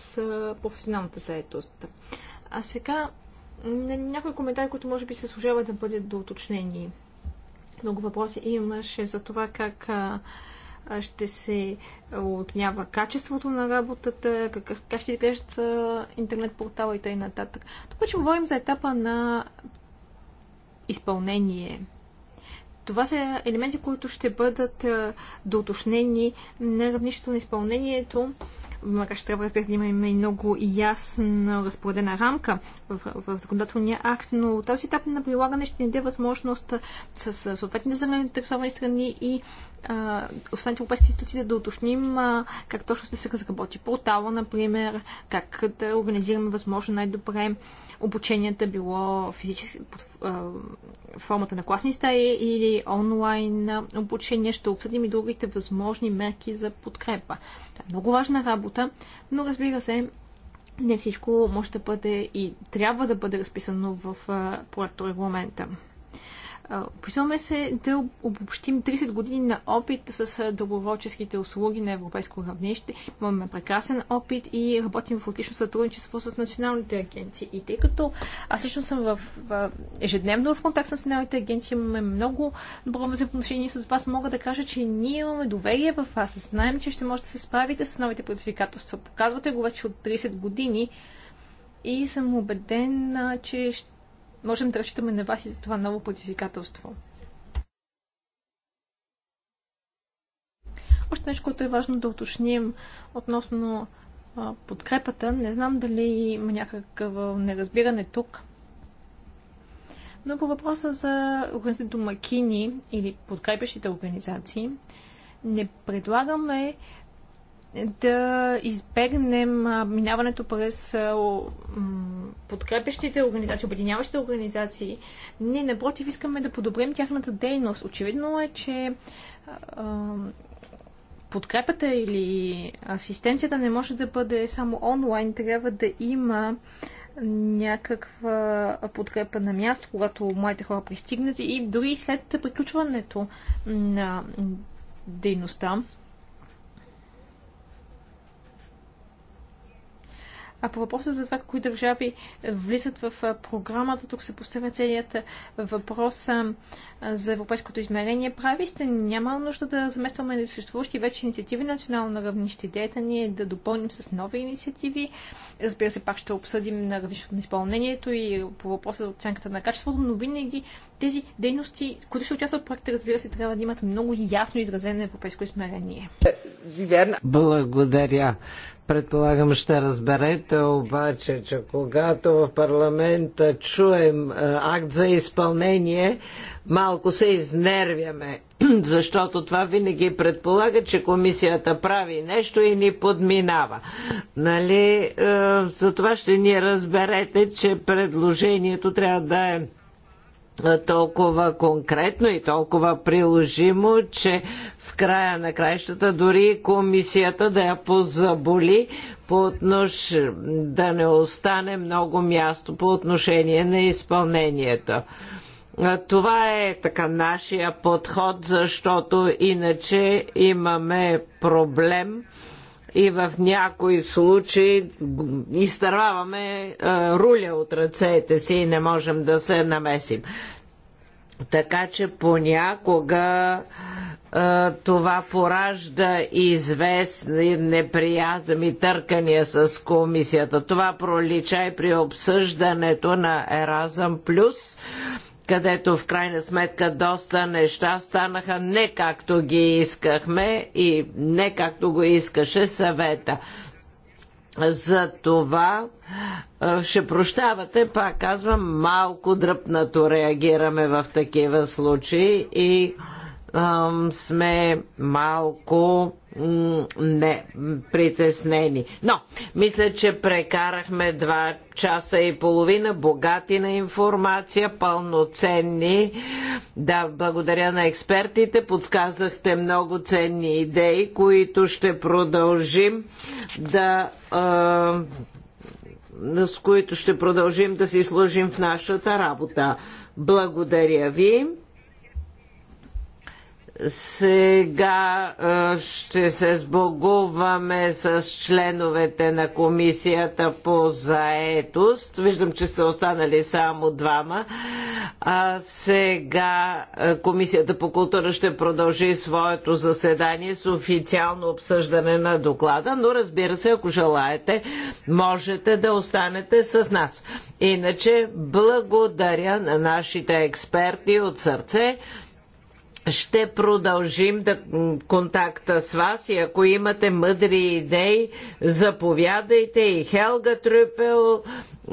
[SPEAKER 3] професионалната заедост. А сега някои коментари, които може би се служават да бъдат доуточнени. Много въпроси имаше за това как ще се оценява качеството на работата, как, как ще изглеждат интернет портала и т.н. Тук ще говорим за етапа на изпълнение. Това са елементи, които ще бъдат доуточнени на равнището на изпълнението макар ще трябва, разбира да имаме и много ясно разпоредена рамка в, в законодателния акт, но този етап на прилагане ще ни даде възможност с съответните заинтересовани страни и останалите европейски институции да уточним а, как точно ще се разработи портала, например, как да организираме възможно най-добре обученията, е било физически, под формата на класни стаи или онлайн обучение. Ще обсъдим и другите възможни мерки за подкрепа. Това е много важна работа, но разбира се, не всичко може да бъде и трябва да бъде разписано в проекторегламента. регламента. Описваме се да обобщим 30 години на опит с доброволческите услуги на европейско равнище. Имаме прекрасен опит и работим в отлично сътрудничество с националните агенции. И тъй като аз лично съм в, в ежедневно в контакт с националните агенции, имаме много добро взаимоотношение с вас, мога да кажа, че ние имаме доверие в вас. Знаем, че ще можете да се справите с новите предизвикателства. Показвате го вече от 30 години и съм убеден, че ще можем да разчитаме на вас и за това ново предизвикателство. Още нещо, което е важно да уточним относно а, подкрепата. Не знам дали има някакво неразбиране тук. Но по въпроса за организацията домакини или подкрепящите организации, не предлагаме да избегнем минаването през подкрепящите организации, обединяващите организации. Не, напротив, искаме да подобрим тяхната дейност. Очевидно е, че подкрепата или асистенцията не може да бъде само онлайн, трябва да има някаква подкрепа на място, когато моите хора пристигнат и дори след приключването на дейността. А по въпроса за това, кои държави влизат в програмата, тук се поставя целият въпрос за европейското измерение. Прави сте, няма нужда да заместваме съществуващи вече инициативи на национално равнище. Идеята ни е да допълним с нови инициативи. Разбира се, пак ще обсъдим на равнището на изпълнението и по въпроса за оценката на качеството, но винаги тези дейности, които ще участват в проекта, разбира се, трябва да имат много ясно изразено европейско измерение.
[SPEAKER 1] Благодаря. Предполагам, ще разберете обаче, че когато в парламента чуем акт за изпълнение, малко малко се изнервяме, защото това винаги предполага, че комисията прави нещо и ни подминава. Нали? Е, за това ще ни разберете, че предложението трябва да е, е толкова конкретно и толкова приложимо, че в края на краищата дори комисията да я позаболи по отнош... да не остане много място по отношение на изпълнението. Това е така нашия подход, защото иначе имаме проблем и в някои случаи изтърваваме руля от ръцете си и не можем да се намесим. Така че понякога а, това поражда известни неприязни търкания с комисията. Това пролича и при обсъждането на Еразъм Плюс където в крайна сметка доста неща станаха не както ги искахме и не както го искаше съвета. За това ще прощавате, пак казвам, малко дръпнато реагираме в такива случаи и сме малко не притеснени. Но, мисля, че прекарахме два часа и половина, богати на информация, пълноценни. Да, благодаря на експертите, подсказахте много ценни идеи, които ще продължим да е, с които ще продължим да си служим в нашата работа. Благодаря ви. Сега ще се сбогуваме с членовете на комисията по заетост. Виждам, че сте останали само двама. А сега комисията по култура ще продължи своето заседание с официално обсъждане на доклада, но разбира се, ако желаете, можете да останете с нас. Иначе, благодаря на нашите експерти от сърце ще продължим да, контакта с вас и ако имате мъдри идеи, заповядайте и Хелга Трюпел,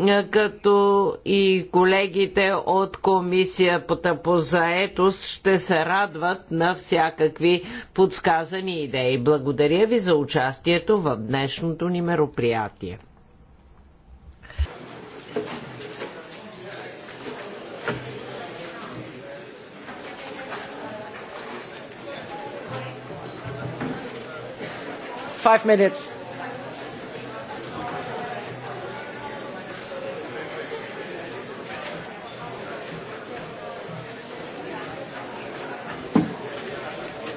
[SPEAKER 1] е, като и колегите от комисията по заетост ще се радват на всякакви подсказани идеи. Благодаря ви за участието в днешното ни мероприятие. five minutes.